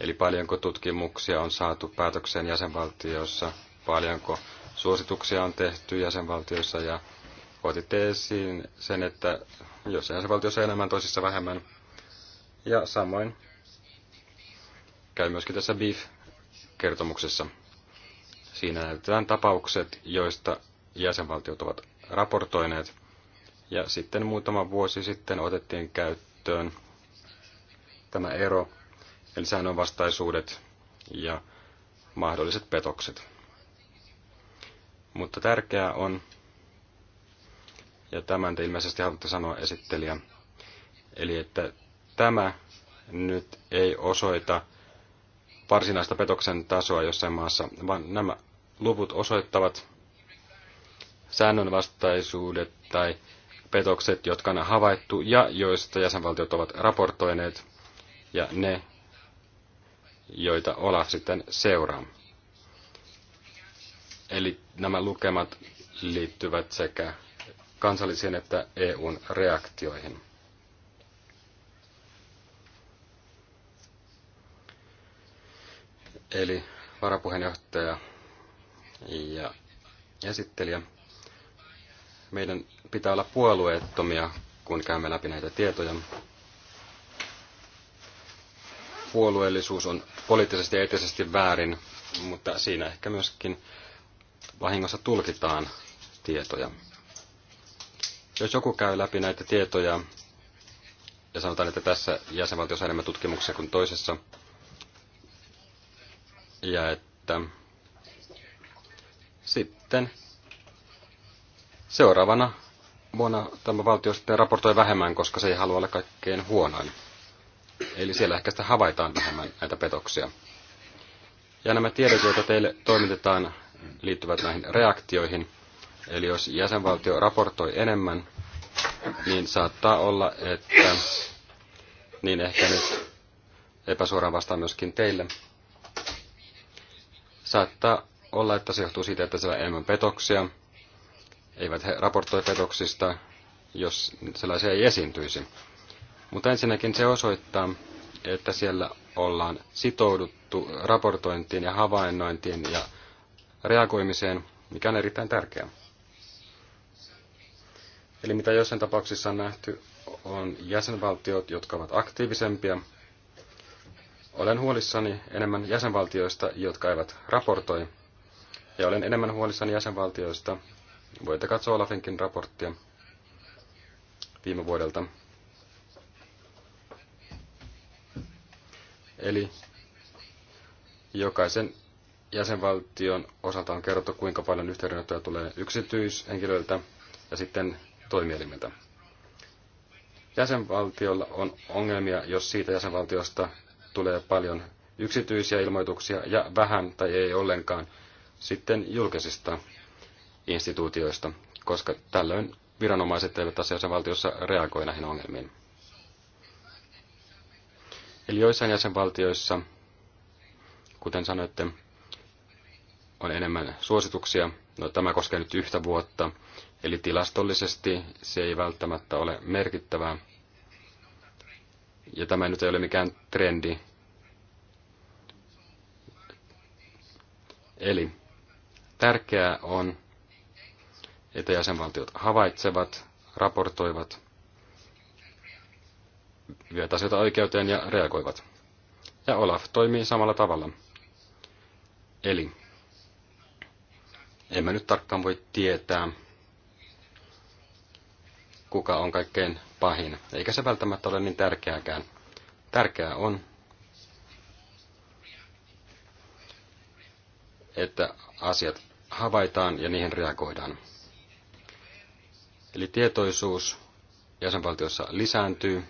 eli paljonko tutkimuksia on saatu päätökseen jäsenvaltioissa, paljonko suosituksia on tehty jäsenvaltioissa ja otitte esiin sen, että jos jäsenvaltiossa enemmän, toisissa vähemmän. Ja samoin käy myöskin tässä BIF-kertomuksessa. Siinä näytetään tapaukset, joista jäsenvaltiot ovat raportoineet. Ja sitten muutama vuosi sitten otettiin käyttöön tämä ero, eli säännönvastaisuudet ja mahdolliset petokset. Mutta tärkeää on, ja tämän te ilmeisesti haluatte sanoa esittelijä, eli että tämä nyt ei osoita varsinaista petoksen tasoa jossain maassa, vaan nämä luvut osoittavat, säännönvastaisuudet tai petokset, jotka on havaittu ja joista jäsenvaltiot ovat raportoineet, ja ne, joita Olaf sitten seuraa. Eli nämä lukemat liittyvät sekä kansallisiin että EUn reaktioihin. Eli varapuheenjohtaja ja esittelijä meidän pitää olla puolueettomia, kun käymme läpi näitä tietoja. Puolueellisuus on poliittisesti ja eettisesti väärin, mutta siinä ehkä myöskin vahingossa tulkitaan tietoja. Jos joku käy läpi näitä tietoja ja sanotaan, että tässä jäsenvaltiossa on enemmän tutkimuksia kuin toisessa, ja että sitten Seuraavana vuonna tämä valtio sitten raportoi vähemmän, koska se ei halua olla kaikkein huonoin. Eli siellä ehkä sitä havaitaan vähemmän näitä petoksia. Ja nämä tiedot, joita teille toimitetaan, liittyvät näihin reaktioihin. Eli jos jäsenvaltio raportoi enemmän, niin saattaa olla, että niin ehkä nyt epäsuoraan vastaan myöskin teille. Saattaa olla, että se johtuu siitä, että siellä on enemmän petoksia, eivät he raportoi petoksista, jos sellaisia ei esiintyisi. Mutta ensinnäkin se osoittaa, että siellä ollaan sitouduttu raportointiin ja havainnointiin ja reagoimiseen, mikä on erittäin tärkeää. Eli mitä jossain tapauksissa on nähty, on jäsenvaltiot, jotka ovat aktiivisempia. Olen huolissani enemmän jäsenvaltioista, jotka eivät raportoi, ja olen enemmän huolissani jäsenvaltioista, Voitte katsoa lafinkin raporttia viime vuodelta. Eli jokaisen jäsenvaltion osalta on kerrottu, kuinka paljon yhteydenottoja tulee yksityishenkilöiltä ja sitten toimielimiltä. Jäsenvaltiolla on ongelmia, jos siitä jäsenvaltiosta tulee paljon yksityisiä ilmoituksia ja vähän tai ei ollenkaan sitten julkisista instituutioista, koska tällöin viranomaiset eivät asiassa reagoi näihin ongelmiin. Eli joissain jäsenvaltioissa, kuten sanoitte, on enemmän suosituksia. No, tämä koskee nyt yhtä vuotta, eli tilastollisesti se ei välttämättä ole merkittävää. Ja tämä nyt ei ole mikään trendi. Eli tärkeää on että jäsenvaltiot havaitsevat, raportoivat, vievät asioita oikeuteen ja reagoivat. Ja Olaf toimii samalla tavalla. Eli emme nyt tarkkaan voi tietää, kuka on kaikkein pahin, eikä se välttämättä ole niin tärkeääkään. Tärkeää on, että asiat havaitaan ja niihin reagoidaan. Eli tietoisuus jäsenvaltiossa lisääntyy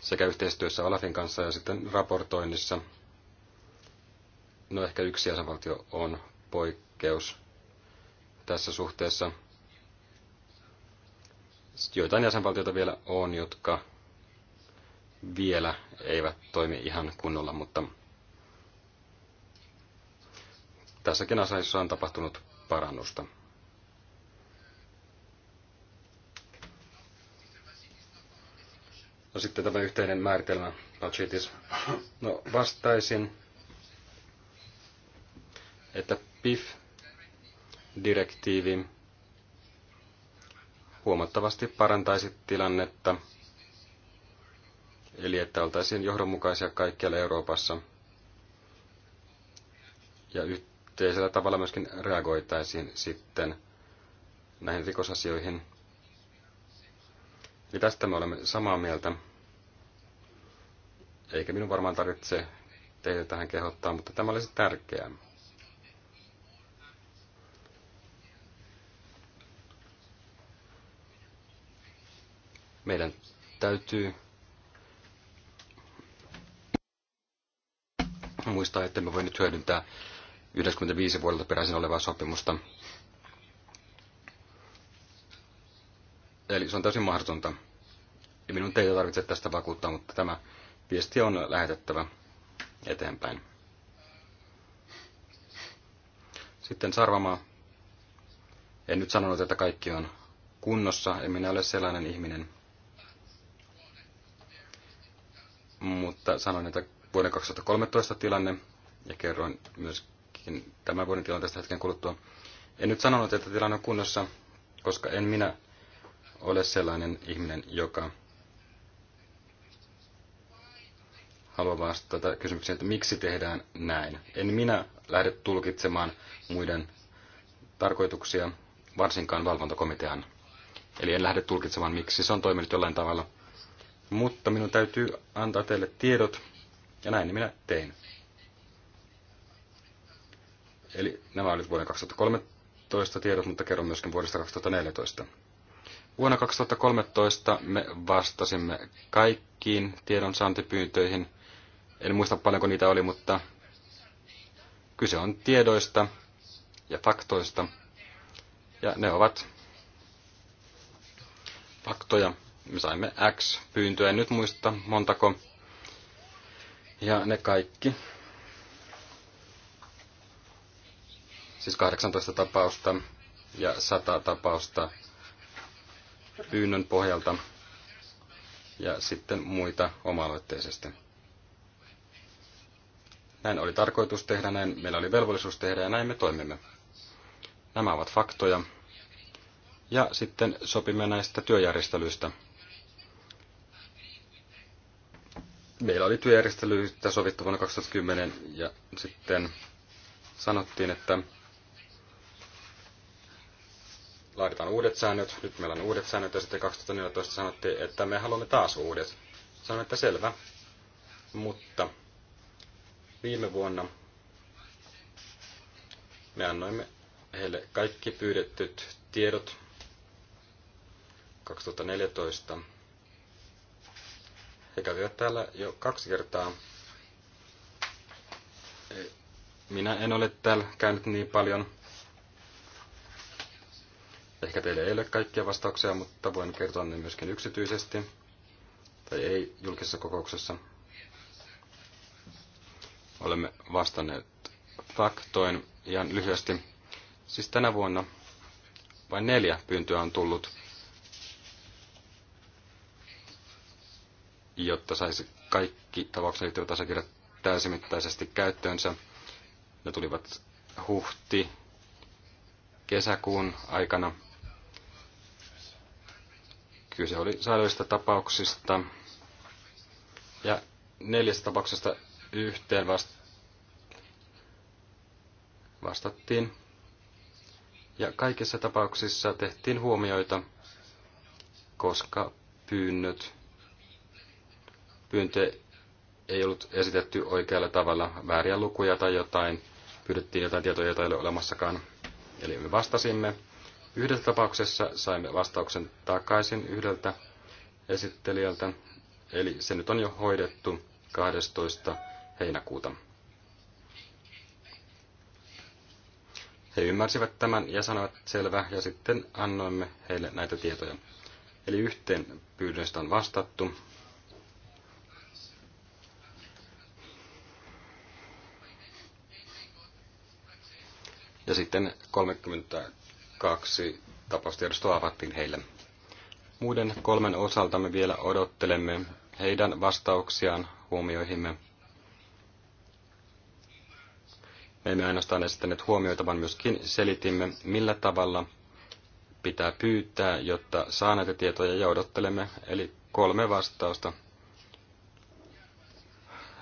sekä yhteistyössä Olafin kanssa ja sitten raportoinnissa. No ehkä yksi jäsenvaltio on poikkeus tässä suhteessa. Sitten joitain jäsenvaltioita vielä on, jotka vielä eivät toimi ihan kunnolla, mutta tässäkin asiassa on tapahtunut parannusta. No sitten tämä yhteinen määritelmä, Pachitis. No vastaisin, että PIF-direktiivi huomattavasti parantaisi tilannetta, eli että oltaisiin johdonmukaisia kaikkialla Euroopassa ja yhteisellä tavalla myöskin reagoitaisiin sitten näihin rikosasioihin – ja tästä me olemme samaa mieltä. Eikä minun varmaan tarvitse teitä tähän kehottaa, mutta tämä olisi tärkeää. Meidän täytyy muistaa, että me voi nyt hyödyntää 95 vuodelta peräisin olevaa sopimusta Eli se on täysin mahdotonta. Ja minun teitä tarvitse tästä vakuuttaa, mutta tämä viesti on lähetettävä eteenpäin. Sitten Sarvamaa. En nyt sanonut, että kaikki on kunnossa. En minä ole sellainen ihminen. Mutta sanoin, että vuoden 2013 tilanne ja kerroin myöskin tämän vuoden tilanteesta hetken kuluttua. En nyt sanonut, että tilanne on kunnossa, koska en minä ole sellainen ihminen, joka haluaa vastata kysymykseen, että miksi tehdään näin. En minä lähde tulkitsemaan muiden tarkoituksia, varsinkaan valvontakomitean. Eli en lähde tulkitsemaan, miksi se on toiminut jollain tavalla. Mutta minun täytyy antaa teille tiedot, ja näin minä tein. Eli nämä olivat vuoden 2013 tiedot, mutta kerron myöskin vuodesta 2014. Vuonna 2013 me vastasimme kaikkiin tiedonsaantipyyntöihin. En muista paljonko niitä oli, mutta kyse on tiedoista ja faktoista. Ja ne ovat faktoja. Me saimme X pyyntöä, en nyt muista montako. Ja ne kaikki, siis 18 tapausta ja 100 tapausta pyynnön pohjalta ja sitten muita oma-aloitteisesti. Näin oli tarkoitus tehdä, näin meillä oli velvollisuus tehdä ja näin me toimimme. Nämä ovat faktoja. Ja sitten sopimme näistä työjärjestelyistä. Meillä oli työjärjestelyitä sovittu vuonna 2010 ja sitten sanottiin, että laaditaan uudet säännöt, nyt meillä on uudet säännöt, ja sitten 2014 sanottiin, että me haluamme taas uudet. Sanoin, että selvä, mutta viime vuonna me annoimme heille kaikki pyydettyt tiedot 2014. He kävivät täällä jo kaksi kertaa. Minä en ole täällä käynyt niin paljon, Ehkä teille ei ole kaikkia vastauksia, mutta voin kertoa ne myöskin yksityisesti tai ei julkisessa kokouksessa. Olemme vastanneet faktoin ihan lyhyesti. Siis tänä vuonna vain neljä pyyntöä on tullut, jotta saisi kaikki tavaukseen liittyvät asiakirjat täysimittaisesti käyttöönsä. Ne tulivat huhti kesäkuun aikana Kyse oli säädöllisistä tapauksista ja neljästä tapauksesta yhteen vastattiin. Ja kaikissa tapauksissa tehtiin huomioita, koska pyynnöt, pyyntö ei ollut esitetty oikealla tavalla, vääriä lukuja tai jotain, pyydettiin jotain tietoja, joita ei ole olemassakaan. Eli me vastasimme Yhdessä tapauksessa saimme vastauksen takaisin yhdeltä esittelijältä, eli se nyt on jo hoidettu 12. heinäkuuta. He ymmärsivät tämän ja sanoivat selvä, ja sitten annoimme heille näitä tietoja. Eli yhteen pyydöstä on vastattu. Ja sitten 30 kaksi tapaustiedostoa avattiin heille. Muiden kolmen osalta me vielä odottelemme heidän vastauksiaan huomioihimme. Me emme ainoastaan esittäneet huomioita, vaan myöskin selitimme, millä tavalla pitää pyytää, jotta saa näitä tietoja ja odottelemme. Eli kolme vastausta.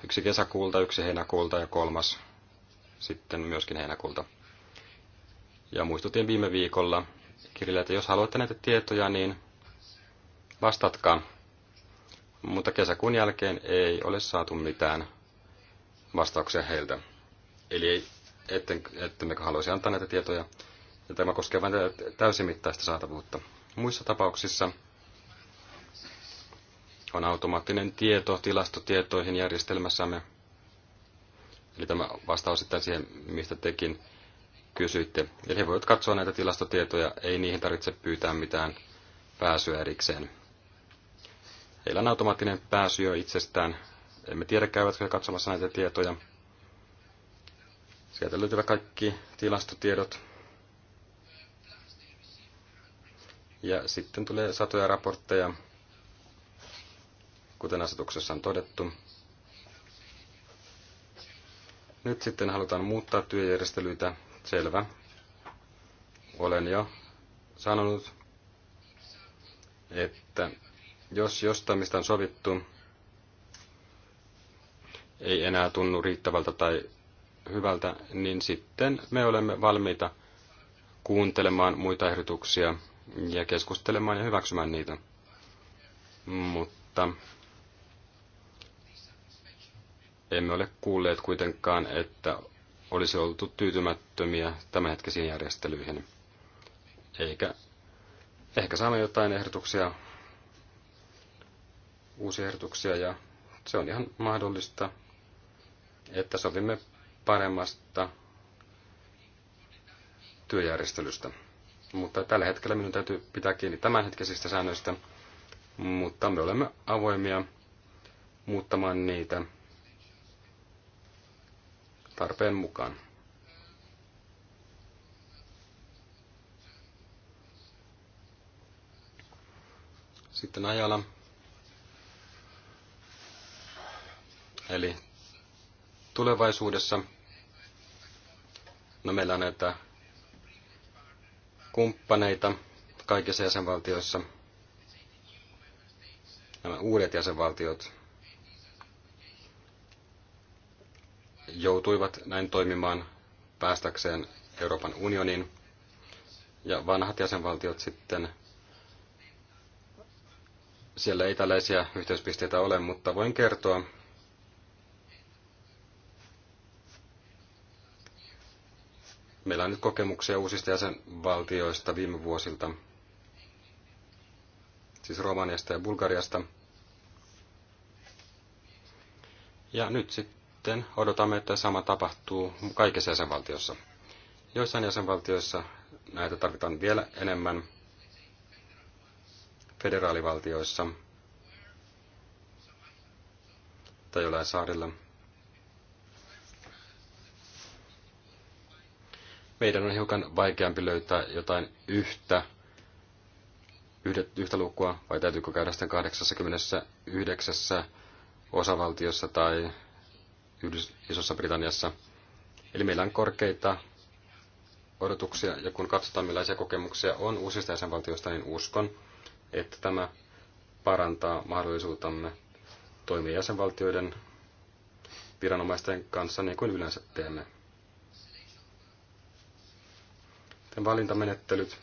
Yksi kesäkuulta, yksi heinäkuulta ja kolmas sitten myöskin heinäkuulta. Ja muistutin viime viikolla kirjalle, että jos haluatte näitä tietoja, niin vastatkaa. Mutta kesäkuun jälkeen ei ole saatu mitään vastauksia heiltä. Eli ei, etten, me haluaisi antaa näitä tietoja. Ja tämä koskee vain täysimittaista saatavuutta. Muissa tapauksissa on automaattinen tieto tilastotietoihin järjestelmässämme. Eli tämä vastaa sitten siihen, mistä tekin kysyitte. Eli he voivat katsoa näitä tilastotietoja, ei niihin tarvitse pyytää mitään pääsyä erikseen. Heillä on automaattinen pääsy jo itsestään. Emme tiedä, käyvätkö he katsomassa näitä tietoja. Sieltä löytyvät kaikki tilastotiedot. Ja sitten tulee satoja raportteja, kuten asetuksessa on todettu. Nyt sitten halutaan muuttaa työjärjestelyitä Selvä. Olen jo sanonut, että jos jostain mistä on sovittu, ei enää tunnu riittävältä tai hyvältä, niin sitten me olemme valmiita kuuntelemaan muita ehdotuksia ja keskustelemaan ja hyväksymään niitä. Mutta emme ole kuulleet kuitenkaan, että olisi oltu tyytymättömiä tämänhetkisiin järjestelyihin. Eikä ehkä saamme jotain ehdotuksia, uusia ehdotuksia ja se on ihan mahdollista, että sovimme paremmasta työjärjestelystä. Mutta tällä hetkellä minun täytyy pitää kiinni tämänhetkisistä säännöistä, mutta me olemme avoimia muuttamaan niitä tarpeen mukaan. Sitten ajalla. Eli tulevaisuudessa no meillä on näitä kumppaneita kaikissa jäsenvaltioissa. Nämä uudet jäsenvaltiot joutuivat näin toimimaan päästäkseen Euroopan unioniin. Ja vanhat jäsenvaltiot sitten, siellä ei tällaisia yhteyspisteitä ole, mutta voin kertoa, Meillä on nyt kokemuksia uusista jäsenvaltioista viime vuosilta, siis Romaniasta ja Bulgariasta. Ja nyt sitten sitten odotamme, että sama tapahtuu kaikissa jäsenvaltiossa. Joissain jäsenvaltioissa näitä tarvitaan vielä enemmän federaalivaltioissa tai jollain saarilla. Meidän on hiukan vaikeampi löytää jotain yhtä, yhtä lukua, vai täytyykö käydä sitten 89 osavaltiossa tai Isossa Britanniassa. Eli meillä on korkeita odotuksia, ja kun katsotaan millaisia kokemuksia on uusista jäsenvaltioista, niin uskon, että tämä parantaa mahdollisuutamme toimia jäsenvaltioiden viranomaisten kanssa niin kuin yleensä teemme. Tämän valintamenettelyt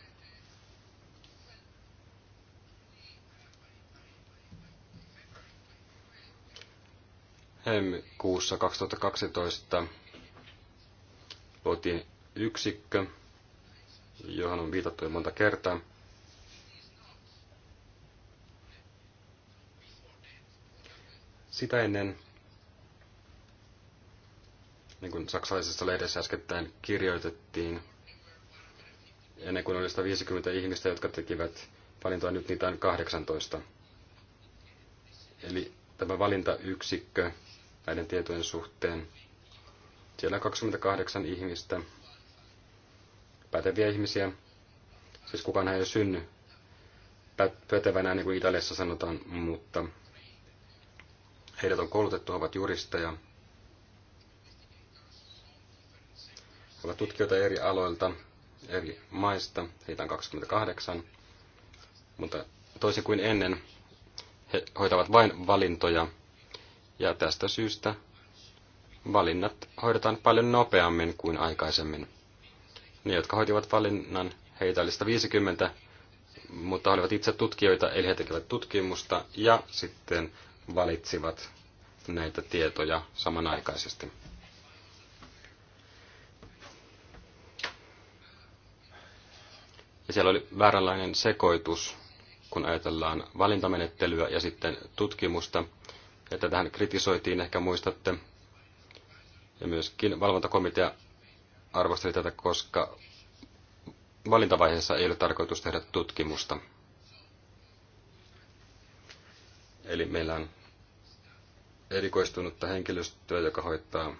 helmikuussa 2012 luotiin yksikkö, johon on viitattu jo monta kertaa. Sitä ennen, niin kuin saksalaisessa lehdessä äskettäin kirjoitettiin, ennen kuin oli 150 ihmistä, jotka tekivät valintoa, nyt niitä on 18. Eli tämä valintayksikkö näiden tietojen suhteen. Siellä 28 ihmistä, päteviä ihmisiä, siis kukaan ei ole synny pätevänä, niin kuin Italiassa sanotaan, mutta heidät on koulutettu, ovat juristeja, ovat tutkijoita eri aloilta, eri maista, heitä on 28, mutta toisin kuin ennen, he hoitavat vain valintoja ja tästä syystä valinnat hoidetaan paljon nopeammin kuin aikaisemmin. Ne, jotka hoitivat valinnan, heitä oli 150, mutta olivat itse tutkijoita, eli he tekevät tutkimusta ja sitten valitsivat näitä tietoja samanaikaisesti. Ja siellä oli vääränlainen sekoitus, kun ajatellaan valintamenettelyä ja sitten tutkimusta – ja tätähän kritisoitiin, ehkä muistatte. Ja myöskin valvontakomitea arvosteli tätä, koska valintavaiheessa ei ole tarkoitus tehdä tutkimusta. Eli meillä on erikoistunutta henkilöstöä, joka hoitaa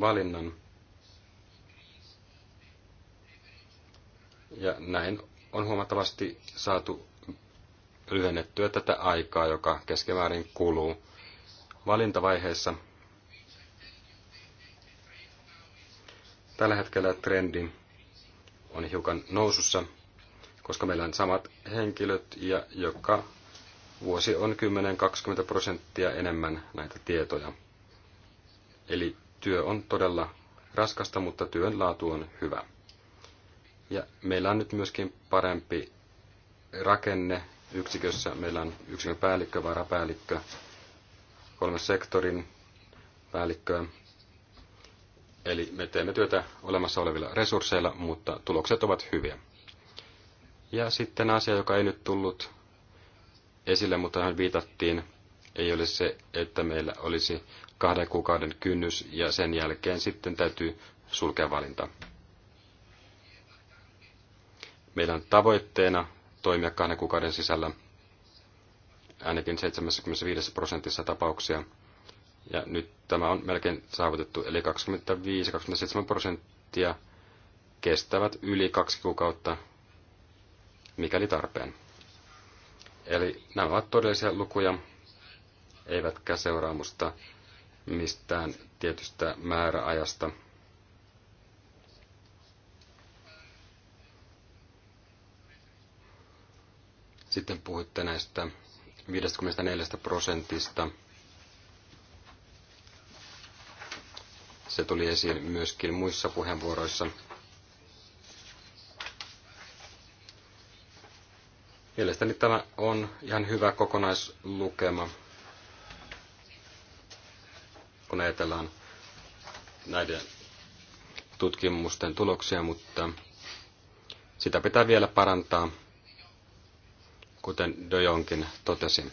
valinnan. Ja näin on huomattavasti saatu lyhennettyä tätä aikaa, joka keskimäärin kuluu valintavaiheessa. Tällä hetkellä trendi on hiukan nousussa, koska meillä on samat henkilöt ja joka vuosi on 10-20 prosenttia enemmän näitä tietoja. Eli työ on todella raskasta, mutta työn laatu on hyvä. Ja meillä on nyt myöskin parempi rakenne yksikössä. Meillä on yksikön päällikkö, varapäällikkö kolme sektorin päällikköä. Eli me teemme työtä olemassa olevilla resursseilla, mutta tulokset ovat hyviä. Ja sitten asia, joka ei nyt tullut esille, mutta hän viitattiin, ei ole se, että meillä olisi kahden kuukauden kynnys ja sen jälkeen sitten täytyy sulkea valinta. Meillä on tavoitteena toimia kahden kuukauden sisällä ainakin 75 prosentissa tapauksia. Ja nyt tämä on melkein saavutettu, eli 25-27 prosenttia kestävät yli kaksi kuukautta, mikäli tarpeen. Eli nämä ovat todellisia lukuja, eivätkä seuraamusta mistään tietystä määräajasta. Sitten puhuitte näistä 54 prosentista. Se tuli esiin myöskin muissa puheenvuoroissa. Mielestäni tämä on ihan hyvä kokonaislukema, kun ajatellaan näiden tutkimusten tuloksia, mutta sitä pitää vielä parantaa kuten De Jongkin totesi.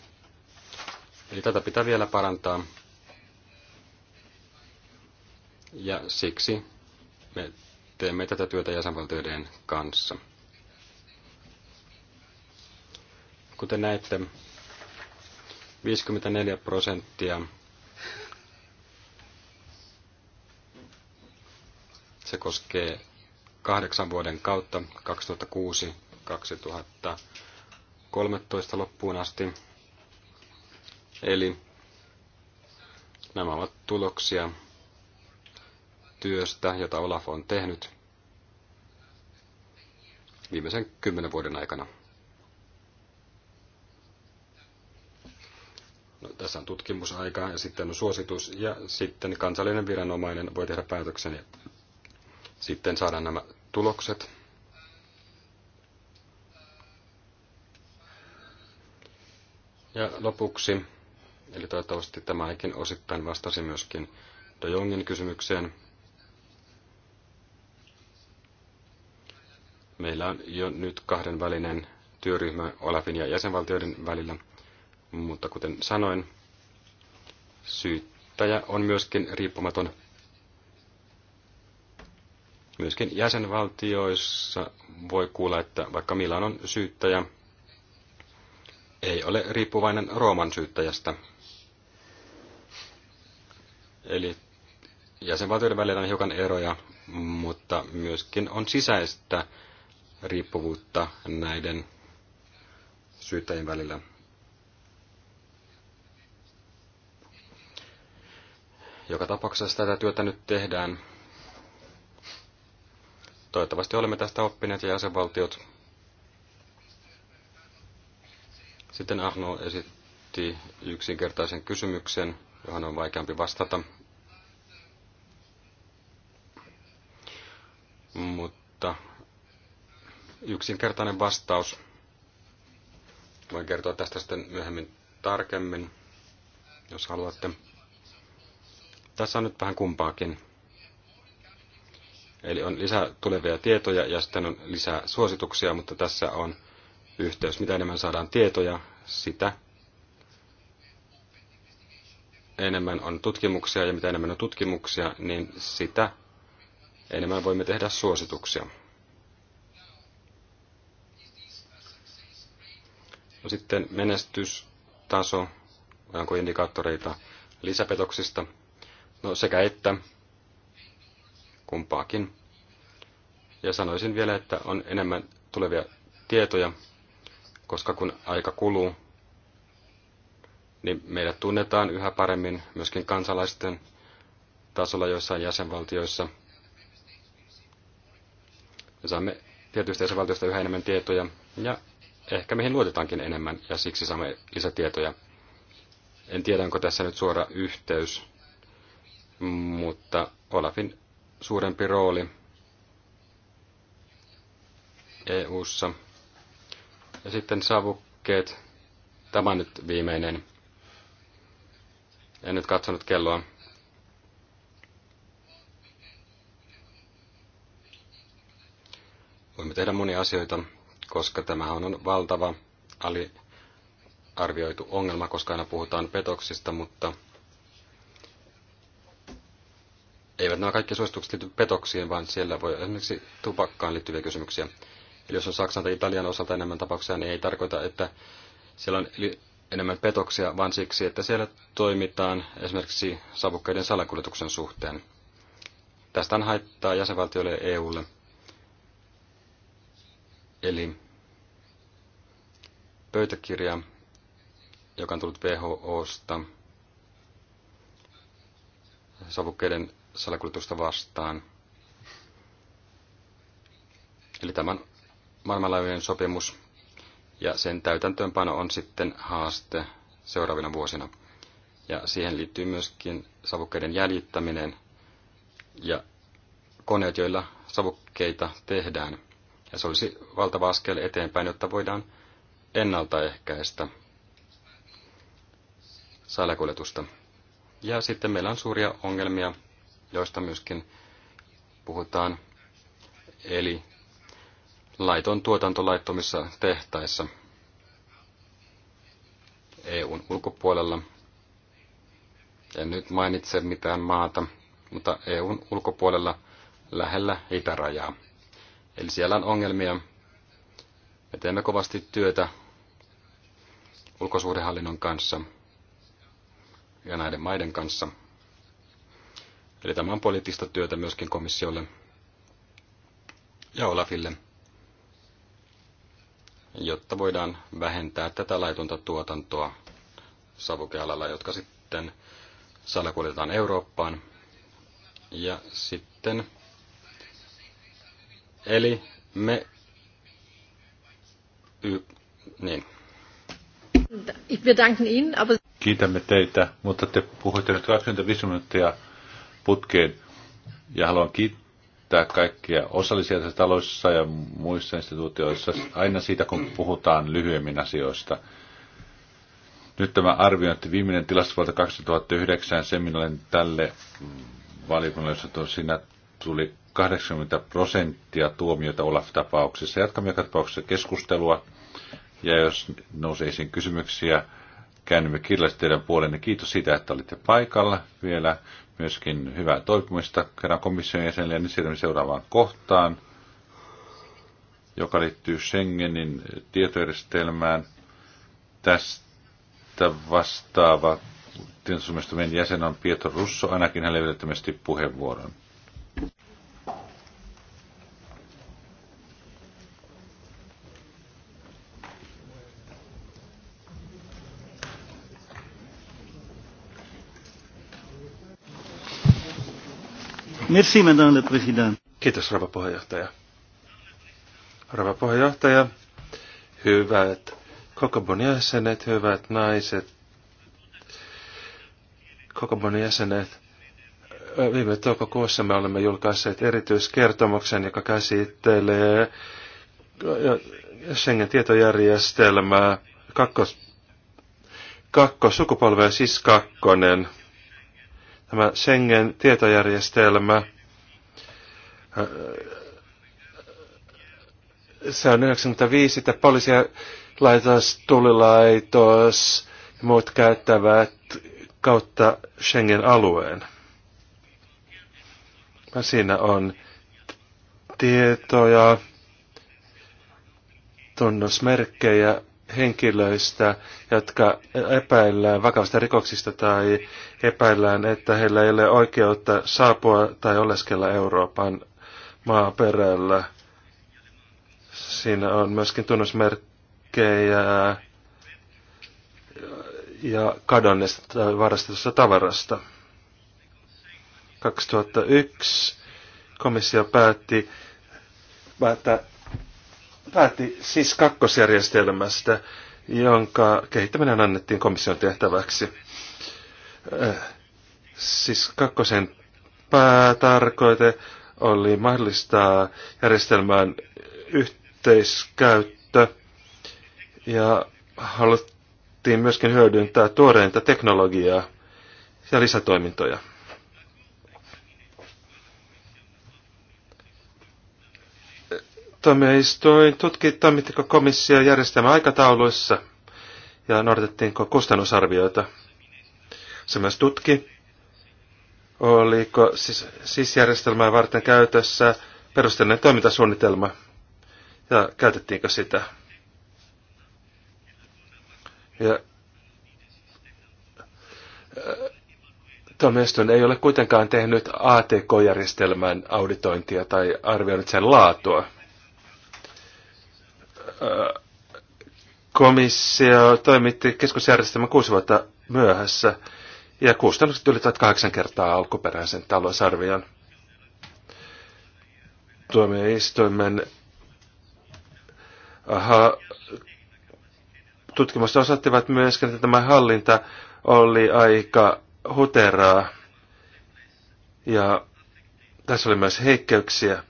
Eli tätä pitää vielä parantaa. Ja siksi me teemme tätä työtä jäsenvaltioiden kanssa. Kuten näette, 54 prosenttia se koskee kahdeksan vuoden kautta 2006 2000 13 loppuun asti. Eli nämä ovat tuloksia työstä, jota Olaf on tehnyt viimeisen kymmenen vuoden aikana. No, tässä on tutkimusaika ja sitten on suositus ja sitten kansallinen viranomainen voi tehdä päätöksen ja sitten saadaan nämä tulokset Ja lopuksi, eli toivottavasti tämä ainakin osittain vastasi myöskin De Jongin kysymykseen. Meillä on jo nyt kahden välinen työryhmä Olafin ja jäsenvaltioiden välillä, mutta kuten sanoin, syyttäjä on myöskin riippumaton. Myöskin jäsenvaltioissa voi kuulla, että vaikka Milan on syyttäjä, ei ole riippuvainen Rooman syyttäjästä. Eli jäsenvaltioiden välillä on hiukan eroja, mutta myöskin on sisäistä riippuvuutta näiden syyttäjien välillä. Joka tapauksessa tätä työtä nyt tehdään. Toivottavasti olemme tästä oppineet ja jäsenvaltiot Sitten Arno esitti yksinkertaisen kysymyksen, johon on vaikeampi vastata. Mutta yksinkertainen vastaus. Voin kertoa tästä sitten myöhemmin tarkemmin, jos haluatte. Tässä on nyt vähän kumpaakin. Eli on lisää tulevia tietoja ja sitten on lisää suosituksia, mutta tässä on yhteys. Mitä enemmän saadaan tietoja, sitä enemmän on tutkimuksia ja mitä enemmän on tutkimuksia, niin sitä enemmän voimme tehdä suosituksia. No sitten menestystaso, onko indikaattoreita lisäpetoksista? No sekä että, kumpaakin. Ja sanoisin vielä, että on enemmän tulevia tietoja, koska kun aika kuluu, niin meidät tunnetaan yhä paremmin myöskin kansalaisten tasolla joissain jäsenvaltioissa. Me saamme tietysti jäsenvaltioista yhä enemmän tietoja ja ehkä meihin luotetaankin enemmän ja siksi saamme lisätietoja. En tiedä, onko tässä nyt suora yhteys, mutta Olafin suurempi rooli EU:ssa ssa ja sitten savukkeet. Tämä on nyt viimeinen. En nyt katsonut kelloa. Voimme tehdä monia asioita, koska tämä on valtava aliarvioitu ongelma, koska aina puhutaan petoksista, mutta eivät nämä kaikki suositukset liity petoksiin, vaan siellä voi esimerkiksi tupakkaan liittyviä kysymyksiä. Eli jos on Saksan tai Italian osalta enemmän tapauksia, niin ei tarkoita, että siellä on enemmän petoksia, vaan siksi, että siellä toimitaan esimerkiksi savukkeiden salakuljetuksen suhteen. Tästä on haittaa jäsenvaltioille ja EUlle. Eli pöytäkirja, joka on tullut WHOsta savukkeiden salakuljetusta vastaan. Eli tämän maailmanlaajuinen sopimus ja sen täytäntöönpano on sitten haaste seuraavina vuosina. Ja siihen liittyy myöskin savukkeiden jäljittäminen ja koneet, joilla savukkeita tehdään. Ja se olisi valtava askel eteenpäin, jotta voidaan ennaltaehkäistä salakuljetusta. Ja sitten meillä on suuria ongelmia, joista myöskin puhutaan, eli laiton tuotanto laittomissa tehtaissa EUn ulkopuolella. En nyt mainitse mitään maata, mutta EUn ulkopuolella lähellä itärajaa. Eli siellä on ongelmia. Me teemme kovasti työtä ulkosuhdehallinnon kanssa ja näiden maiden kanssa. Eli tämä on poliittista työtä myöskin komissiolle ja Olafille jotta voidaan vähentää tätä laitonta tuotantoa savukealalla, jotka sitten salakuljetaan Eurooppaan. Ja sitten, eli me, y, niin. Kiitämme teitä, mutta te puhuitte nyt 25 minuuttia putkeen ja haluan kiittää kiittää kaikkia osallisia tässä talossa ja muissa instituutioissa aina siitä, kun puhutaan lyhyemmin asioista. Nyt tämä arviointi, viimeinen tilasto vuodelta 2009, seminaarin minä olen tälle valiokunnalle, jossa siinä tuli 80 prosenttia tuomioita Olaf-tapauksessa. Jatkamme joka tapauksessa keskustelua ja jos nousee esiin kysymyksiä, käännymme kirjallisesti teidän puolenne. Kiitos siitä, että olitte paikalla vielä myöskin hyvää toipumista kerran komission jäsenille ja nyt siirrymme seuraavaan kohtaan, joka liittyy Schengenin tietojärjestelmään. Tästä vastaava tietosummistumien jäsen on Pietro Russo, ainakin hänelle välittömästi puheenvuoron. Merci, madame le président. Kiitos, rouva puheenjohtaja. Rouva puheenjohtaja, hyvät kokobon jäsenet, hyvät naiset, kokobon jäsenet, viime toukokuussa me olemme julkaisseet erityiskertomuksen, joka käsittelee Schengen tietojärjestelmää kakkos, kakkosukupolvea, siis kakkonen. Tämä Schengen-tietojärjestelmä, äh, se on 95, että poliisilaitos, tullilaitos ja muut käyttävät kautta Schengen-alueen. Siinä on tietoja, tunnusmerkkejä, henkilöistä, jotka epäillään vakavista rikoksista tai epäillään, että heillä ei ole oikeutta saapua tai oleskella Euroopan maaperällä. Siinä on myöskin tunnusmerkkejä ja kadonneesta tai varastetusta tavarasta. 2001 komissio päätti että päätti siis kakkosjärjestelmästä, jonka kehittäminen annettiin komission tehtäväksi. Äh, siis kakkosen päätarkoite oli mahdollistaa järjestelmään yhteiskäyttö ja haluttiin myöskin hyödyntää tuoreinta teknologiaa ja lisätoimintoja. Tuomioistuin tutki, toimittiko komissio järjestelmä aikatauluissa ja noudatettiinko kustannusarvioita. Se myös tutki, oliko siis, siis järjestelmää varten käytössä perusteellinen toimintasuunnitelma ja käytettiinkö sitä. Ja äh, tuomioistuin ei ole kuitenkaan tehnyt ATK-järjestelmän auditointia tai arvioinut sen laatua komissio toimitti keskusjärjestelmän kuusi vuotta myöhässä ja kustannukset ylittävät kahdeksan kertaa alkuperäisen talousarvion. Tuomioistuimen aha, tutkimusta osoittivat myös, että tämä hallinta oli aika huteraa ja tässä oli myös heikkeyksiä,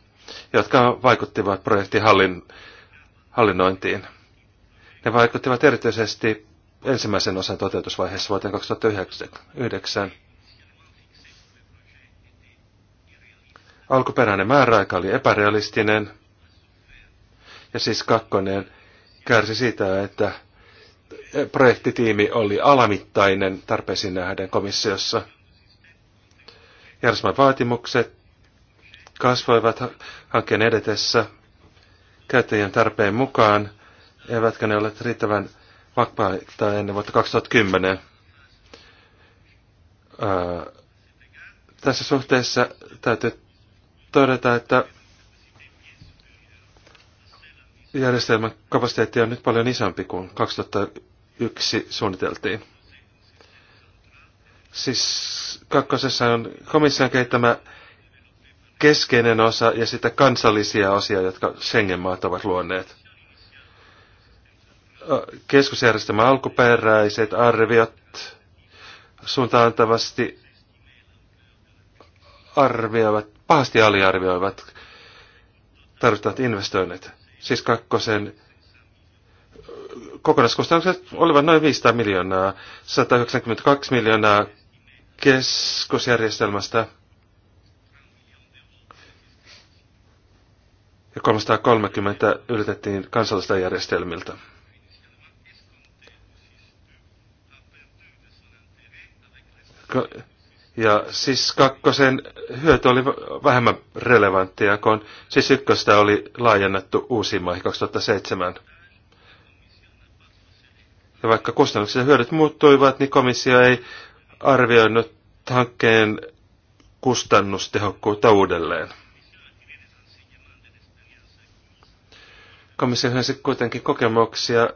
jotka vaikuttivat projektin hallin, hallinnointiin. Ne vaikuttivat erityisesti ensimmäisen osan toteutusvaiheessa vuoteen 2009. Alkuperäinen määräaika oli epärealistinen, ja siis kakkonen kärsi siitä, että projektitiimi oli alamittainen tarpeisiin nähden komissiossa. Järjestelmän vaatimukset kasvoivat hankkeen edetessä – käyttäjien tarpeen mukaan, eivätkä ne ole riittävän vakpaita ennen vuotta 2010. Ää, tässä suhteessa täytyy todeta, että järjestelmän kapasiteetti on nyt paljon isompi kuin 2001 suunniteltiin. Siis kakkosessa on komission kehittämä keskeinen osa ja sitten kansallisia osia, jotka Schengen-maat ovat luonneet. Keskusjärjestelmän alkuperäiset arviot suuntaantavasti arvioivat, pahasti aliarvioivat tarvittavat investoinnit. Siis kakkosen kokonaiskustannukset olivat noin 500 miljoonaa, 192 miljoonaa keskusjärjestelmästä – ja 330 ylitettiin kansallista järjestelmiltä. Ja siis kakkosen hyöty oli vähemmän relevanttia, kun siis ykköstä oli laajennettu uusiin maihin 2007. Ja vaikka kustannukset ja hyödyt muuttuivat, niin komissio ei arvioinut hankkeen kustannustehokkuutta uudelleen. Komissio sitten kuitenkin kokemuksia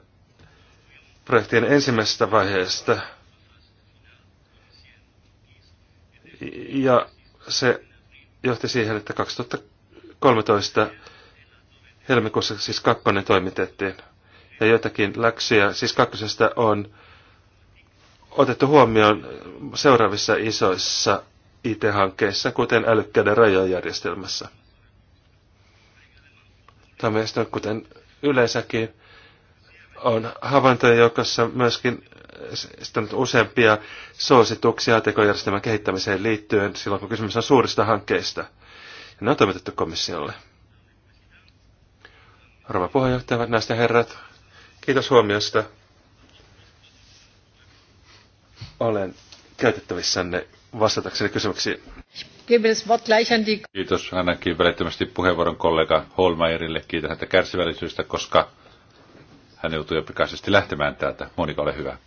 projektien ensimmäisestä vaiheesta. Ja se johti siihen, että 2013 helmikuussa siis kakkonen toimitettiin. Ja joitakin läksyjä, siis kakkosesta on otettu huomioon seuraavissa isoissa IT-hankkeissa, kuten älykkäiden rajojärjestelmässä. Tuomioistuin, kuten yleensäkin, on havaintojen joukossa myöskin useampia suosituksia tekojärjestelmän kehittämiseen liittyen silloin, kun kysymys on suurista hankkeista. Ja ne on toimitettu komissiolle. Rouva puheenjohtaja, näistä herrat, kiitos huomiosta. Olen käytettävissänne vastatakseni kysymyksiin. Kiitos ainakin välittömästi puheenvuoron kollega Holmaerille. Kiitän häntä kärsivällisyydestä, koska hän joutuu jo pikaisesti lähtemään täältä. Monika, ole hyvä.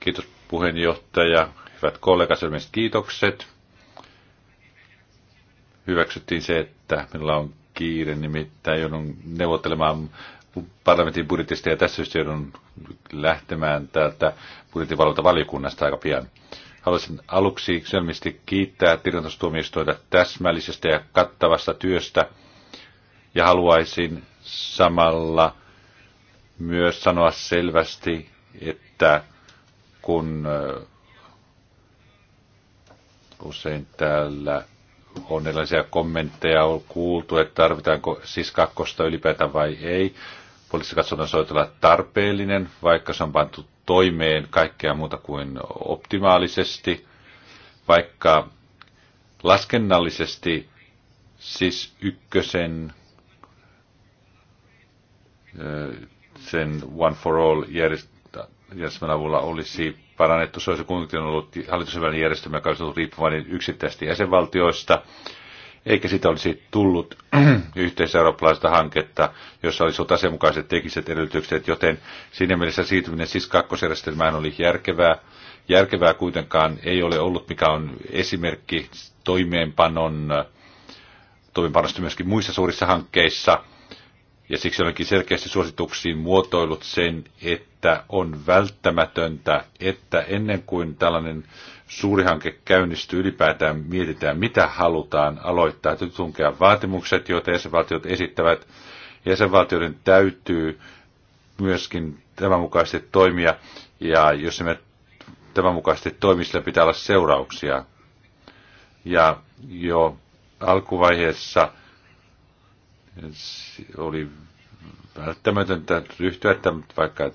Kiitos puheenjohtaja. Hyvät kollegat, kiitokset. Hyväksyttiin se, että minulla on kiire, nimittäin joudun neuvottelemaan parlamentin budjetista ja tässä syystä joudun lähtemään täältä budjetinvalvontavaliokunnasta aika pian. Haluaisin aluksi selvästi kiittää tilintustuomioistuinta täsmällisestä ja kattavasta työstä ja haluaisin samalla myös sanoa selvästi, että kun äh, usein täällä on erilaisia kommentteja on kuultu, että tarvitaanko siis kakkosta ylipäätään vai ei poliittisesti katsotaan soitella tarpeellinen, vaikka se on pantu toimeen kaikkea muuta kuin optimaalisesti, vaikka laskennallisesti siis ykkösen sen One for All järjestelmän avulla olisi parannettu. Se olisi kuitenkin ollut hallituksen järjestelmä, joka olisi ollut riippuvainen yksittäisesti jäsenvaltioista eikä sitä olisi tullut [clears throat] yhteiseurooppalaista hanketta, jossa olisi ollut asianmukaiset tekniset edellytykset, joten siinä mielessä siirtyminen siis kakkosjärjestelmään oli järkevää. Järkevää kuitenkaan ei ole ollut, mikä on esimerkki toimeenpanon toimeenpanosta myöskin muissa suurissa hankkeissa. Ja siksi olenkin selkeästi suosituksiin muotoillut sen, että on välttämätöntä, että ennen kuin tällainen suuri hanke käynnistyy, ylipäätään mietitään, mitä halutaan aloittaa, täytyy tunkea vaatimukset, joita jäsenvaltiot esittävät. Jäsenvaltioiden täytyy myöskin tämän mukaisesti toimia, ja jos emme tämän mukaisesti toimisilla pitää olla seurauksia. Ja jo alkuvaiheessa oli välttämätöntä ryhtyä, että vaikka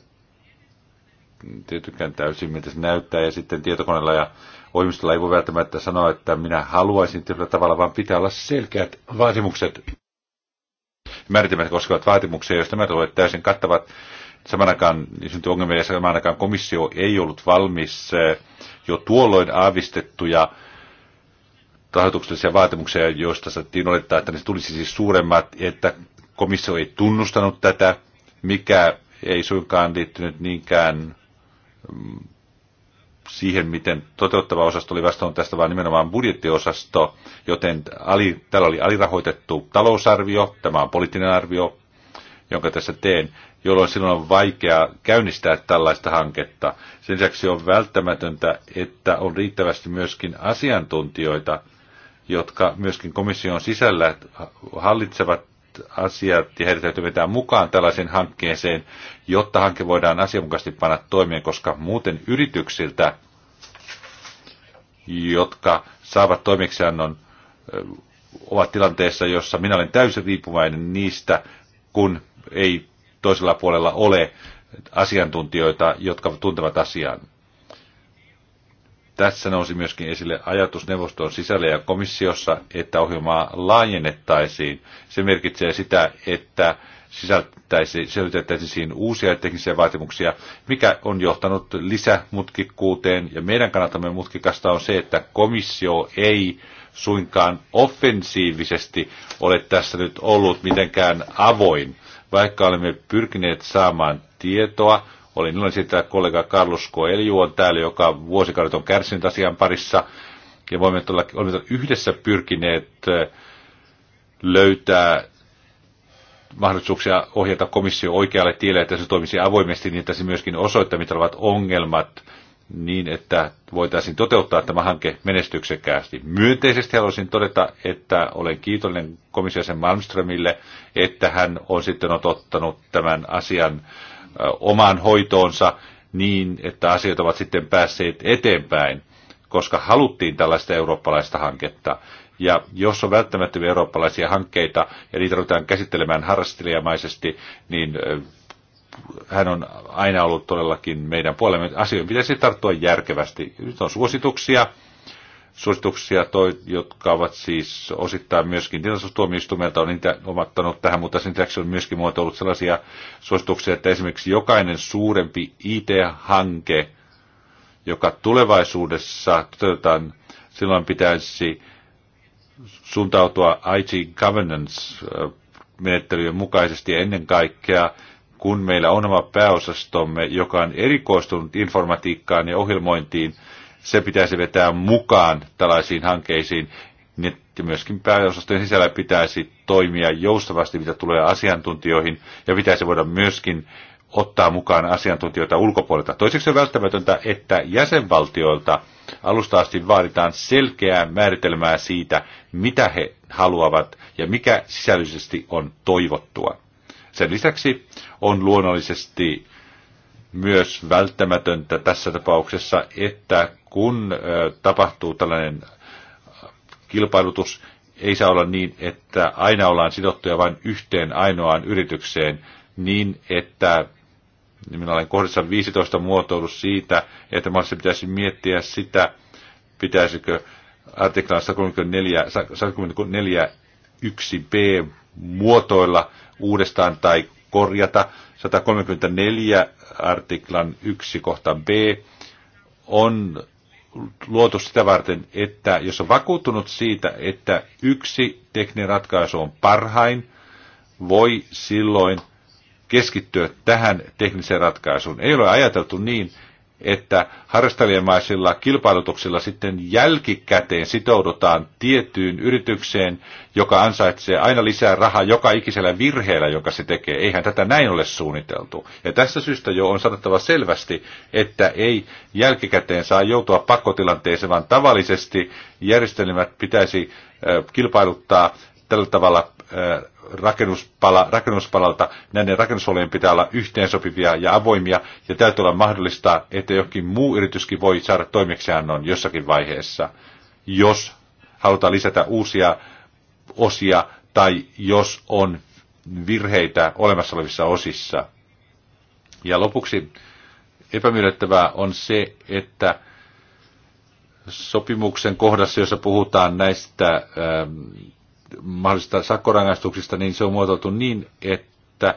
tietykään täysin, miltä se näyttää, ja sitten tietokoneella ja ohjelmistolla ei voi välttämättä sanoa, että minä haluaisin tietyllä tavalla, vaan pitää olla selkeät vaatimukset. Määritelmät koskevat vaatimuksia, joista nämä tulevat täysin kattavat, aikaan niin syntyy ongelmia, ja aikaan komissio ei ollut valmis eh, jo tuolloin aavistettuja rahoituksellisia vaatimuksia, joista saatiin olettaa, että ne tulisi siis suuremmat, että komissio ei tunnustanut tätä, mikä ei suinkaan liittynyt niinkään siihen, miten toteuttava osasto oli vastaan tästä, vaan nimenomaan budjettiosasto, joten ali, täällä oli alirahoitettu talousarvio, tämä on poliittinen arvio, jonka tässä teen, jolloin silloin on vaikea käynnistää tällaista hanketta. Sen lisäksi on välttämätöntä, että on riittävästi myöskin asiantuntijoita, jotka myöskin komission sisällä hallitsevat asiat ja heidät täytyy vetää mukaan tällaiseen hankkeeseen, jotta hanke voidaan asianmukaisesti panna toimeen, koska muuten yrityksiltä, jotka saavat toimeksiannon, ovat tilanteessa, jossa minä olen täysin riippuvainen niistä, kun ei toisella puolella ole asiantuntijoita, jotka tuntevat asian. Tässä nousi myöskin esille ajatus neuvoston sisällä ja komissiossa, että ohjelmaa laajennettaisiin. Se merkitsee sitä, että sisältäisiin uusia teknisiä vaatimuksia, mikä on johtanut lisämutkikkuuteen. Ja meidän kannaltamme mutkikasta on se, että komissio ei suinkaan offensiivisesti ole tässä nyt ollut mitenkään avoin, vaikka olemme pyrkineet saamaan tietoa Olin noin sitä kollega Carlos Coelho on täällä, joka vuosikaudet on kärsinyt asian parissa. Ja voimme tulla, olemme yhdessä pyrkineet löytää mahdollisuuksia ohjata komissio oikealle tielle, että se toimisi avoimesti niin, että se myöskin osoittaa, mitä ovat ongelmat, niin että voitaisiin toteuttaa tämä hanke menestyksekkäästi. Myönteisesti haluaisin todeta, että olen kiitollinen komissiosen Malmströmille, että hän on sitten ottanut tämän asian omaan hoitoonsa niin, että asiat ovat sitten päässeet eteenpäin, koska haluttiin tällaista eurooppalaista hanketta. Ja jos on välttämättömiä eurooppalaisia hankkeita ja niitä ruvetaan käsittelemään harrastelijamaisesti, niin hän on aina ollut todellakin meidän puolemme. Asioihin pitäisi tarttua järkevästi. Nyt on suosituksia, suosituksia, toi, jotka ovat siis osittain myöskin tilastustuomioistuimelta on niitä omattanut tähän, mutta sen lisäksi on myöskin muotoillut sellaisia suosituksia, että esimerkiksi jokainen suurempi IT-hanke, joka tulevaisuudessa toteutetaan, silloin pitäisi suuntautua IT governance-menettelyjen mukaisesti ennen kaikkea, kun meillä on oma pääosastomme, joka on erikoistunut informatiikkaan ja ohjelmointiin, se pitäisi vetää mukaan tällaisiin hankkeisiin, niin että myöskin pääosastojen sisällä pitäisi toimia joustavasti, mitä tulee asiantuntijoihin, ja pitäisi voida myöskin ottaa mukaan asiantuntijoita ulkopuolelta. Toiseksi on välttämätöntä, että jäsenvaltioilta alusta asti vaaditaan selkeää määritelmää siitä, mitä he haluavat ja mikä sisällisesti on toivottua. Sen lisäksi on luonnollisesti myös välttämätöntä tässä tapauksessa, että kun tapahtuu tällainen kilpailutus, ei saa olla niin, että aina ollaan sidottuja vain yhteen ainoaan yritykseen, niin että niin minä olen kohdassa 15 muotoilu siitä, että maassa pitäisi miettiä sitä, pitäisikö artiklan 134, 134 1b muotoilla uudestaan tai korjata. 134 artiklan 1 kohta B on luotu sitä varten, että jos on vakuuttunut siitä, että yksi tekninen ratkaisu on parhain, voi silloin keskittyä tähän tekniseen ratkaisuun. Ei ole ajateltu niin, että harrastelijamaisilla kilpailutuksilla sitten jälkikäteen sitoudutaan tiettyyn yritykseen, joka ansaitsee aina lisää rahaa joka ikisellä virheellä, jonka se tekee. Eihän tätä näin ole suunniteltu. Ja tässä syystä jo on sanottava selvästi, että ei jälkikäteen saa joutua pakkotilanteeseen, vaan tavallisesti järjestelmät pitäisi kilpailuttaa tällä tavalla rakennuspala, rakennuspalalta. Näiden rakennusolojen pitää olla yhteensopivia ja avoimia ja täytyy olla mahdollista, että jokin muu yrityskin voi saada toimeksiannon jossakin vaiheessa, jos halutaan lisätä uusia osia tai jos on virheitä olemassa olevissa osissa. Ja lopuksi epämiellyttävää on se, että sopimuksen kohdassa, jossa puhutaan näistä ähm, mahdollisista sakkorangaistuksista, niin se on muotoiltu niin, että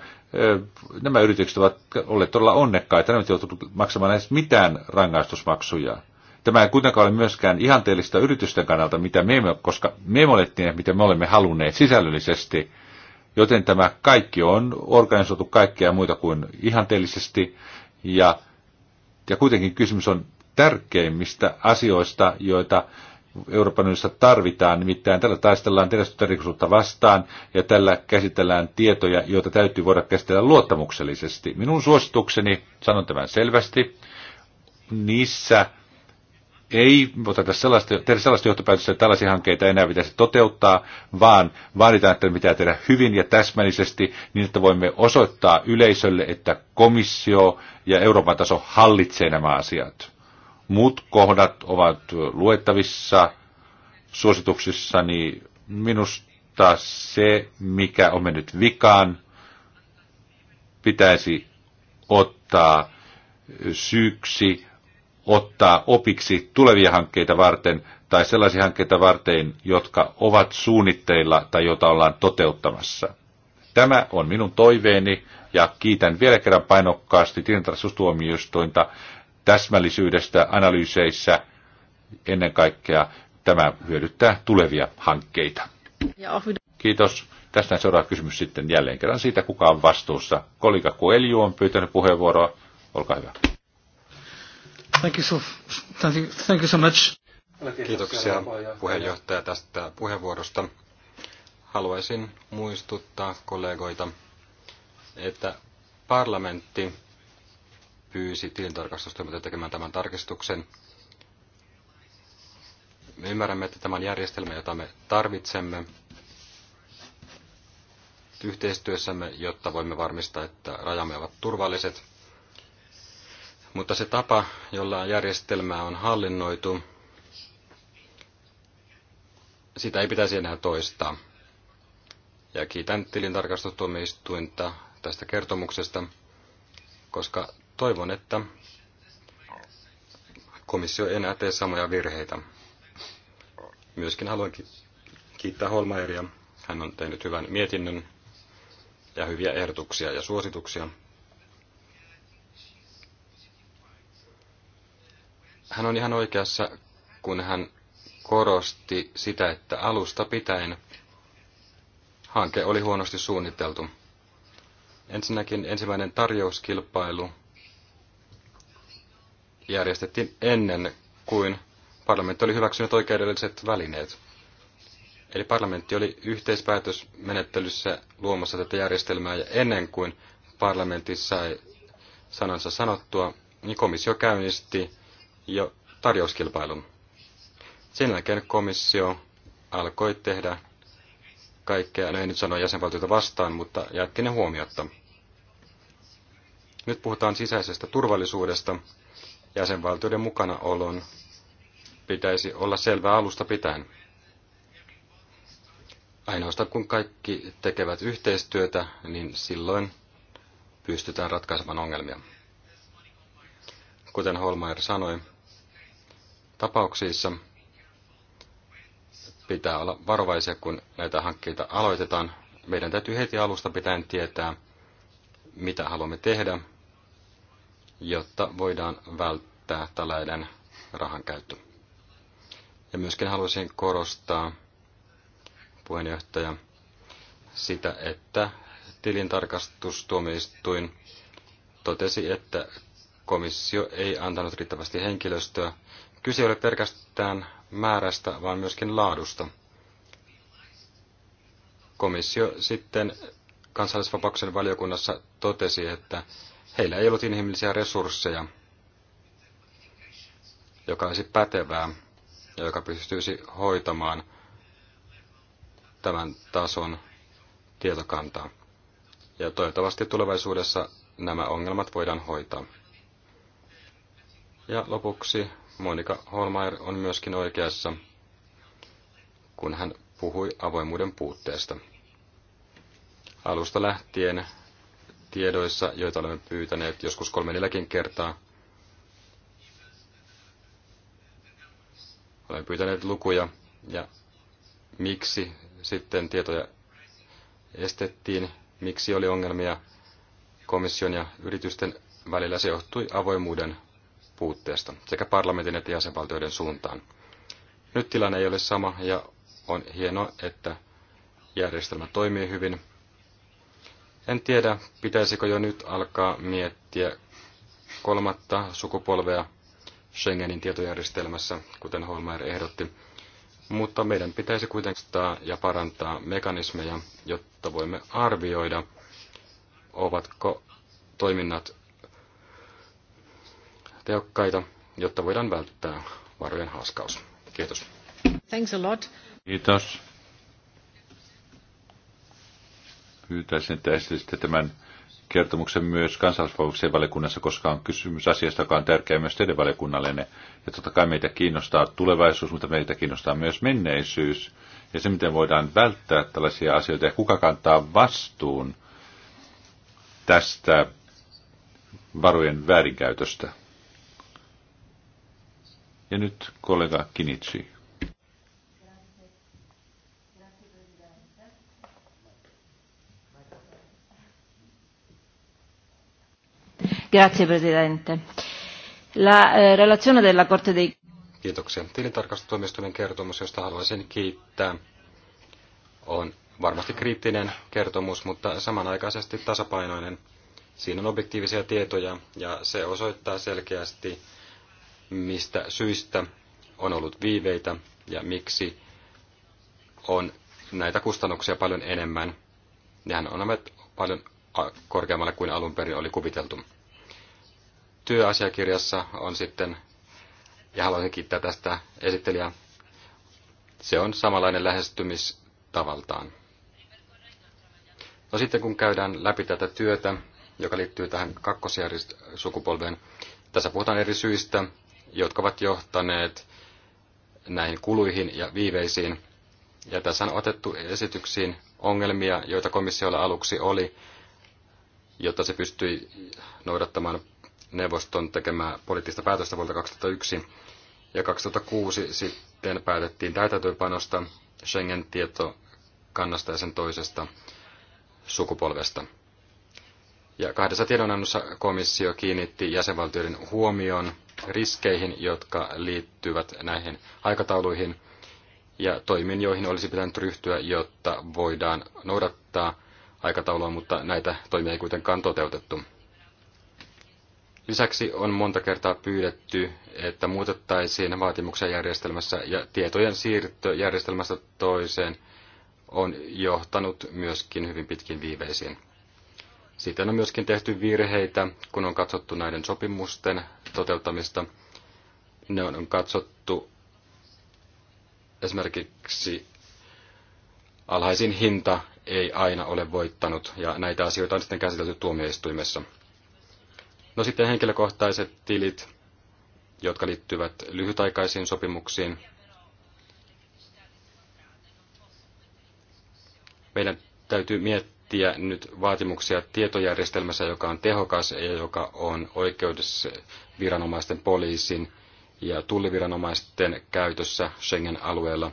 nämä yritykset ovat olleet todella onnekkaita, ne ovat joutuneet maksamaan edes mitään rangaistusmaksuja. Tämä ei kuitenkaan ole myöskään ihanteellista yritysten kannalta, mitä me emme, koska me emme ole tienneet, mitä me olemme halunneet sisällöllisesti, joten tämä kaikki on organisoitu kaikkea muita kuin ihanteellisesti, ja, ja kuitenkin kysymys on tärkeimmistä asioista, joita Euroopan unionissa tarvitaan. Nimittäin tällä taistellaan terveysrikollisuutta vastaan ja tällä käsitellään tietoja, joita täytyy voida käsitellä luottamuksellisesti. Minun suositukseni, sanon tämän selvästi, niissä ei oteta sellaista, tehdä sellaista johtopäätöstä, että tällaisia hankkeita ei enää pitäisi toteuttaa, vaan vaaditaan, että mitä tehdä hyvin ja täsmällisesti, niin että voimme osoittaa yleisölle, että komissio ja Euroopan taso hallitsee nämä asiat. Muut kohdat ovat luettavissa suosituksissani. Niin minusta se, mikä on mennyt vikaan, pitäisi ottaa syyksi, ottaa opiksi tulevia hankkeita varten tai sellaisia hankkeita varten, jotka ovat suunnitteilla tai joita ollaan toteuttamassa. Tämä on minun toiveeni ja kiitän vielä kerran painokkaasti tilintarkastustuomioistointa täsmällisyydestä analyyseissä. Ennen kaikkea tämä hyödyttää tulevia hankkeita. Kiitos. Tästä seuraa kysymys sitten jälleen kerran siitä, kuka on vastuussa. Kolika Koelju on pyytänyt puheenvuoroa. Olkaa hyvä. Thank you so, thank you, thank you so much. Kiitoksia puheenjohtaja tästä puheenvuorosta. Haluaisin muistuttaa kollegoita, että parlamentti pyysi tilintarkastustoimintaa tekemään tämän tarkistuksen. Me ymmärrämme, että tämä on järjestelmä, jota me tarvitsemme yhteistyössämme, jotta voimme varmistaa, että rajamme ovat turvalliset. Mutta se tapa, jolla järjestelmää on hallinnoitu, sitä ei pitäisi enää toistaa. Ja kiitän tilintarkastustuomioistuinta tästä kertomuksesta, koska Toivon, että komissio ei enää tee samoja virheitä. Myöskin haluan kiittää Holmaeria. Hän on tehnyt hyvän mietinnön ja hyviä ehdotuksia ja suosituksia. Hän on ihan oikeassa, kun hän korosti sitä, että alusta pitäen hanke oli huonosti suunniteltu. Ensinnäkin ensimmäinen tarjouskilpailu järjestettiin ennen kuin parlamentti oli hyväksynyt oikeudelliset välineet. Eli parlamentti oli yhteispäätösmenettelyssä luomassa tätä järjestelmää ja ennen kuin parlamentti sai sanansa sanottua, niin komissio käynnisti jo tarjouskilpailun. Sen jälkeen komissio alkoi tehdä kaikkea, no ei nyt sano jäsenvaltioita vastaan, mutta jätti ne huomiotta. Nyt puhutaan sisäisestä turvallisuudesta, jäsenvaltioiden mukanaolon pitäisi olla selvä alusta pitäen. Ainoastaan kun kaikki tekevät yhteistyötä, niin silloin pystytään ratkaisemaan ongelmia. Kuten Holmeier sanoi, tapauksissa pitää olla varovaisia, kun näitä hankkeita aloitetaan. Meidän täytyy heti alusta pitäen tietää, mitä haluamme tehdä jotta voidaan välttää tällainen rahan käyttö. Ja myöskin haluaisin korostaa, puheenjohtaja, sitä, että tilintarkastustuomioistuin totesi, että komissio ei antanut riittävästi henkilöstöä. Kyse ei ole pelkästään määrästä, vaan myöskin laadusta. Komissio sitten kansallisvapauksen valiokunnassa totesi, että heillä ei ollut inhimillisiä resursseja, joka olisi pätevää ja joka pystyisi hoitamaan tämän tason tietokantaa. Ja toivottavasti tulevaisuudessa nämä ongelmat voidaan hoitaa. Ja lopuksi Monika Holmeier on myöskin oikeassa, kun hän puhui avoimuuden puutteesta. Alusta lähtien tiedoissa, joita olemme pyytäneet joskus kolme neljäkin kertaa. Olemme pyytäneet lukuja ja miksi sitten tietoja estettiin, miksi oli ongelmia komission ja yritysten välillä, se johtui avoimuuden puutteesta sekä parlamentin että jäsenvaltioiden suuntaan. Nyt tilanne ei ole sama ja on hienoa, että järjestelmä toimii hyvin en tiedä, pitäisikö jo nyt alkaa miettiä kolmatta sukupolvea Schengenin tietojärjestelmässä, kuten Holmeier ehdotti, mutta meidän pitäisi kuitenkin ja parantaa mekanismeja, jotta voimme arvioida, ovatko toiminnat tehokkaita, jotta voidaan välttää varojen haaskaus. Kiitos. Thanks a lot. Kiitos. pyytäisin, että esitisitte tämän kertomuksen myös kansallisvalvoksen valiokunnassa, koska on kysymys asiasta, joka on tärkeä myös teidän valiokunnallenne. Ja totta kai meitä kiinnostaa tulevaisuus, mutta meitä kiinnostaa myös menneisyys ja se, miten voidaan välttää tällaisia asioita ja kuka kantaa vastuun tästä varojen väärinkäytöstä. Ja nyt kollega Kinitsi. Grazie Presidente. La eh, relazione della Corte dei... Kiitoksia. Tilintarkastustuomioistuimen kertomus, josta haluaisin kiittää, on varmasti kriittinen kertomus, mutta samanaikaisesti tasapainoinen. Siinä on objektiivisia tietoja ja se osoittaa selkeästi, mistä syistä on ollut viiveitä ja miksi on näitä kustannuksia paljon enemmän. Nehän on paljon korkeammalle kuin alun perin oli kuviteltu työasiakirjassa on sitten, ja haluaisin kiittää tästä esittelijää, se on samanlainen lähestymistavaltaan. No sitten kun käydään läpi tätä työtä, joka liittyy tähän kakkosjärjestysukupolveen, tässä puhutaan eri syistä, jotka ovat johtaneet näihin kuluihin ja viiveisiin. Ja tässä on otettu esityksiin ongelmia, joita komissiolla aluksi oli, jotta se pystyi noudattamaan neuvoston tekemää poliittista päätöstä vuodelta 2001. Ja 2006 sitten päätettiin täytäntöönpanosta Schengen-tietokannasta ja sen toisesta sukupolvesta. Ja kahdessa tiedonannossa komissio kiinnitti jäsenvaltioiden huomioon riskeihin, jotka liittyvät näihin aikatauluihin ja toimiin, joihin olisi pitänyt ryhtyä, jotta voidaan noudattaa aikataulua, mutta näitä toimia ei kuitenkaan toteutettu. Lisäksi on monta kertaa pyydetty, että muutettaisiin vaatimuksia järjestelmässä ja tietojen siirto järjestelmästä toiseen on johtanut myöskin hyvin pitkin viiveisiin. Sitten on myöskin tehty virheitä, kun on katsottu näiden sopimusten toteuttamista. Ne on katsottu esimerkiksi alhaisin hinta ei aina ole voittanut, ja näitä asioita on sitten käsitelty tuomioistuimessa. No sitten henkilökohtaiset tilit, jotka liittyvät lyhytaikaisiin sopimuksiin. Meidän täytyy miettiä nyt vaatimuksia tietojärjestelmässä, joka on tehokas ja joka on oikeudessa viranomaisten poliisin ja tulliviranomaisten käytössä Schengen-alueella.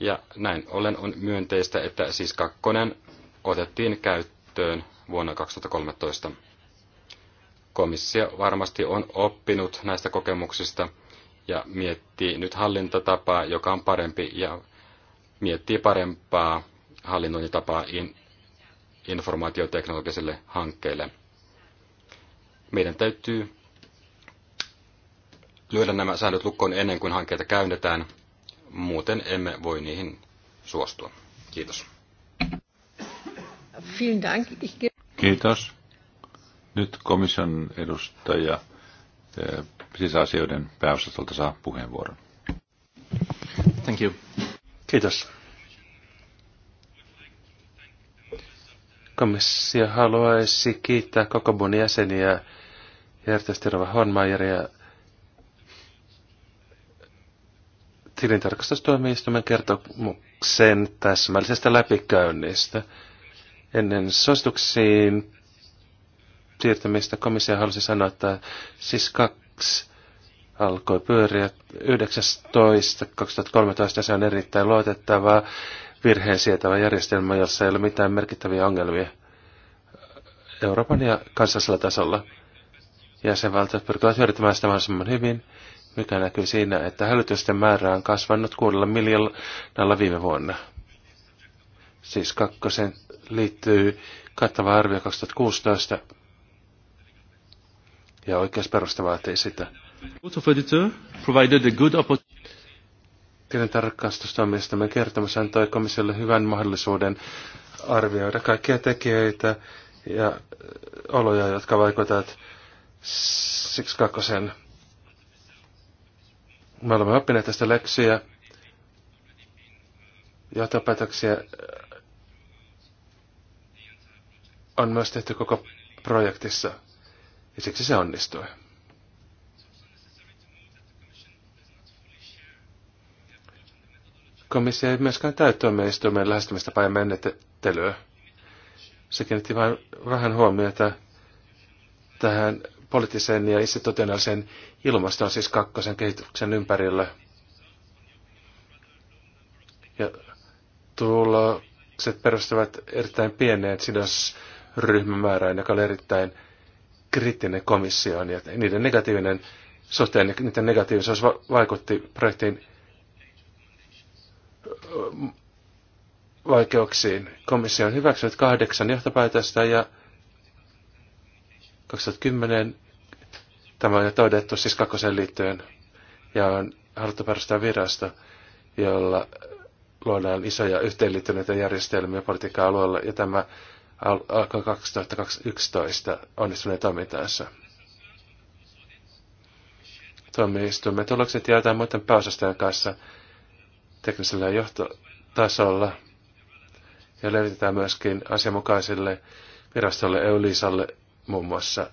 Ja näin ollen on myönteistä, että siis kakkonen otettiin käyttöön vuonna 2013 komissio varmasti on oppinut näistä kokemuksista ja miettii nyt hallintatapaa, joka on parempi ja miettii parempaa hallinnointitapaa in, informaatioteknologisille hankkeille. Meidän täytyy lyödä nämä säännöt lukkoon ennen kuin hankkeita käynnetään, muuten emme voi niihin suostua. Kiitos. Kiitos. Nyt komission edustaja eh, sisäasioiden pääosastolta saa puheenvuoron. Thank you. Kiitos. Komissio haluaisi kiittää koko mun jäseniä ja Rova Hornmeieria tilintarkastustuomioistuimen kertomuksen täsmällisestä läpikäynnistä. Ennen suosituksiin siirtymistä. Komissio halusi sanoa, että siis kaksi alkoi pyöriä 19.2013. Se on erittäin luotettava, virheen sietävä järjestelmä, jossa ei ole mitään merkittäviä ongelmia Euroopan ja kansallisella tasolla. Jäsenvaltiot pyrkivät hyödyntämään sitä mahdollisimman hyvin, mikä näkyy siinä, että hälytysten määrä on kasvanut kuudella miljoonalla viime vuonna. Siis kakkosen liittyy kattava arvio 2016 ja oikeusperusta vaatii sitä. Tilintarkastustoimistamme kertomus antoi komissiolle hyvän mahdollisuuden arvioida kaikkia tekijöitä ja äh, oloja, jotka vaikuttavat siksi kakkosen. Me olemme oppineet tästä läksyjä, johtopäätöksiä äh, on myös tehty koko projektissa ja siksi se onnistui. Komissio ei myöskään täyttömeistuimen lähestymistä päin menettelyä. Se kiinnitti vain vähän huomiota tähän poliittiseen ja institutionaaliseen ilmastoon, siis kakkosen kehityksen ympärillä. Ja tulokset perustuvat erittäin pieneen sidosryhmämäärään, joka oli erittäin kriittinen komissioon ja niiden negatiivinen suhteen, niiden negatiivisuus vaikutti projektin vaikeuksiin. Komissio on hyväksynyt kahdeksan johtopäätöstä ja 2010 tämä on jo todettu siis kakkoseen liittyen ja on haluttu perustaa virasto, jolla luodaan isoja yhteenliittyneitä järjestelmiä politiikka-alueella ja tämä alkoi 2011 onnistuneen toimintaansa. Tuomioistuimme tulokset jaetaan muiden pääosastajan kanssa teknisellä johtotasolla ja levitetään myöskin asianmukaisille virastolle EU-liisalle muun muassa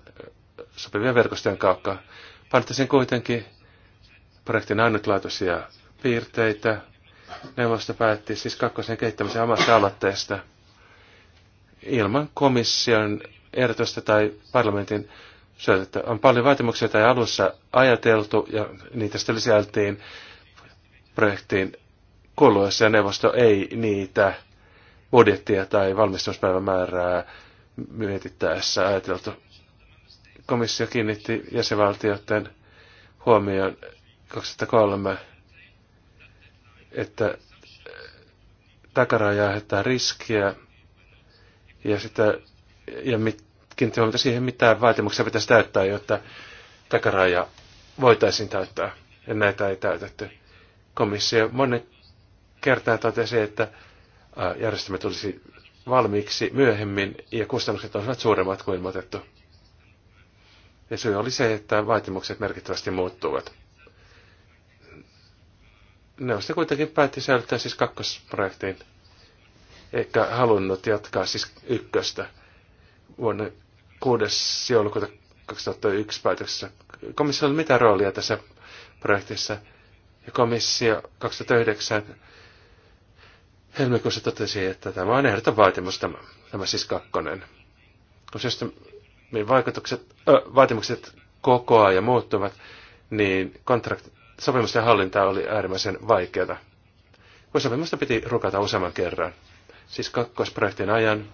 sopivien verkostojen kautta. Painottaisin kuitenkin projektin ainutlaatuisia piirteitä. Neuvosto päätti siis kakkosen kehittämisen omasta aloitteesta – ilman komission ehdotusta tai parlamentin syötettä. On paljon vaatimuksia tai alussa ajateltu ja niitä sitten lisältiin projektiin kuluessa ja neuvosto ei niitä budjettia tai valmistuspäivämäärää mietittäessä ajateltu. Komissio kiinnitti jäsenvaltioiden huomioon 2003, että takarajaa aiheuttaa riskiä ja, sitä, ja mit, te olette siihen, mitä vaatimuksia pitäisi täyttää, jotta takaraja voitaisiin täyttää. Ja näitä ei täytetty. Komissio monen kertaan totesi, että järjestelmä tulisi valmiiksi myöhemmin ja kustannukset olisivat suuremmat kuin ilmoitettu. Ja syy oli se, että vaatimukset merkittävästi muuttuvat. Neuvosto kuitenkin päätti säilyttää siis kakkosprojektiin eikä halunnut jatkaa siis ykköstä vuonna 6. joulukuuta 2001 päätöksessä. Komissio oli mitä roolia tässä projektissa? Ja komissio 2009 helmikuussa totesi, että tämä on ehdoton vaatimus, tämä, tämä siis kakkonen. Kun systeemin vaikutukset, ö, vaatimukset koko ja muuttuvat, niin kontrakt, sopimusten hallinta oli äärimmäisen vaikeaa. Kun sopimusta piti rukata useamman kerran siis kakkosprojektin ajan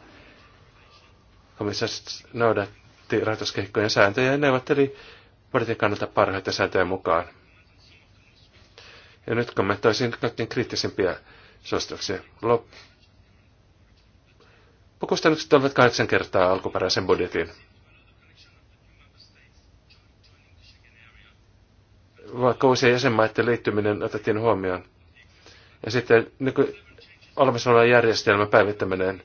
komissas noudatti rahoituskehikkojen sääntöjä ja neuvotteli budjetin kannalta parhaita sääntöjä mukaan. Ja nyt kommentoisin kaikkein kriittisimpiä suosituksia. Lop... olivat kahdeksan kertaa alkuperäisen budjetin. Vaikka uusien jäsenmaiden liittyminen otettiin huomioon. Ja sitten olemassa oleva järjestelmä päivittäminen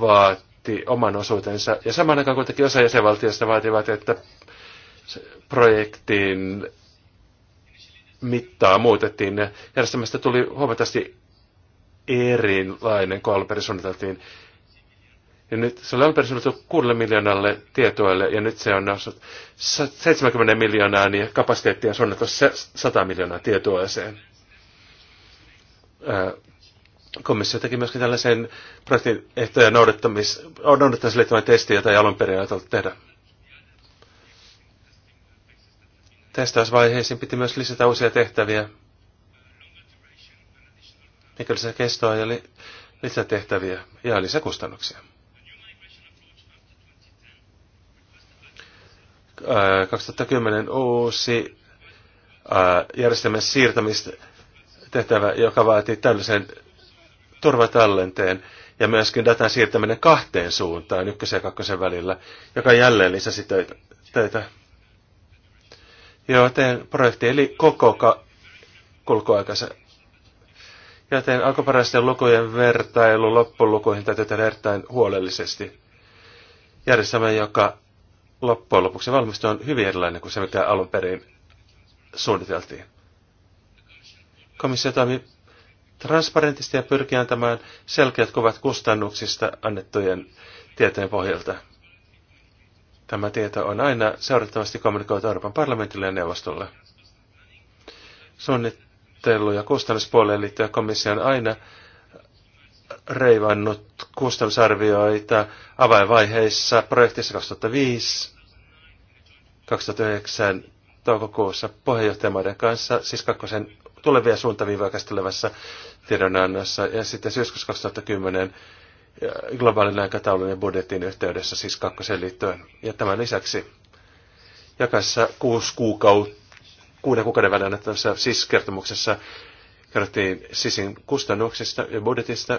vaati oman osuutensa. Ja saman aikaan kuitenkin osa jäsenvaltioista vaativat, että projektin mittaa muutettiin ja järjestelmästä tuli huomattavasti erilainen kuin alun perin suunniteltiin. Ja nyt se oli alun perin suunniteltu 6 miljoonalle tietoille ja nyt se on noussut 70 miljoonaa ja kapasiteettia on suunniteltu 100 miljoonaa tietoiseen Komissio teki myöskin tällaisen projektin ehtoja noudattamiseen liittyvän testin, jota ei alun perin ajateltu tehdä. Testausvaiheisiin piti myös lisätä uusia tehtäviä, mikä lisää kestoa ja li- lisätehtäviä ja lisäkustannuksia. 2010 uusi järjestelmän siirtämistehtävä, joka vaatii täydellisen turvatallenteen ja myöskin datan siirtäminen kahteen suuntaan, ykkösen ja kakkosen välillä, joka jälleen lisäsi töitä. töitä. Joten projekti eli koko ka- kulkuaikansa. Joten alkuperäisten lukujen vertailu loppulukuihin täytyy tehdä erittäin huolellisesti. Järjestelmä, joka loppujen lopuksi valmistui, on hyvin erilainen kuin se, mikä alun perin suunniteltiin. Komissio toimii transparentisti ja pyrkii antamaan selkeät kuvat kustannuksista annettujen tietojen pohjalta. Tämä tieto on aina seurattavasti kommunikoitu Euroopan parlamentille ja neuvostolle. Suunnittelu- ja kustannuspuoleen liittyen komissio on aina reivannut kustannusarvioita avainvaiheissa projektissa 2005, 2009 toukokuussa puheenjohtajamaiden kanssa, siis kakkosen tulevia suuntaviivoja käsittelevässä tiedonannossa ja sitten syyskuussa 2010 globaalin aikataulun ja budjetin yhteydessä, siis kakkoseen liittyen. Ja tämän lisäksi jakassa kuusi kuukautta, kuuden kuukauden välillä annettavassa SIS-kertomuksessa kerrottiin SISin kustannuksista ja budjetista,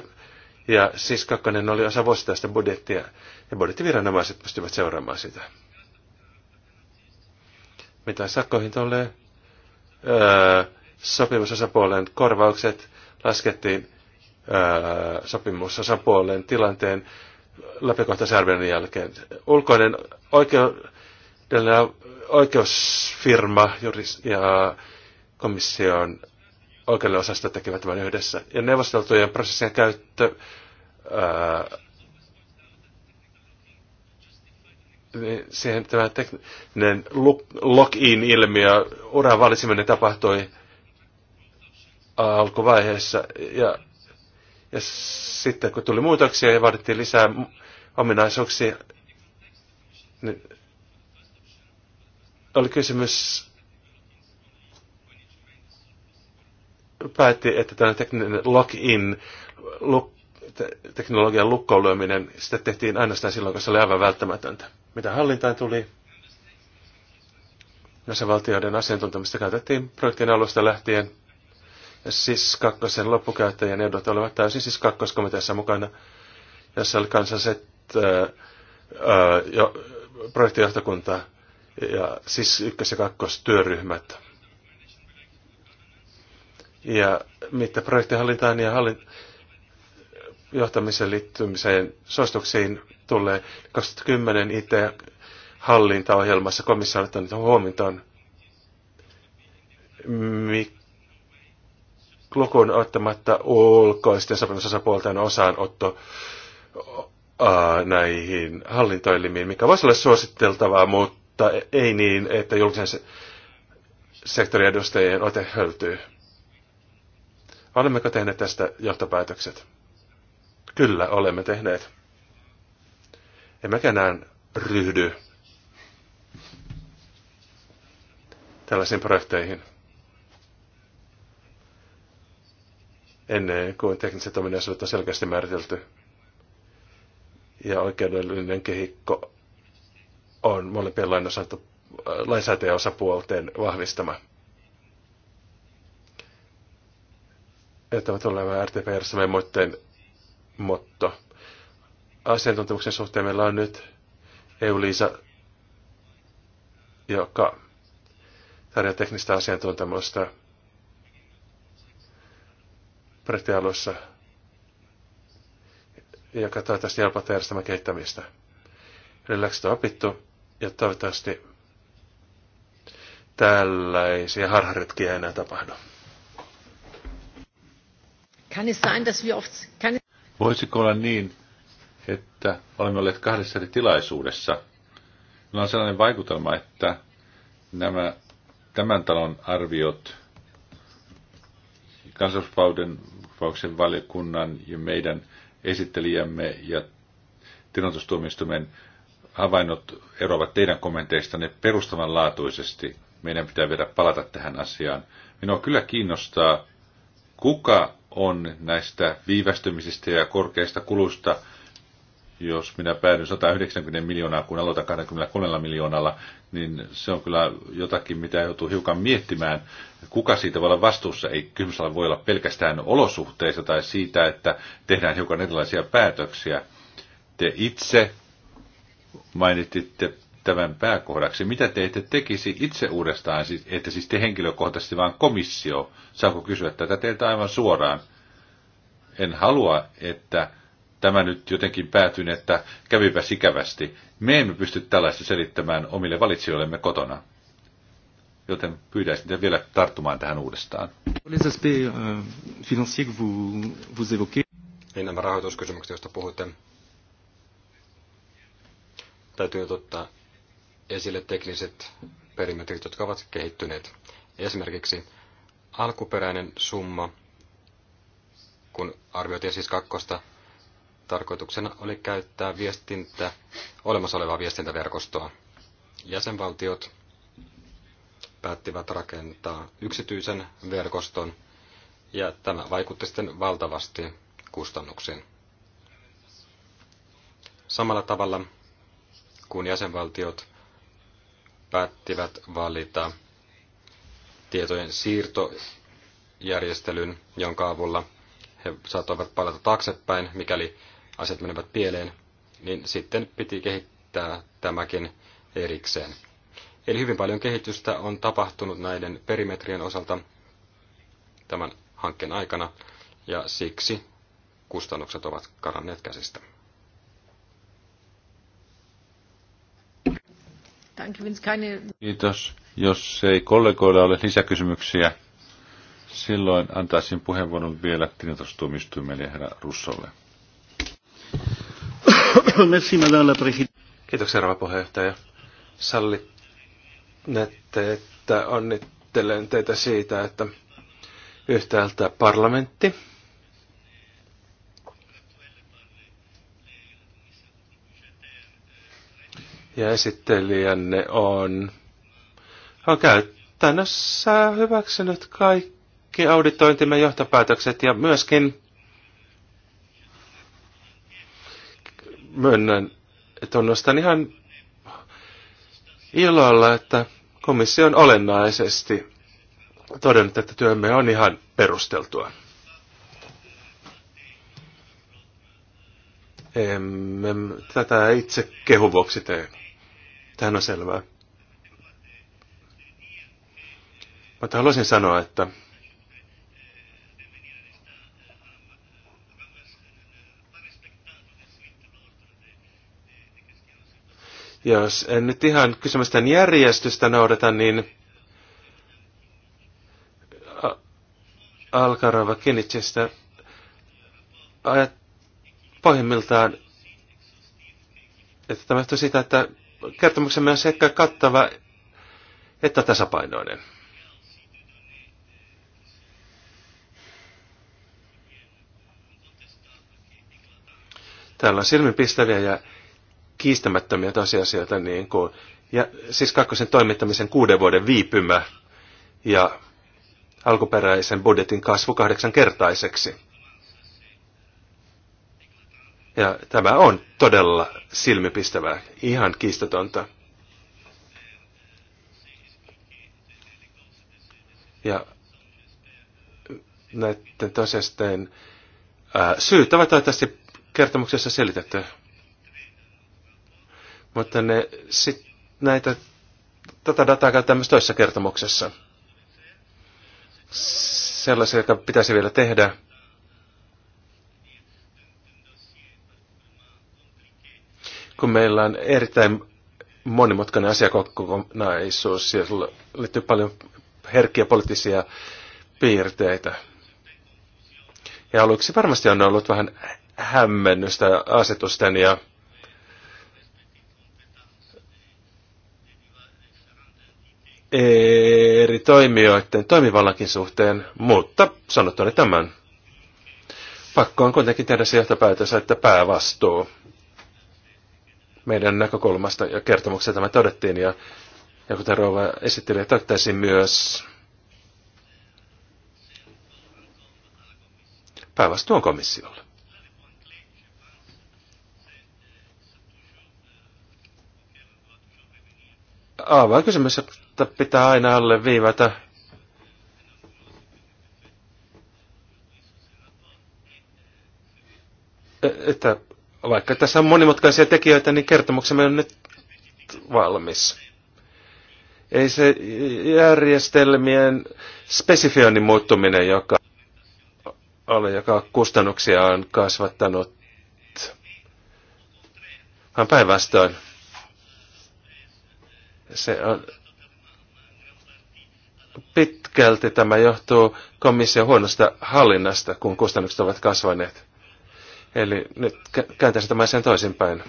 ja SIS 2 oli osa vuosittaista budjettia, ja budjettiviranomaiset pystyvät seuraamaan sitä. Mitä sakkoihin tulee? Öö, sopimusosapuolen korvaukset laskettiin sopimus osapuolen tilanteen läpikohtaisen arvioinnin jälkeen. Ulkoinen oikeudellinen oikeusfirma ja komission oikeudellinen osasto tekivät tämän yhdessä. Ja neuvosteltujen prosessien käyttö ää, niin siihen tämä tekninen lock-in-ilmiö, uran valitseminen tapahtui alkuvaiheessa. Ja, ja sitten kun tuli muutoksia ja vaadittiin lisää ominaisuuksia, niin oli kysymys, päätti, että tämä tekninen login, luk, teknologian lukkoulyminen, sitä tehtiin ainoastaan silloin, kun se oli aivan välttämätöntä. Mitä hallintaan tuli, Näissä no valtioiden asiantuntemista käytettiin projektin alusta lähtien – SIS kakkosen loppukäyttäjien edut olivat täysin SIS kakkoskomiteassa mukana, jossa oli kansalliset jo, projektijohtokunta ja SIS ykkös ja 2 työryhmät. Ja mitä projektihallintaan ja hallin, johtamiseen liittymiseen suosituksiin tulee 2010 IT-hallintaohjelmassa komissio on ottanut Mik- lukuun ottamatta ulkoisten sopimusosapuolten osaanotto näihin hallintoelimiin, mikä voisi olla suositteltavaa, mutta ei niin, että julkisen sektorin edustajien ote höltyy. Olemmeko tehneet tästä johtopäätökset? Kyllä, olemme tehneet. En mäkään ryhdy tällaisiin projekteihin. ennen kuin tekniset ominaisuudet on selkeästi määritelty. Ja oikeudellinen kehikko on molempien osapuolten vahvistama. Tämä tulee RTPRSM muiden motto. Asiantuntemuksen suhteen meillä on nyt EU-Liisa, joka tarjoaa teknistä asiantuntemusta projektialussa, ja toivottavasti tästä järjestelmän kehittämistä. Relaxit on opittu ja toivottavasti tällaisia harharetkiä ei enää tapahdu. Voisiko olla niin, että olemme olleet kahdessa eri tilaisuudessa? Meillä on sellainen vaikutelma, että nämä tämän talon arviot kansallisvapauden valiokunnan ja meidän esittelijämme ja tilantustuomioistuimen havainnot eroavat teidän kommenteistanne perustavanlaatuisesti. Meidän pitää vielä palata tähän asiaan. Minua kyllä kiinnostaa, kuka on näistä viivästymisistä ja korkeista kulusta? jos minä päädyn 190 miljoonaa, kun aloitan 23 miljoonalla, niin se on kyllä jotakin, mitä joutuu hiukan miettimään. Kuka siitä voi olla vastuussa? Ei kysymys voi olla pelkästään olosuhteista tai siitä, että tehdään hiukan erilaisia päätöksiä. Te itse mainititte tämän pääkohdaksi. Mitä te ette tekisi itse uudestaan, siis että siis te henkilökohtaisesti, vaan komissio? Saanko kysyä tätä teiltä aivan suoraan? En halua, että tämä nyt jotenkin päätyi, että kävipä sikävästi. Me emme pysty tällaista selittämään omille valitsijoillemme kotona. Joten pyydäisin teitä vielä tarttumaan tähän uudestaan. Euh, niin nämä rahoituskysymykset, joista puhuitte, täytyy ottaa esille tekniset perimetrit, jotka ovat kehittyneet. Esimerkiksi alkuperäinen summa, kun arvioitiin siis kakkosta, Tarkoituksena oli käyttää viestintä, olemassa olevaa viestintäverkostoa. Jäsenvaltiot päättivät rakentaa yksityisen verkoston, ja tämä vaikutti sitten valtavasti kustannuksiin. Samalla tavalla, kun jäsenvaltiot päättivät valita tietojen siirtojärjestelyn, jonka avulla he saattoivat palata taaksepäin, mikäli asiat menevät pieleen, niin sitten piti kehittää tämäkin erikseen. Eli hyvin paljon kehitystä on tapahtunut näiden perimetrien osalta tämän hankkeen aikana, ja siksi kustannukset ovat karanneet käsistä. Kiitos. Jos ei kollegoilla ole lisäkysymyksiä, silloin antaisin puheenvuoron vielä tinnitustuomistuimelle herra Russolle. [coughs] Merci, madame la Kiitoksia, rouva puheenjohtaja. Sallinette, että onnittelen teitä siitä, että yhtäältä parlamentti ja esittelijänne on, on käytännössä hyväksynyt kaikki auditointimme johtopäätökset ja myöskin myönnän, tunnustan ihan ilolla, että komissio on olennaisesti todennut, että työmme on ihan perusteltua. Emme tätä itse kehu vuoksi tee. Tähän on selvää. Mutta haluaisin sanoa, että Jos en nyt ihan kysymysten järjestystä noudata, niin Alkarova Kinitsistä pohjimmiltaan, että tämä johtuu siitä, että kertomuksemme on sekä kattava että tasapainoinen. Täällä on silmipistäviä ja kiistämättömiä tosiasioita, niin kuin, ja siis kakkosen toimittamisen kuuden vuoden viipymä ja alkuperäisen budjetin kasvu kahdeksankertaiseksi. Ja tämä on todella silmipistävää, ihan kiistatonta. Ja näiden tosiaan syyt ovat toivottavasti kertomuksessa selitetty. Mutta ne, sit näitä, tätä dataa käytetään myös toisessa kertomuksessa. Sellaisia, joka pitäisi vielä tehdä. Kun meillä on erittäin monimutkainen asiakokonaisuus, siellä liittyy paljon herkkiä poliittisia piirteitä. Ja aluksi varmasti on ollut vähän hämmennystä asetusten ja eri toimijoiden toimivallakin suhteen, mutta sanottuani tämän. Pakko on kuitenkin tehdä se johtopäätös, että päävastuu meidän näkökulmasta ja kertomuksesta tämä todettiin. Ja, ja kuten Rouva esitteli, todettaisiin myös päävastuun komissiolle. Aivan kysymys, että pitää aina alle viivata. E, että vaikka tässä on monimutkaisia tekijöitä, niin kertomuksemme on nyt valmis. Ei se järjestelmien spesifioinnin muuttuminen, joka, oli, joka kustannuksia on kasvattanut, vaan päinvastoin. Se on pitkälti tämä johtuu komission huonosta hallinnasta, kun kustannukset ovat kasvaneet. Eli nyt kääntäisin tämän sen toisinpäin.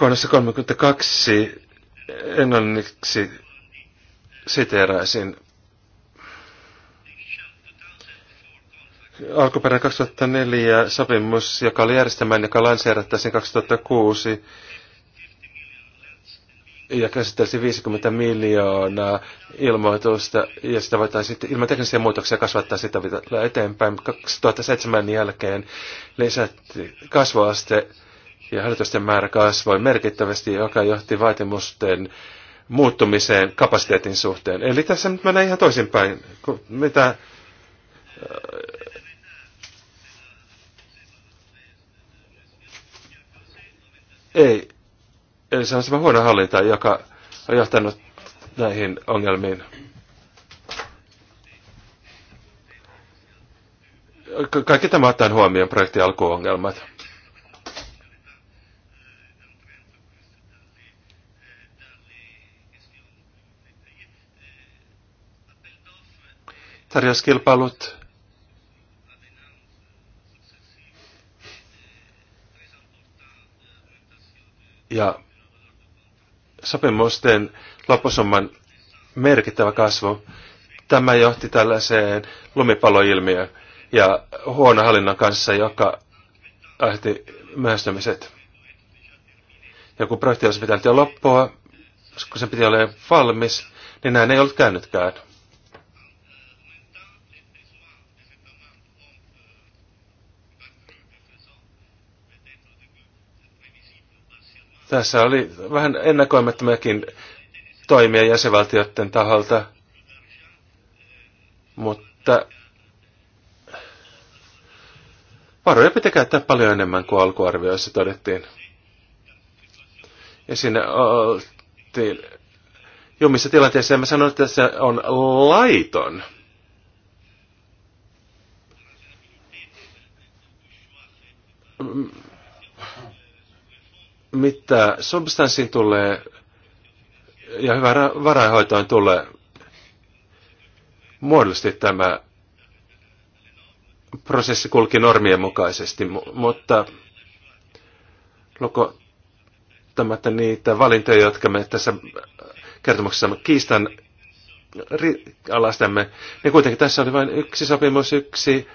Huonossa 32 englanniksi siteeraisin alkuperäinen 2004 sopimus, joka oli järjestelmään, joka lanseerattaisiin 2006, ja käsittelisi 50 miljoonaa ilmoitusta, ja sitä voitaisiin ilman teknisiä muutoksia kasvattaa sitä vielä eteenpäin. 2007 jälkeen lisätti kasvuaste ja harjoitusten määrä kasvoi merkittävästi, joka johti vaatimusten muuttumiseen kapasiteetin suhteen. Eli tässä nyt mennään ihan toisinpäin, mitä äh, ei Eli se on semmoinen huono hallinta, joka on johtanut näihin ongelmiin. Ka- kaikki tämä ottaa huomioon projektin alkuongelmat. Tarjouskilpailut ja sopimusten loppusumman merkittävä kasvu. Tämä johti tällaiseen lumipaloilmiöön ja huono hallinnan kanssa, joka aiheutti myöhästymiset. Ja kun projekti olisi pitänyt jo loppua, kun se piti olla valmis, niin näin ei ollut käynytkään. Tässä oli vähän ennakoimattomiakin toimia jäsenvaltioiden taholta, mutta varoja pitää käyttää paljon enemmän kuin alkuarvioissa todettiin. Ja siinä oltiin jumissa tilanteessa, ja mä sanoin, että se on laiton mitä substanssiin tulee ja hyvään varainhoitoon tulee, muodollisesti tämä prosessi kulki normien mukaisesti, mutta lukottamatta niitä valintoja, jotka me tässä kertomuksessa kiistan alastamme, niin kuitenkin tässä oli vain yksi sopimus, yksi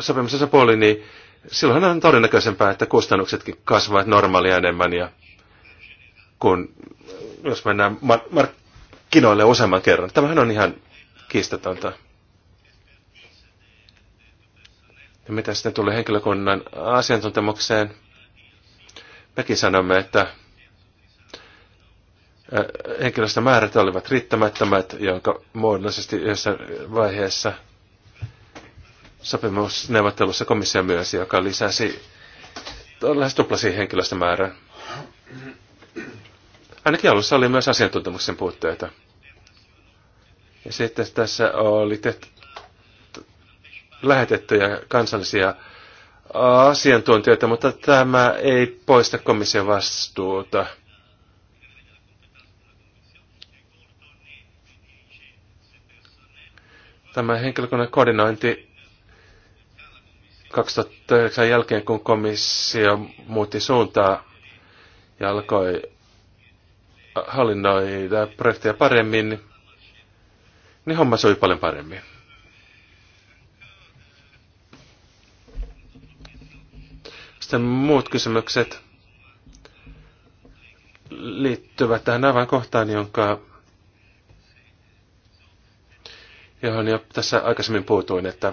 sopimusosapuoli, niin silloin on todennäköisempää, että kustannuksetkin kasvavat normaalia enemmän ja kun jos mennään markkinoille useamman kerran. Tämähän on ihan kiistatonta. Ja mitä sitten tulee henkilökunnan asiantuntemukseen? Mekin sanomme, että äh, henkilöstömäärät olivat riittämättömät, jonka muodollisesti yhdessä vaiheessa – sopimusneuvottelussa komissio myös, joka lisäsi lähes tuplasi henkilöstömäärän. Ainakin alussa oli myös asiantuntemuksen puutteita. Ja sitten tässä oli tehty lähetettyjä kansallisia asiantuntijoita, mutta tämä ei poista komission vastuuta. Tämä henkilökunnan koordinointi 2009 jälkeen, kun komissio muutti suuntaa ja alkoi hallinnoida projekteja paremmin, niin homma soi paljon paremmin. Sitten muut kysymykset liittyvät tähän aivan kohtaan, jonka, johon jo tässä aikaisemmin puutuin, että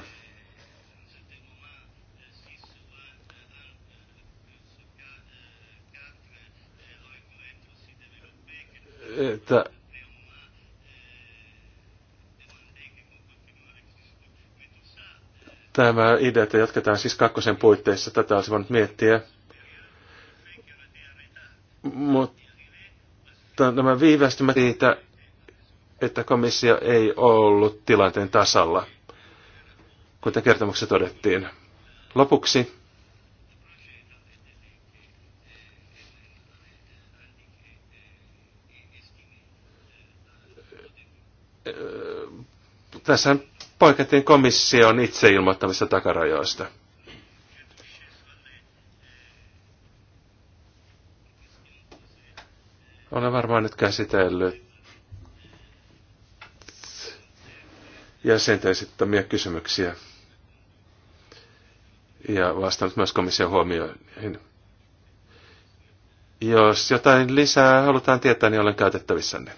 Nämä ideat ja jatketaan siis kakkosen puitteissa, tätä olisi voinut miettiä. Mutta nämä viivästymät siitä, että komissio ei ollut tilanteen tasalla, kuten kertomuksessa todettiin. Lopuksi tässä poikettiin komission itse ilmoittamista takarajoista. Olen varmaan nyt käsitellyt jäsenten esittämiä kysymyksiä ja vastannut myös komission huomioihin. Jos jotain lisää halutaan tietää, niin olen käytettävissänne.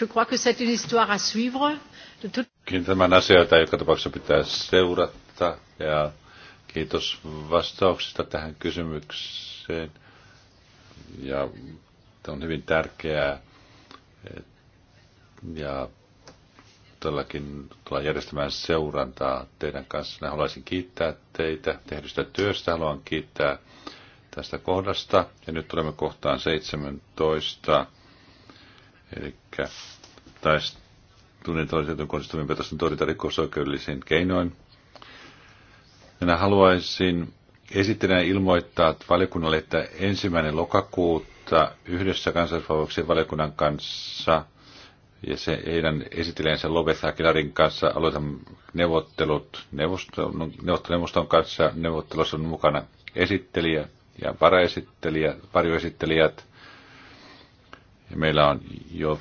Je crois que c'est une histoire à suivre. De toute kiinnittämään asioita, jotka tapauksessa pitää seurata. Ja kiitos vastauksista tähän kysymykseen. Ja on hyvin tärkeää. Ja todellakin tullaan järjestämään seurantaa teidän kanssa. Haluaisin kiittää teitä tehdystä työstä. Haluan kiittää tästä kohdasta. Ja nyt tulemme kohtaan 17. Eli taistelu tunnin toiseen kohdistuminen petosten torjunta rikosoikeudellisiin keinoin. Minä haluaisin esittäneen ilmoittaa että valiokunnalle, että ensimmäinen lokakuuta yhdessä kansallisvalvoksen valiokunnan kanssa ja se heidän esittelijänsä Lopetha Kilarin kanssa aloitamme neuvottelut neuvoston, neuvotteluneuvoston kanssa. Neuvottelussa on mukana esittelijä ja varaesittelijä, varjoesittelijät. Ja meillä on jo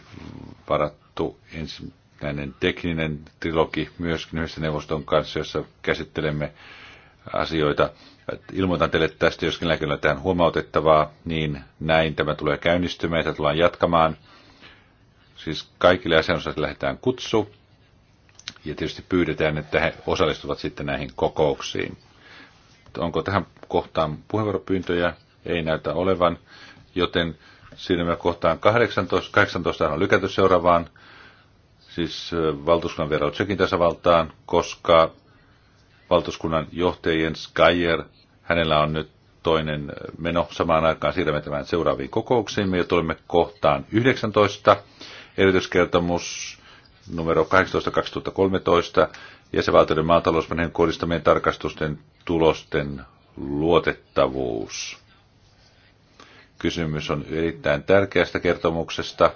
varattu ensi, näinen tekninen trilogi myöskin yhdessä neuvoston kanssa, jossa käsittelemme asioita. Ilmoitan teille tästä, jos kenelläkin tähän huomautettavaa, niin näin tämä tulee käynnistymään, että tullaan jatkamaan. Siis kaikille asianosaisille lähdetään kutsu ja tietysti pyydetään, että he osallistuvat sitten näihin kokouksiin. Onko tähän kohtaan puheenvuoropyyntöjä? Ei näytä olevan, joten siinä me kohtaan 18. 18 on lykätty seuraavaan siis valtuuskunnan verran Tsekin tasavaltaan, koska valtuuskunnan johtajien Skyer, hänellä on nyt toinen meno samaan aikaan siirrämme tämän seuraaviin kokouksiin. Me tulemme kohtaan 19, erityiskertomus numero 18-2013, jäsenvaltioiden maatalousmenen kohdistamien tarkastusten tulosten luotettavuus. Kysymys on erittäin tärkeästä kertomuksesta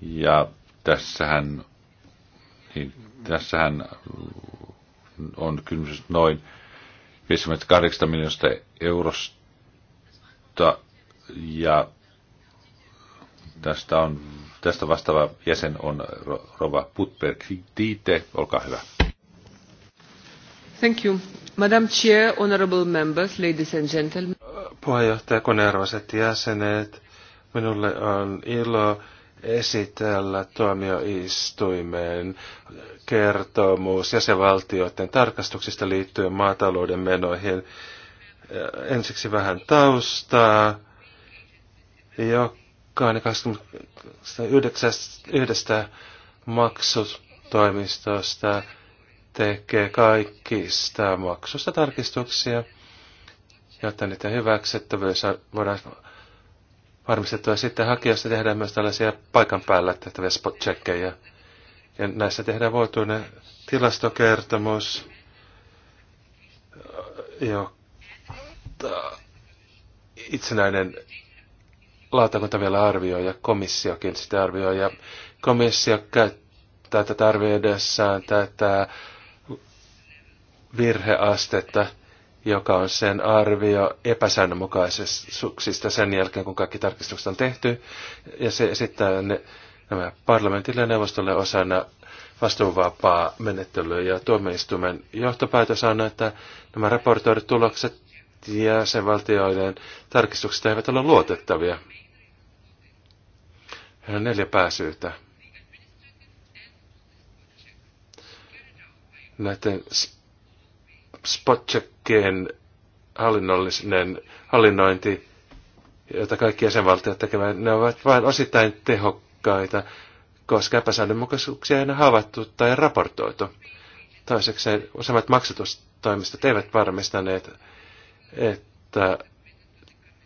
ja Tässähän, niin tässähän on kysymys noin 58 miljoonasta eurosta ja tästä, on, tästä vastaava jäsen on Rova Putberg Tiite. Olkaa hyvä. Thank you. Madam Chair, honorable members, ladies and gentlemen. Puheenjohtaja, konearvoiset jäsenet, minulle on ilo esitellä tuomioistuimeen kertomus jäsenvaltioiden tarkastuksista liittyen maatalouden menoihin. Ensiksi vähän taustaa. Jokainen 29 maksutoimistosta tekee kaikista maksusta tarkistuksia, jotta niiden hyväksyttävyys voidaan varmistettua sitten hakijoista tehdään myös tällaisia paikan päällä tehtäviä spot-checkejä. Ja näissä tehdään vuotuinen tilastokertomus, jota itsenäinen lautakunta vielä arvioi ja komissiokin sitä arvioi. Ja komissio käyttää tätä arvioidessaan tätä virheastetta – joka on sen arvio epäsäännönmukaisuuksista sen jälkeen, kun kaikki tarkistukset on tehty, ja se esittää ne, nämä parlamentille ja neuvostolle osana vastuunvapaa menettelyä ja tuomioistuimen johtopäätös on, että nämä raportoidut tulokset ja sen valtioiden tarkistukset eivät ole luotettavia. Heillä on neljä pääsyytä. Näiden spotcheck hankkeen hallinnollinen hallinnointi, jota kaikki jäsenvaltiot tekevät, ne ovat vain osittain tehokkaita, koska epäsäännönmukaisuuksia ei ole havaittu tai raportoitu. Toiseksi useimmat maksatustoimistot eivät varmistaneet, että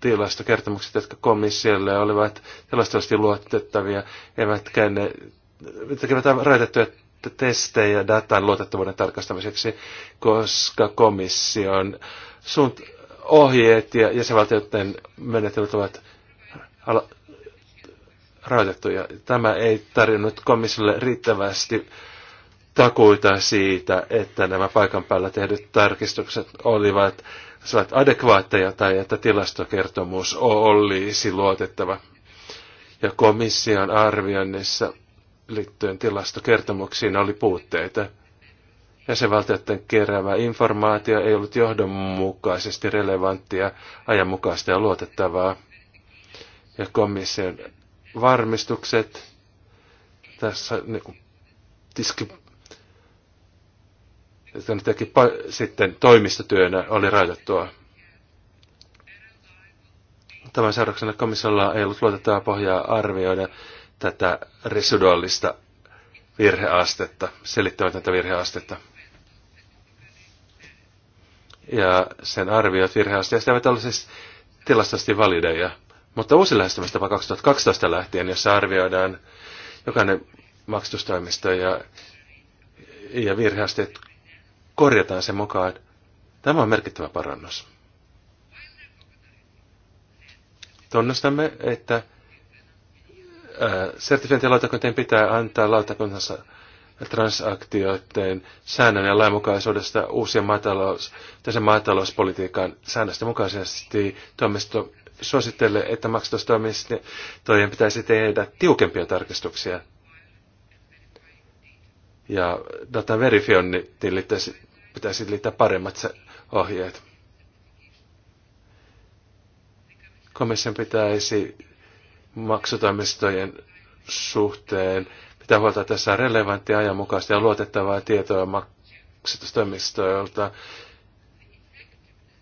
tilastokertomukset, jotka komissiolle olivat tilastollisesti luotettavia, eivätkä ne tekevät rajoitettuja testejä datan luotettavuuden tarkastamiseksi, koska komission suunt- ohjeet ja jäsenvaltioiden menetelmät ovat ala- rajoitettuja. Tämä ei tarjonnut komissiolle riittävästi takuita siitä, että nämä paikan päällä tehdyt tarkistukset olivat ovat adekvaatteja tai että tilastokertomus olisi luotettava. Ja komission arvioinnissa liittyen tilastokertomuksiin oli puutteita. Jäsenvaltioiden keräävä informaatio ei ollut johdonmukaisesti relevanttia, ajanmukaista ja luotettavaa. Ja komission varmistukset tässä niin tiski, teki, sitten toimistotyönä oli rajoittua. Tämän seurauksena komissiolla ei ollut luotettavaa pohjaa arvioida tätä residuaalista virheastetta, selittämätöntä virheastetta. Ja sen arviot virheasteista eivät ole siis tilastollisesti valideja. Mutta uusi lähestymistapa 2012 lähtien, jossa arvioidaan jokainen maksatustoimisto ja, ja virheasteet korjataan sen mukaan. Tämä on merkittävä parannus. Tunnustamme, että Äh, sertifiointilautakuntien pitää antaa lautakunnassa transaktioiden säännön ja lainmukaisuudesta uusien maatalous, tässä maatalouspolitiikan säännöstä mukaisesti toimisto suosittelee, että maksatustoimistojen pitäisi tehdä tiukempia tarkistuksia. Ja datan verifiointiin pitäisi liittää paremmat ohjeet. Komission pitäisi maksutoimistojen suhteen. Pitää huolta, että tässä on relevanttia, ajanmukaista ja luotettavaa tietoa maksatustoimistoilta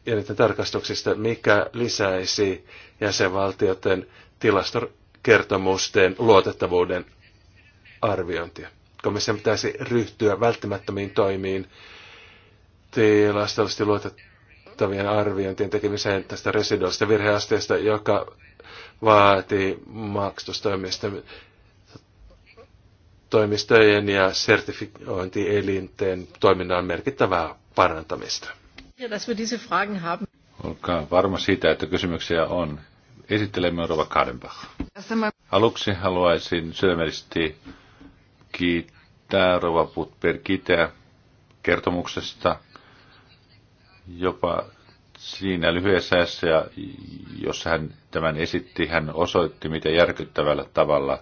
ja niiden tarkastuksista, mikä lisäisi jäsenvaltioiden tilastokertomusten luotettavuuden arviointia. Komission pitäisi ryhtyä välttämättömiin toimiin tilastollisesti luotettavien arviointien tekemiseen tästä residuaalista virheasteesta, joka vaati maksatustoimistojen ja sertifiointielinten toiminnan merkittävää parantamista. Ja, dass wir diese Fragen haben. Olkaa varma siitä, että kysymyksiä on. Esittelemme Rova Kadenbach. Aluksi haluaisin sydämellisesti kiittää Rova Putper Kiteä kertomuksesta. Jopa siinä lyhyessä ja jossa hän tämän esitti, hän osoitti, miten järkyttävällä tavalla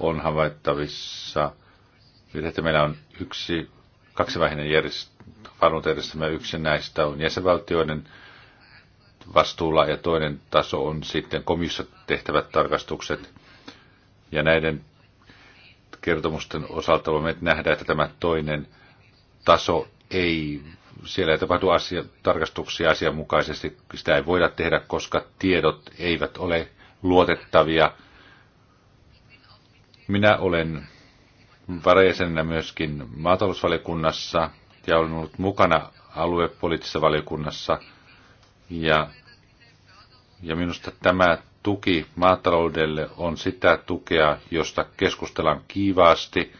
on havaittavissa, että meillä on yksi kaksivaiheinen järjestelmä, Yksi näistä on jäsenvaltioiden vastuulla ja toinen taso on sitten komissiossa tehtävät tarkastukset. Ja näiden kertomusten osalta voimme nähdä, että tämä toinen taso ei siellä ei tapahdu asia, tarkastuksia asianmukaisesti. Sitä ei voida tehdä, koska tiedot eivät ole luotettavia. Minä olen varajäsenenä myöskin maatalousvaliokunnassa ja olen ollut mukana aluepoliittisessa valiokunnassa. Ja, ja minusta tämä tuki maataloudelle on sitä tukea, josta keskustellaan kiivaasti –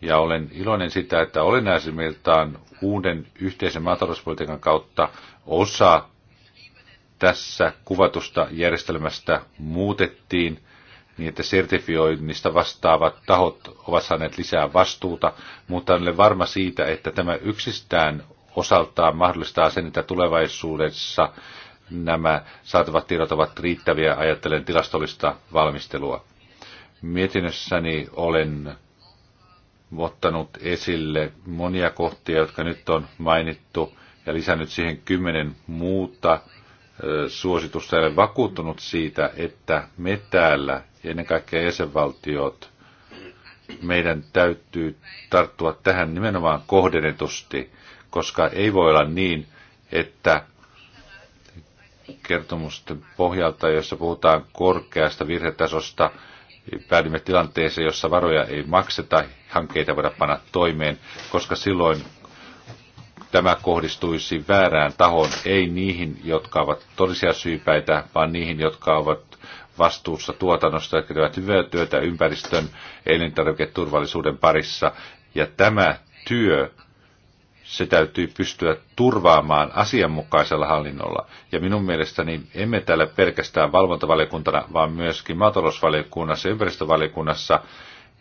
ja olen iloinen sitä, että olennaisimmiltaan uuden yhteisen maatalouspolitiikan kautta osa tässä kuvatusta järjestelmästä muutettiin niin, että sertifioinnista vastaavat tahot ovat saaneet lisää vastuuta, mutta olen varma siitä, että tämä yksistään osaltaan mahdollistaa sen, että tulevaisuudessa nämä saatavat tiedot ovat riittäviä ajattelen tilastollista valmistelua. Mietinnössäni olen ottanut esille monia kohtia, jotka nyt on mainittu, ja lisännyt siihen kymmenen muuta suositusta. Olen vakuuttunut siitä, että me täällä, ja ennen kaikkea jäsenvaltiot, meidän täytyy tarttua tähän nimenomaan kohdennetusti, koska ei voi olla niin, että kertomusten pohjalta, jossa puhutaan korkeasta virhetasosta, päädymme tilanteeseen, jossa varoja ei makseta, hankkeita voida panna toimeen, koska silloin tämä kohdistuisi väärään tahoon, ei niihin, jotka ovat todellisia syypäitä, vaan niihin, jotka ovat vastuussa tuotannosta, jotka tekevät hyvää työtä ympäristön elintarviketurvallisuuden parissa. Ja tämä työ se täytyy pystyä turvaamaan asianmukaisella hallinnolla. Ja minun mielestäni emme täällä pelkästään valvontavaliokuntana, vaan myöskin maatalousvaliokunnassa ja ympäristövaliokunnassa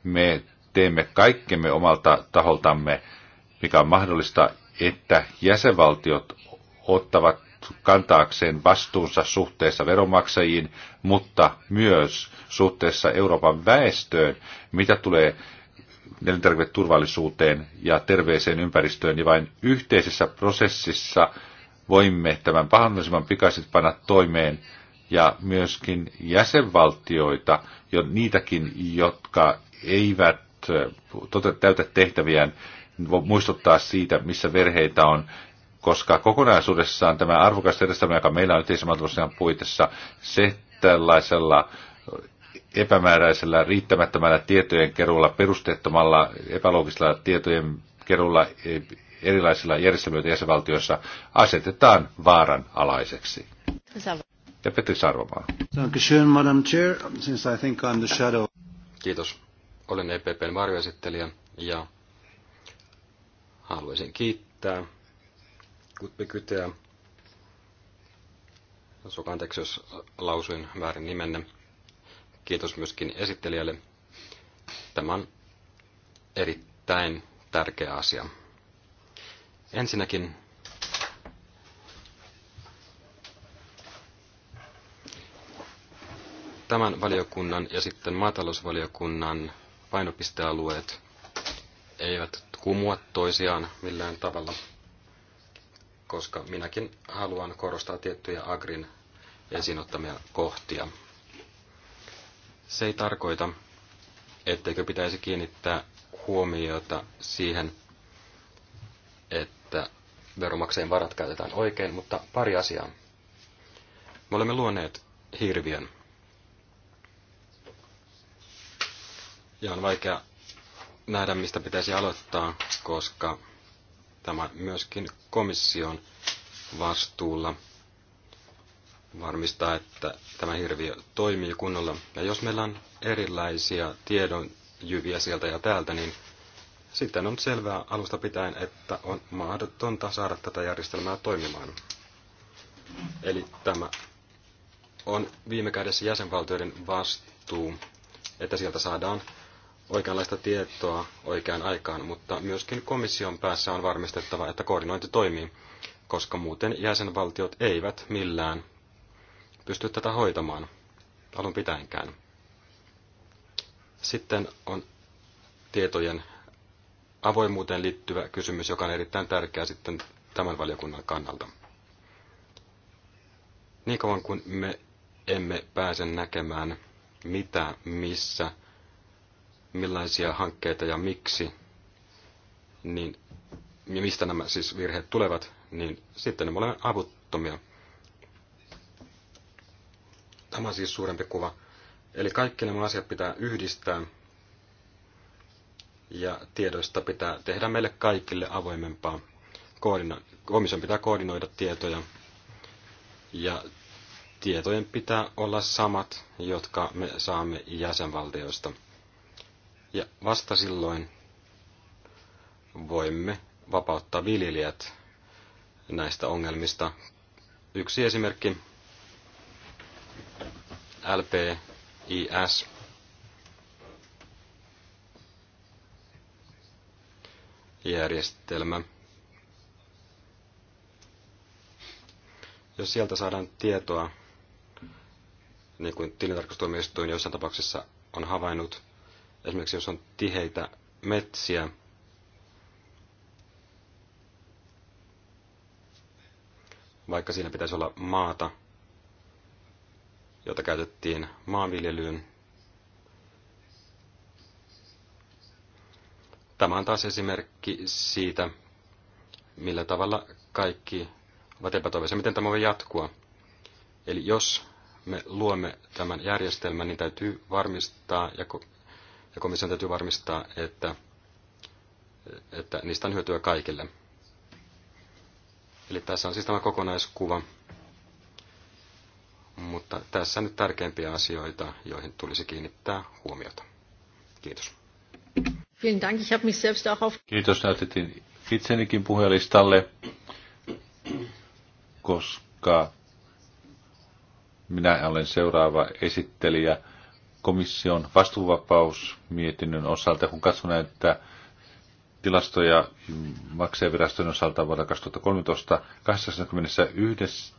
me teemme kaikkemme omalta taholtamme, mikä on mahdollista, että jäsenvaltiot ottavat kantaakseen vastuunsa suhteessa veronmaksajiin, mutta myös suhteessa Euroopan väestöön, mitä tulee elintarviketurvallisuuteen ja terveeseen ympäristöön, ja niin vain yhteisessä prosessissa voimme tämän mahdollisimman pikaisesti panna toimeen ja myöskin jäsenvaltioita, jo niitäkin, jotka eivät tota, täytä tehtäviään, muistuttaa siitä, missä verheitä on, koska kokonaisuudessaan tämä arvokas järjestelmä, joka meillä on yhteisen puitessa, se tällaisella epämääräisellä, riittämättömällä tietojen keruulla, perusteettomalla, epäloogisella tietojen keruulla e, erilaisilla järjestelmillä jäsenvaltioissa asetetaan vaaran alaiseksi. Ja Petri Sarvomaa. Kiitos. Olen EPPn varjoesittelijä ja haluaisin kiittää Kutpikyteä. Anteeksi, jos lausuin väärin nimenne. Kiitos myöskin esittelijälle. Tämä on erittäin tärkeä asia. Ensinnäkin tämän valiokunnan ja sitten maatalousvaliokunnan painopistealueet eivät kumua toisiaan millään tavalla, koska minäkin haluan korostaa tiettyjä Agrin esiin ottamia kohtia. Se ei tarkoita, etteikö pitäisi kiinnittää huomiota siihen, että veromakseen varat käytetään oikein, mutta pari asiaa. Me olemme luoneet hirviön. Ja on vaikea nähdä, mistä pitäisi aloittaa, koska tämä myöskin komission vastuulla – varmistaa, että tämä hirviö toimii kunnolla. Ja jos meillä on erilaisia tiedonjyviä sieltä ja täältä, niin sitten on selvää alusta pitäen, että on mahdotonta saada tätä järjestelmää toimimaan. Eli tämä on viime kädessä jäsenvaltioiden vastuu, että sieltä saadaan oikeanlaista tietoa oikeaan aikaan, mutta myöskin komission päässä on varmistettava, että koordinointi toimii, koska muuten jäsenvaltiot eivät millään pysty tätä hoitamaan alun pitäenkään. Sitten on tietojen avoimuuteen liittyvä kysymys, joka on erittäin tärkeä sitten tämän valiokunnan kannalta. Niin kauan kuin me emme pääse näkemään, mitä, missä, millaisia hankkeita ja miksi, niin, mistä nämä siis virheet tulevat, niin sitten me olemme avuttomia. Tämä on siis suurempi kuva. Eli kaikki nämä asiat pitää yhdistää ja tiedoista pitää tehdä meille kaikille avoimempaa. Koordino- komission pitää koordinoida tietoja ja tietojen pitää olla samat, jotka me saamme jäsenvaltioista. Ja vasta silloin voimme vapauttaa viljelijät näistä ongelmista. Yksi esimerkki LPIS. järjestelmä. Jos sieltä saadaan tietoa, niin kuin tilintarkastustuomioistuin jossain tapauksessa on havainnut, esimerkiksi jos on tiheitä metsiä, vaikka siinä pitäisi olla maata, jota käytettiin maanviljelyyn. Tämä on taas esimerkki siitä, millä tavalla kaikki ovat epätoivoisia, miten tämä voi jatkua. Eli jos me luomme tämän järjestelmän, niin täytyy varmistaa, ja, ja komission täytyy varmistaa, että, että niistä on hyötyä kaikille. Eli tässä on siis tämä kokonaiskuva. Mutta tässä nyt tärkeimpiä asioita, joihin tulisi kiinnittää huomiota. Kiitos. Kiitos, näytettiin itsenikin puhelistalle, koska minä olen seuraava esittelijä komission vastuuvapausmietinnön osalta, kun katson näitä tilastoja maksajaviraston osalta vuonna 2013 81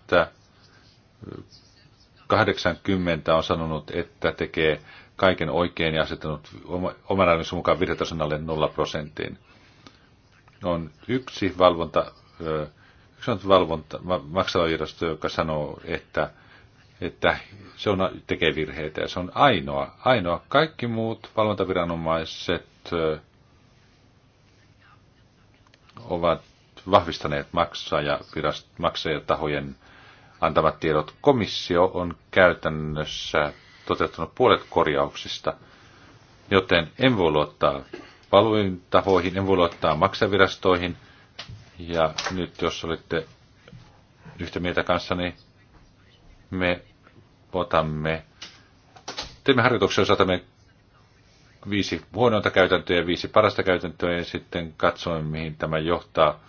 80 on sanonut, että tekee kaiken oikein ja asettanut oman arvonsa mukaan virhetason alle 0 prosenttiin. On yksi valvonta, yksi on valvonta, maksavajärjestö, joka sanoo, että, että se on, tekee virheitä ja se on ainoa, ainoa. Kaikki muut valvontaviranomaiset ovat vahvistaneet maksaja, virast, maksajatahojen tahojen antavat tiedot. Komissio on käytännössä toteuttanut puolet korjauksista, joten en voi luottaa paluintahoihin, en voi luottaa maksavirastoihin. Ja nyt jos olitte yhtä mieltä kanssani, me otamme, teemme harjoituksia, osalta me viisi huonointa käytäntöä ja viisi parasta käytäntöä ja sitten katsomme, mihin tämä johtaa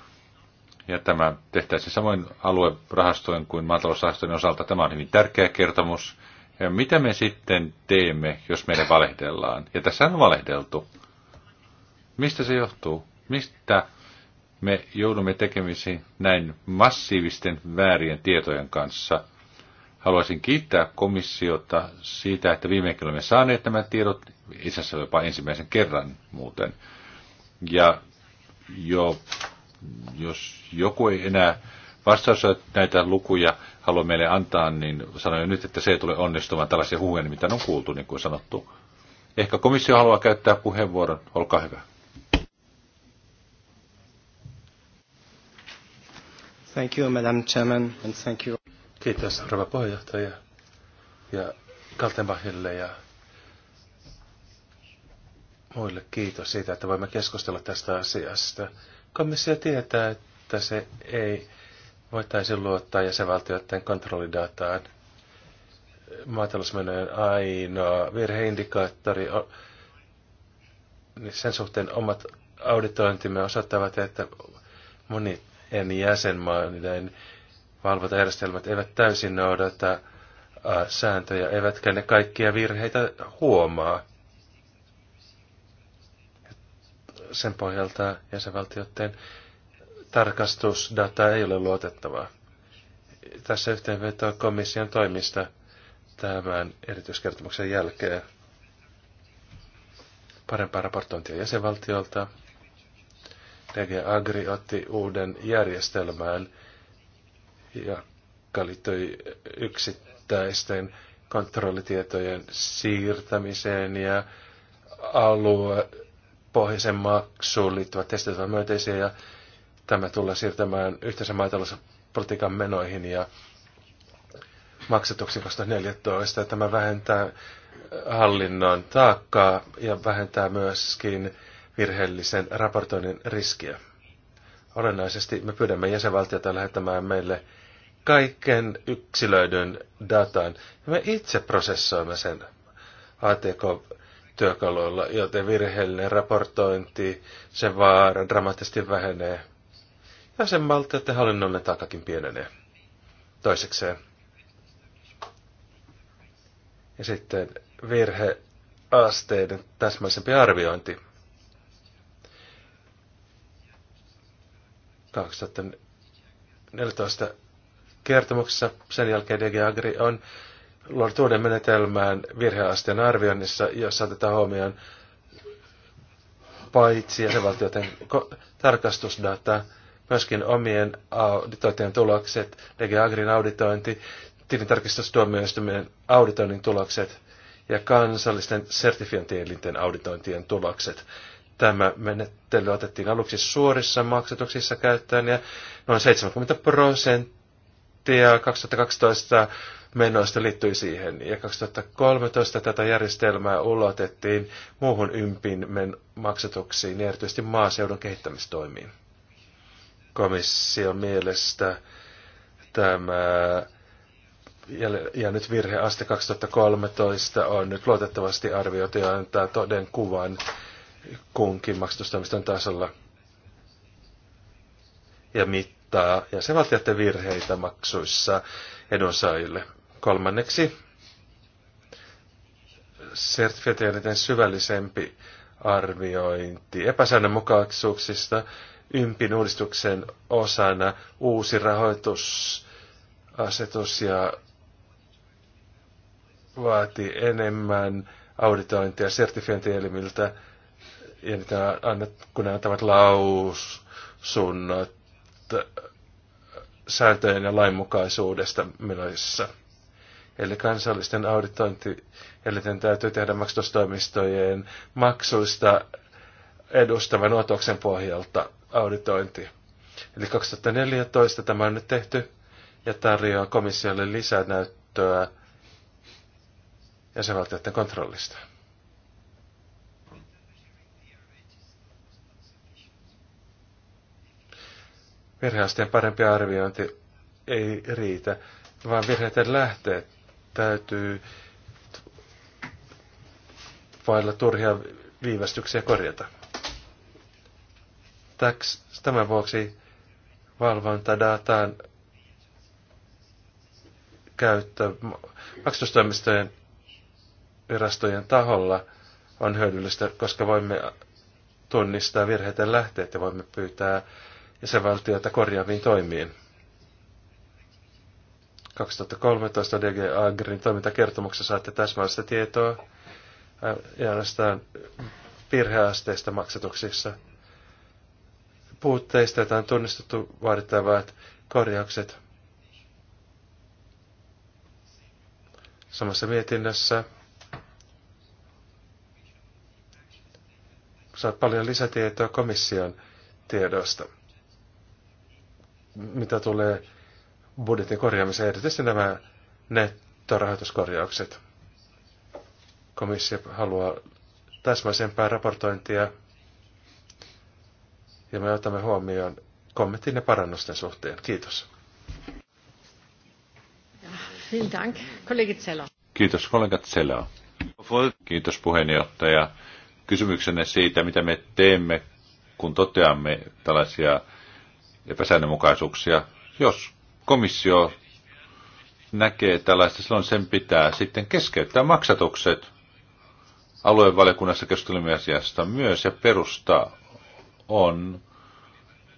ja tämä tehtäisiin samoin aluerahastojen kuin maatalousrahastojen osalta. Tämä on hyvin tärkeä kertomus. Ja mitä me sitten teemme, jos meidän valehdellaan? Ja tässä on valehdeltu. Mistä se johtuu? Mistä me joudumme tekemisiin näin massiivisten väärien tietojen kanssa? Haluaisin kiittää komissiota siitä, että viime olemme saaneet nämä tiedot, itse asiassa jopa ensimmäisen kerran muuten. Ja jo jos joku ei enää vastausta näitä lukuja halua meille antaa, niin sanon nyt, että se ei tule onnistumaan tällaisia huhuja, mitä on kuultu, niin kuin sanottu. Ehkä komissio haluaa käyttää puheenvuoron. Olkaa hyvä. Thank you, Madam Chairman, and thank you. Kiitos, rouva puheenjohtaja ja Kaltenbachille ja muille kiitos siitä, että voimme keskustella tästä asiasta. Komissio tietää, että se ei voitaisi luottaa jäsenvaltioiden kontrollidataan. Maatalousmenojen ainoa virheindikaattori niin sen suhteen omat auditointimme osoittavat, että monien jäsenmaiden valvontajärjestelmät eivät täysin noudata sääntöjä, eivätkä ne kaikkia virheitä huomaa. sen pohjalta jäsenvaltioiden tarkastusdata ei ole luotettavaa. Tässä yhteenvetoa komission toimista tämän erityiskertomuksen jälkeen. Parempaa raportointia jäsenvaltiolta. DG Agri otti uuden järjestelmään, joka liittyi yksittäisten kontrollitietojen siirtämiseen ja alue, pohjoisen maksuun liittyvät testit ovat myönteisiä ja tämä tullaan siirtämään yhteisen maatalouspolitiikan menoihin ja maksatuksiin 2014. Tämä vähentää hallinnon taakkaa ja vähentää myöskin virheellisen raportoinnin riskiä. Olennaisesti me pyydämme jäsenvaltiota lähettämään meille kaiken yksilöidyn datan. Me itse prosessoimme sen ATK työkaluilla, joten virheellinen raportointi, sen vaara dramaattisesti vähenee. Ja sen maltti, että hallinnollinen takakin pienenee. Toisekseen. Ja sitten virheasteiden täsmällisempi arviointi. 2014 kertomuksessa sen jälkeen DG Agri on Lortuuden menetelmään virheasteen arvioinnissa, jossa otetaan huomioon paitsi jäsenvaltioiden tarkastusdata, myöskin omien auditointien tulokset, DG Agrin auditointi, tilintarkistustuomioistuminen auditoinnin tulokset ja kansallisten sertifiointielinten auditointien tulokset. Tämä menettely otettiin aluksi suorissa maksatuksissa käyttöön ja noin 70 prosenttia 2012 menoista liittyi siihen. Ja 2013 tätä järjestelmää ulotettiin muuhun ympin maksatuksiin ja erityisesti maaseudun kehittämistoimiin. Komission mielestä tämä ja nyt virheaste 2013 on nyt luotettavasti arvioitu ja antaa toden kuvan kunkin maksatustoimiston tasolla ja mittaa jäsenvaltioiden virheitä maksuissa edunsaajille. Kolmanneksi, sertifioiden syvällisempi arviointi epäsäännönmukaisuuksista ympin uudistuksen osana uusi rahoitusasetus ja vaati enemmän auditointia sertifiointielimiltä ja niitä annat, kun ne antavat lausunnot sääntöjen ja lainmukaisuudesta menoissa. Eli kansallisten auditointielinten täytyy tehdä maksatustoimistojen maksuista edustavan otoksen pohjalta auditointi. Eli 2014 tämä on nyt tehty ja tarjoaa komissiolle lisänäyttöä jäsenvaltioiden kontrollista. Virheasteen parempi arviointi ei riitä, vaan virheiden lähteet täytyy vailla turhia viivästyksiä korjata. Täks, tämän vuoksi valvontadataan käyttö maksustoimistojen virastojen taholla on hyödyllistä, koska voimme tunnistaa virheiden lähteet ja voimme pyytää jäsenvaltioita korjaaviin toimiin. 2013 DG Agrin toimintakertomuksessa saatte täsmällistä tietoa ja ainoastaan virheasteista maksatuksissa. Puutteista, joita on tunnistettu, vaadittavat korjaukset. Samassa mietinnössä saat paljon lisätietoa komission tiedosta, mitä tulee budjetin korjaamiseen, erityisesti nämä nettorahoituskorjaukset. Komissio haluaa täsmäisempää raportointia ja me otamme huomioon kommentin ja parannusten suhteen. Kiitos. Kiitos kollegat Selaa. Kiitos puheenjohtaja. Kysymyksenne siitä, mitä me teemme, kun toteamme tällaisia epäsäännönmukaisuuksia. Jos komissio näkee tällaista, silloin sen pitää sitten keskeyttää maksatukset. Aluevaliokunnassa keskustelimme asiasta myös ja perusta on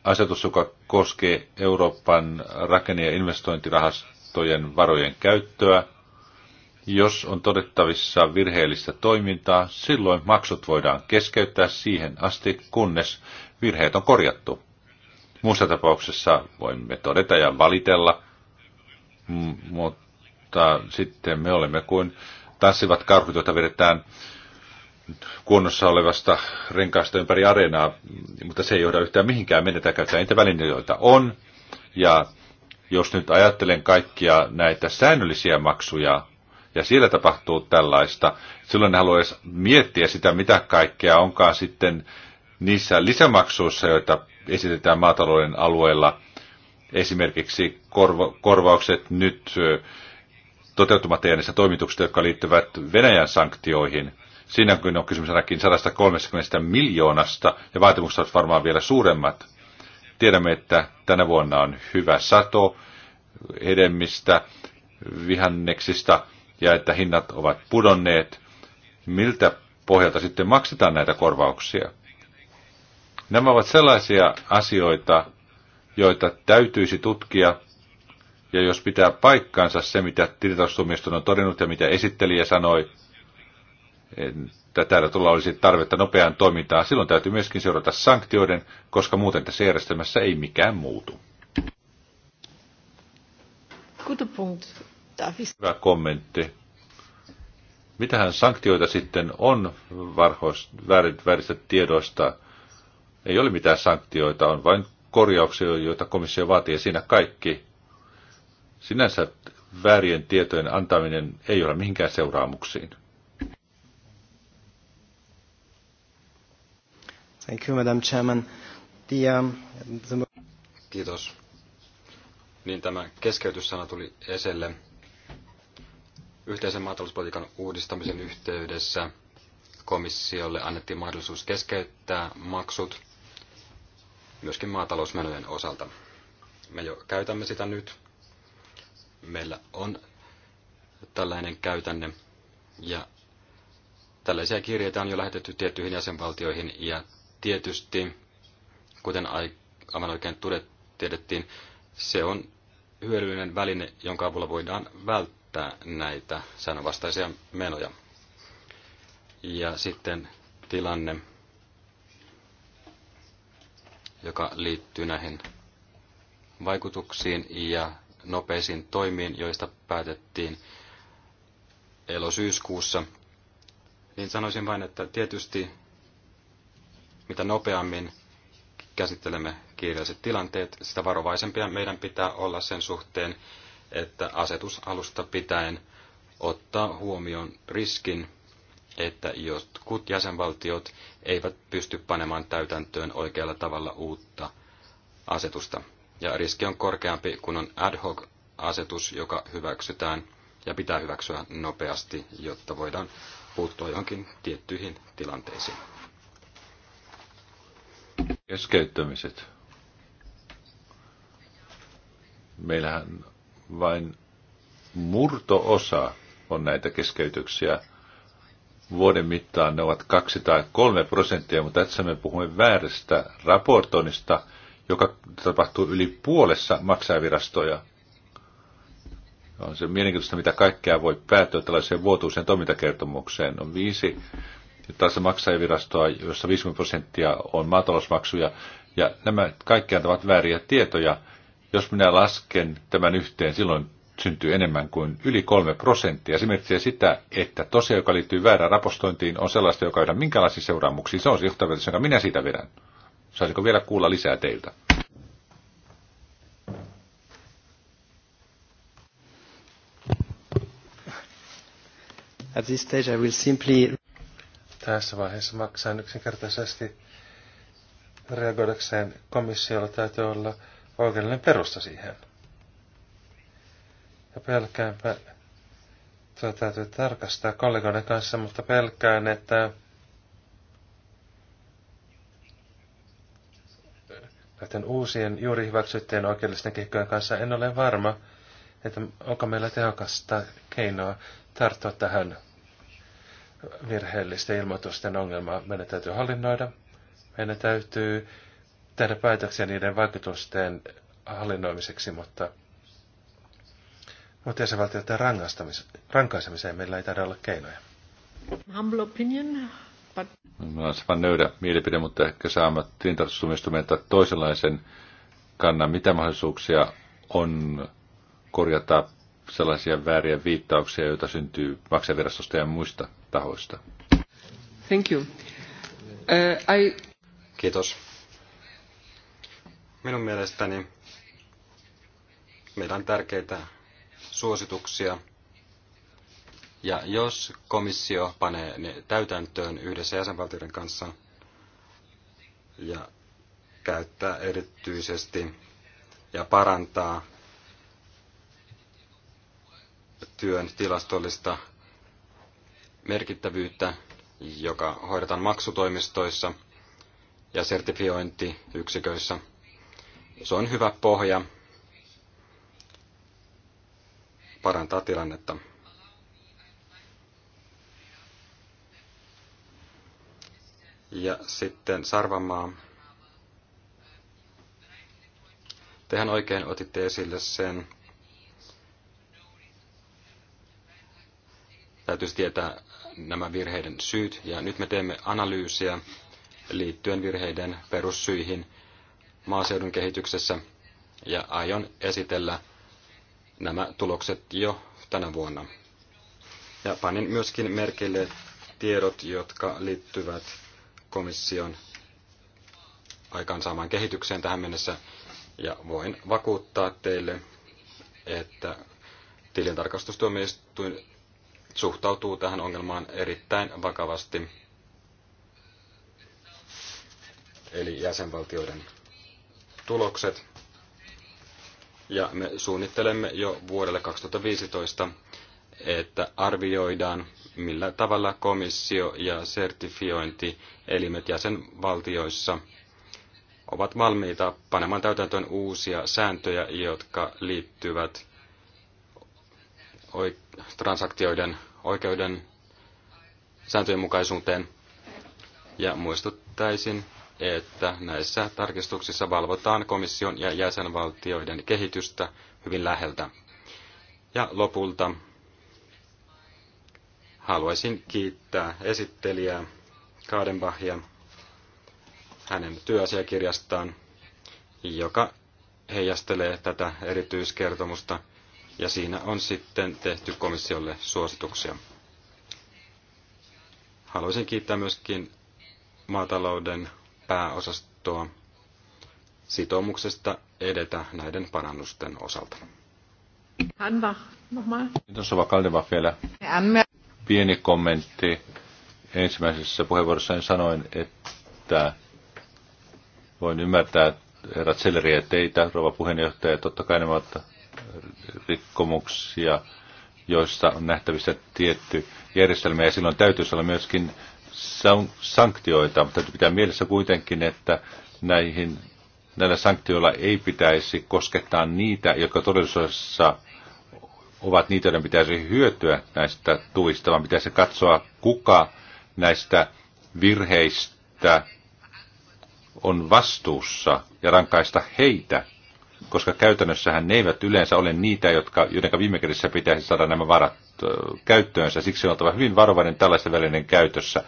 asetus, joka koskee Euroopan rakenne- ja investointirahastojen varojen käyttöä. Jos on todettavissa virheellistä toimintaa, silloin maksut voidaan keskeyttää siihen asti, kunnes virheet on korjattu. Muussa tapauksessa voimme todeta ja valitella, mutta sitten me olemme kuin tanssivat karhut, joita vedetään kunnossa olevasta renkaasta ympäri areenaa, mutta se ei johda yhtään mihinkään. Menetään käyttää niitä välineitä, joita on. Ja jos nyt ajattelen kaikkia näitä säännöllisiä maksuja, ja siellä tapahtuu tällaista, silloin ne haluaisi miettiä sitä, mitä kaikkea onkaan sitten niissä lisämaksuissa, joita esitetään maatalouden alueella. Esimerkiksi korva, korvaukset nyt toteutumatta jääneistä toimituksista, jotka liittyvät Venäjän sanktioihin. Siinä kun on kysymys ainakin 130 miljoonasta, ja vaatimukset ovat varmaan vielä suuremmat. Tiedämme, että tänä vuonna on hyvä sato hedelmistä, vihanneksista, ja että hinnat ovat pudonneet. Miltä pohjalta sitten maksetaan näitä korvauksia? Nämä ovat sellaisia asioita, joita täytyisi tutkia, ja jos pitää paikkaansa se, mitä tilitaustumiston on todennut ja mitä esittelijä sanoi, että täällä tulla olisi tarvetta nopeaan toimintaan, silloin täytyy myöskin seurata sanktioiden, koska muuten tässä järjestelmässä ei mikään muutu. Hyvä kommentti. Mitähän sanktioita sitten on varhoista, vääristä tiedoista? Ei ole mitään sanktioita, on vain korjauksia, joita komissio vaatii, ja siinä kaikki. Sinänsä väärien tietojen antaminen ei ole mihinkään seuraamuksiin. Thank you, Madam Chairman. The, um, the... Kiitos. Niin tämä keskeytyssana tuli esille yhteisen maatalouspolitiikan uudistamisen yhteydessä komissiolle annettiin mahdollisuus keskeyttää maksut – myöskin maatalousmenojen osalta. Me jo käytämme sitä nyt. Meillä on tällainen käytänne ja tällaisia kirjeitä on jo lähetetty tiettyihin jäsenvaltioihin ja tietysti, kuten aivan oikein tiedettiin, se on hyödyllinen väline, jonka avulla voidaan välttää näitä säännönvastaisia menoja. Ja sitten tilanne joka liittyy näihin vaikutuksiin ja nopeisiin toimiin, joista päätettiin elosyyskuussa, niin sanoisin vain, että tietysti mitä nopeammin käsittelemme kiireelliset tilanteet, sitä varovaisempia meidän pitää olla sen suhteen, että asetus alusta pitäen ottaa huomioon riskin, että jotkut jäsenvaltiot eivät pysty panemaan täytäntöön oikealla tavalla uutta asetusta. Ja riski on korkeampi, kun on ad hoc asetus, joka hyväksytään ja pitää hyväksyä nopeasti, jotta voidaan puuttua johonkin tiettyihin tilanteisiin. Keskeyttämiset. Meillähän vain murtoosa on näitä keskeytyksiä vuoden mittaan ne ovat 2 tai 3 prosenttia, mutta tässä me puhumme väärästä raportoinnista, joka tapahtuu yli puolessa maksajavirastoja. On se mielenkiintoista, mitä kaikkea voi päätyä tällaiseen vuotuiseen toimintakertomukseen. On viisi tässä maksajavirastoa, jossa 50 prosenttia on maatalousmaksuja, ja nämä kaikki antavat vääriä tietoja. Jos minä lasken tämän yhteen, silloin syntyy enemmän kuin yli kolme prosenttia. Se merkitsee sitä, että tosia, joka liittyy väärään rapostointiin, on sellaista, joka ei ole minkälaisia seuraamuksia. Se on se johtavetotus, jonka minä siitä vedän. Saisiko vielä kuulla lisää teiltä? At this stage I will simply... Tässä vaiheessa maksan yksinkertaisesti reagoidakseen komissiolla täytyy olla oikeudellinen perusta siihen. Ja pelkäänpä, tuo täytyy tarkastaa kollegoiden kanssa, mutta pelkään, että näiden uusien juuri hyväksyttyjen oikeudellisten kehkojen kanssa en ole varma, että onko meillä tehokasta keinoa tarttua tähän virheellisten ilmoitusten ongelmaan. Meidän täytyy hallinnoida, meidän täytyy tehdä päätöksiä niiden vaikutusten hallinnoimiseksi, mutta mutta jäsenvaltioiden rankaisemiseen meillä ei taida olla keinoja. Humble opinion, but... Meillä on sama nöydä mielipide, mutta ehkä saamme tilintarkastustumistumilta toisenlaisen kannan. Mitä mahdollisuuksia on korjata sellaisia vääriä viittauksia, joita syntyy maksavirastosta ja muista tahoista? Thank you. Uh, I... Kiitos. Minun mielestäni meillä on tärkeää suosituksia. Ja jos komissio panee ne täytäntöön yhdessä jäsenvaltioiden kanssa ja käyttää erityisesti ja parantaa työn tilastollista merkittävyyttä, joka hoidetaan maksutoimistoissa ja sertifiointiyksiköissä. Se on hyvä pohja parantaa tilannetta. Ja sitten Sarvamaa. Tehän oikein otitte esille sen, täytyisi tietää nämä virheiden syyt, ja nyt me teemme analyysiä liittyen virheiden perussyihin maaseudun kehityksessä, ja aion esitellä nämä tulokset jo tänä vuonna. Ja panin myöskin merkille tiedot, jotka liittyvät komission aikaansaamaan kehitykseen tähän mennessä. Ja voin vakuuttaa teille, että tilintarkastustuomioistuin suhtautuu tähän ongelmaan erittäin vakavasti, eli jäsenvaltioiden tulokset ja me suunnittelemme jo vuodelle 2015, että arvioidaan, millä tavalla komissio ja sertifiointielimet jäsenvaltioissa ovat valmiita panemaan täytäntöön uusia sääntöjä, jotka liittyvät transaktioiden oikeuden sääntöjen mukaisuuteen. Ja muistuttaisin, että näissä tarkistuksissa valvotaan komission ja jäsenvaltioiden kehitystä hyvin läheltä. Ja lopulta haluaisin kiittää esittelijää Kaadenbahia hänen työasiakirjastaan, joka heijastelee tätä erityiskertomusta, ja siinä on sitten tehty komissiolle suosituksia. Haluaisin kiittää myöskin maatalouden pääosastoa sitoumuksesta edetä näiden parannusten osalta. Kiitos Ova Kaldeva vielä. Pieni kommentti. Ensimmäisessä en sanoin, että voin ymmärtää herra ja teitä, rouva puheenjohtaja, totta kai nämä ovat rikkomuksia, joissa on nähtävissä tietty järjestelmä, ja silloin täytyisi olla myöskin sanktioita, mutta täytyy pitää mielessä kuitenkin, että näihin, näillä sanktioilla ei pitäisi koskettaa niitä, jotka todellisuudessa ovat niitä, joiden pitäisi hyötyä näistä tuista, vaan pitäisi katsoa, kuka näistä virheistä on vastuussa ja rankaista heitä koska käytännössähän ne eivät yleensä ole niitä, jotka, joiden viime kädessä pitäisi saada nämä varat käyttöönsä. Siksi on oltava hyvin varovainen tällaisen välinen käytössä.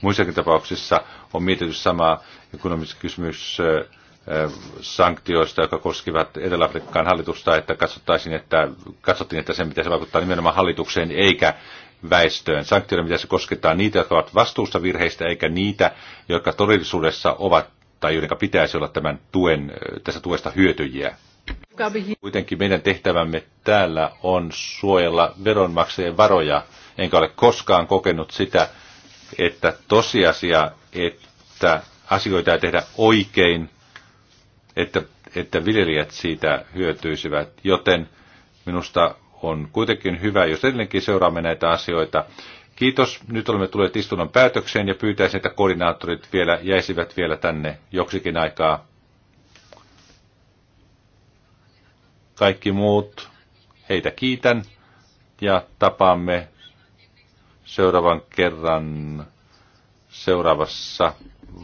Muissakin tapauksissa on mietitty samaa ekonomista kysymys sanktioista, jotka koskivat etelä afrikkaan hallitusta, että katsottaisiin, että, katsottiin, että sen pitäisi vaikuttaa nimenomaan hallitukseen eikä väestöön. Sanktioiden pitäisi koskettaa niitä, jotka ovat vastuussa virheistä, eikä niitä, jotka todellisuudessa ovat tai joidenka pitäisi olla tämän tuen, tässä tuesta hyötyjiä. Kuitenkin meidän tehtävämme täällä on suojella veronmaksajien varoja, enkä ole koskaan kokenut sitä, että tosiasia, että asioita ei tehdä oikein, että, että viljelijät siitä hyötyisivät. Joten minusta on kuitenkin hyvä, jos edelleenkin seuraamme näitä asioita Kiitos. Nyt olemme tulleet istunnon päätökseen ja pyytäisin, että koordinaattorit vielä jäisivät vielä tänne joksikin aikaa. Kaikki muut, heitä kiitän ja tapaamme seuraavan kerran seuraavassa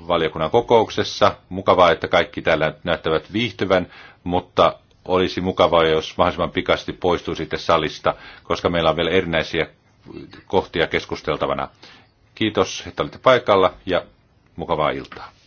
valiokunnan kokouksessa. Mukavaa, että kaikki täällä näyttävät viihtyvän, mutta olisi mukavaa, jos mahdollisimman pikasti poistuisitte salista, koska meillä on vielä erinäisiä kohtia keskusteltavana. Kiitos, että olitte paikalla ja mukavaa iltaa.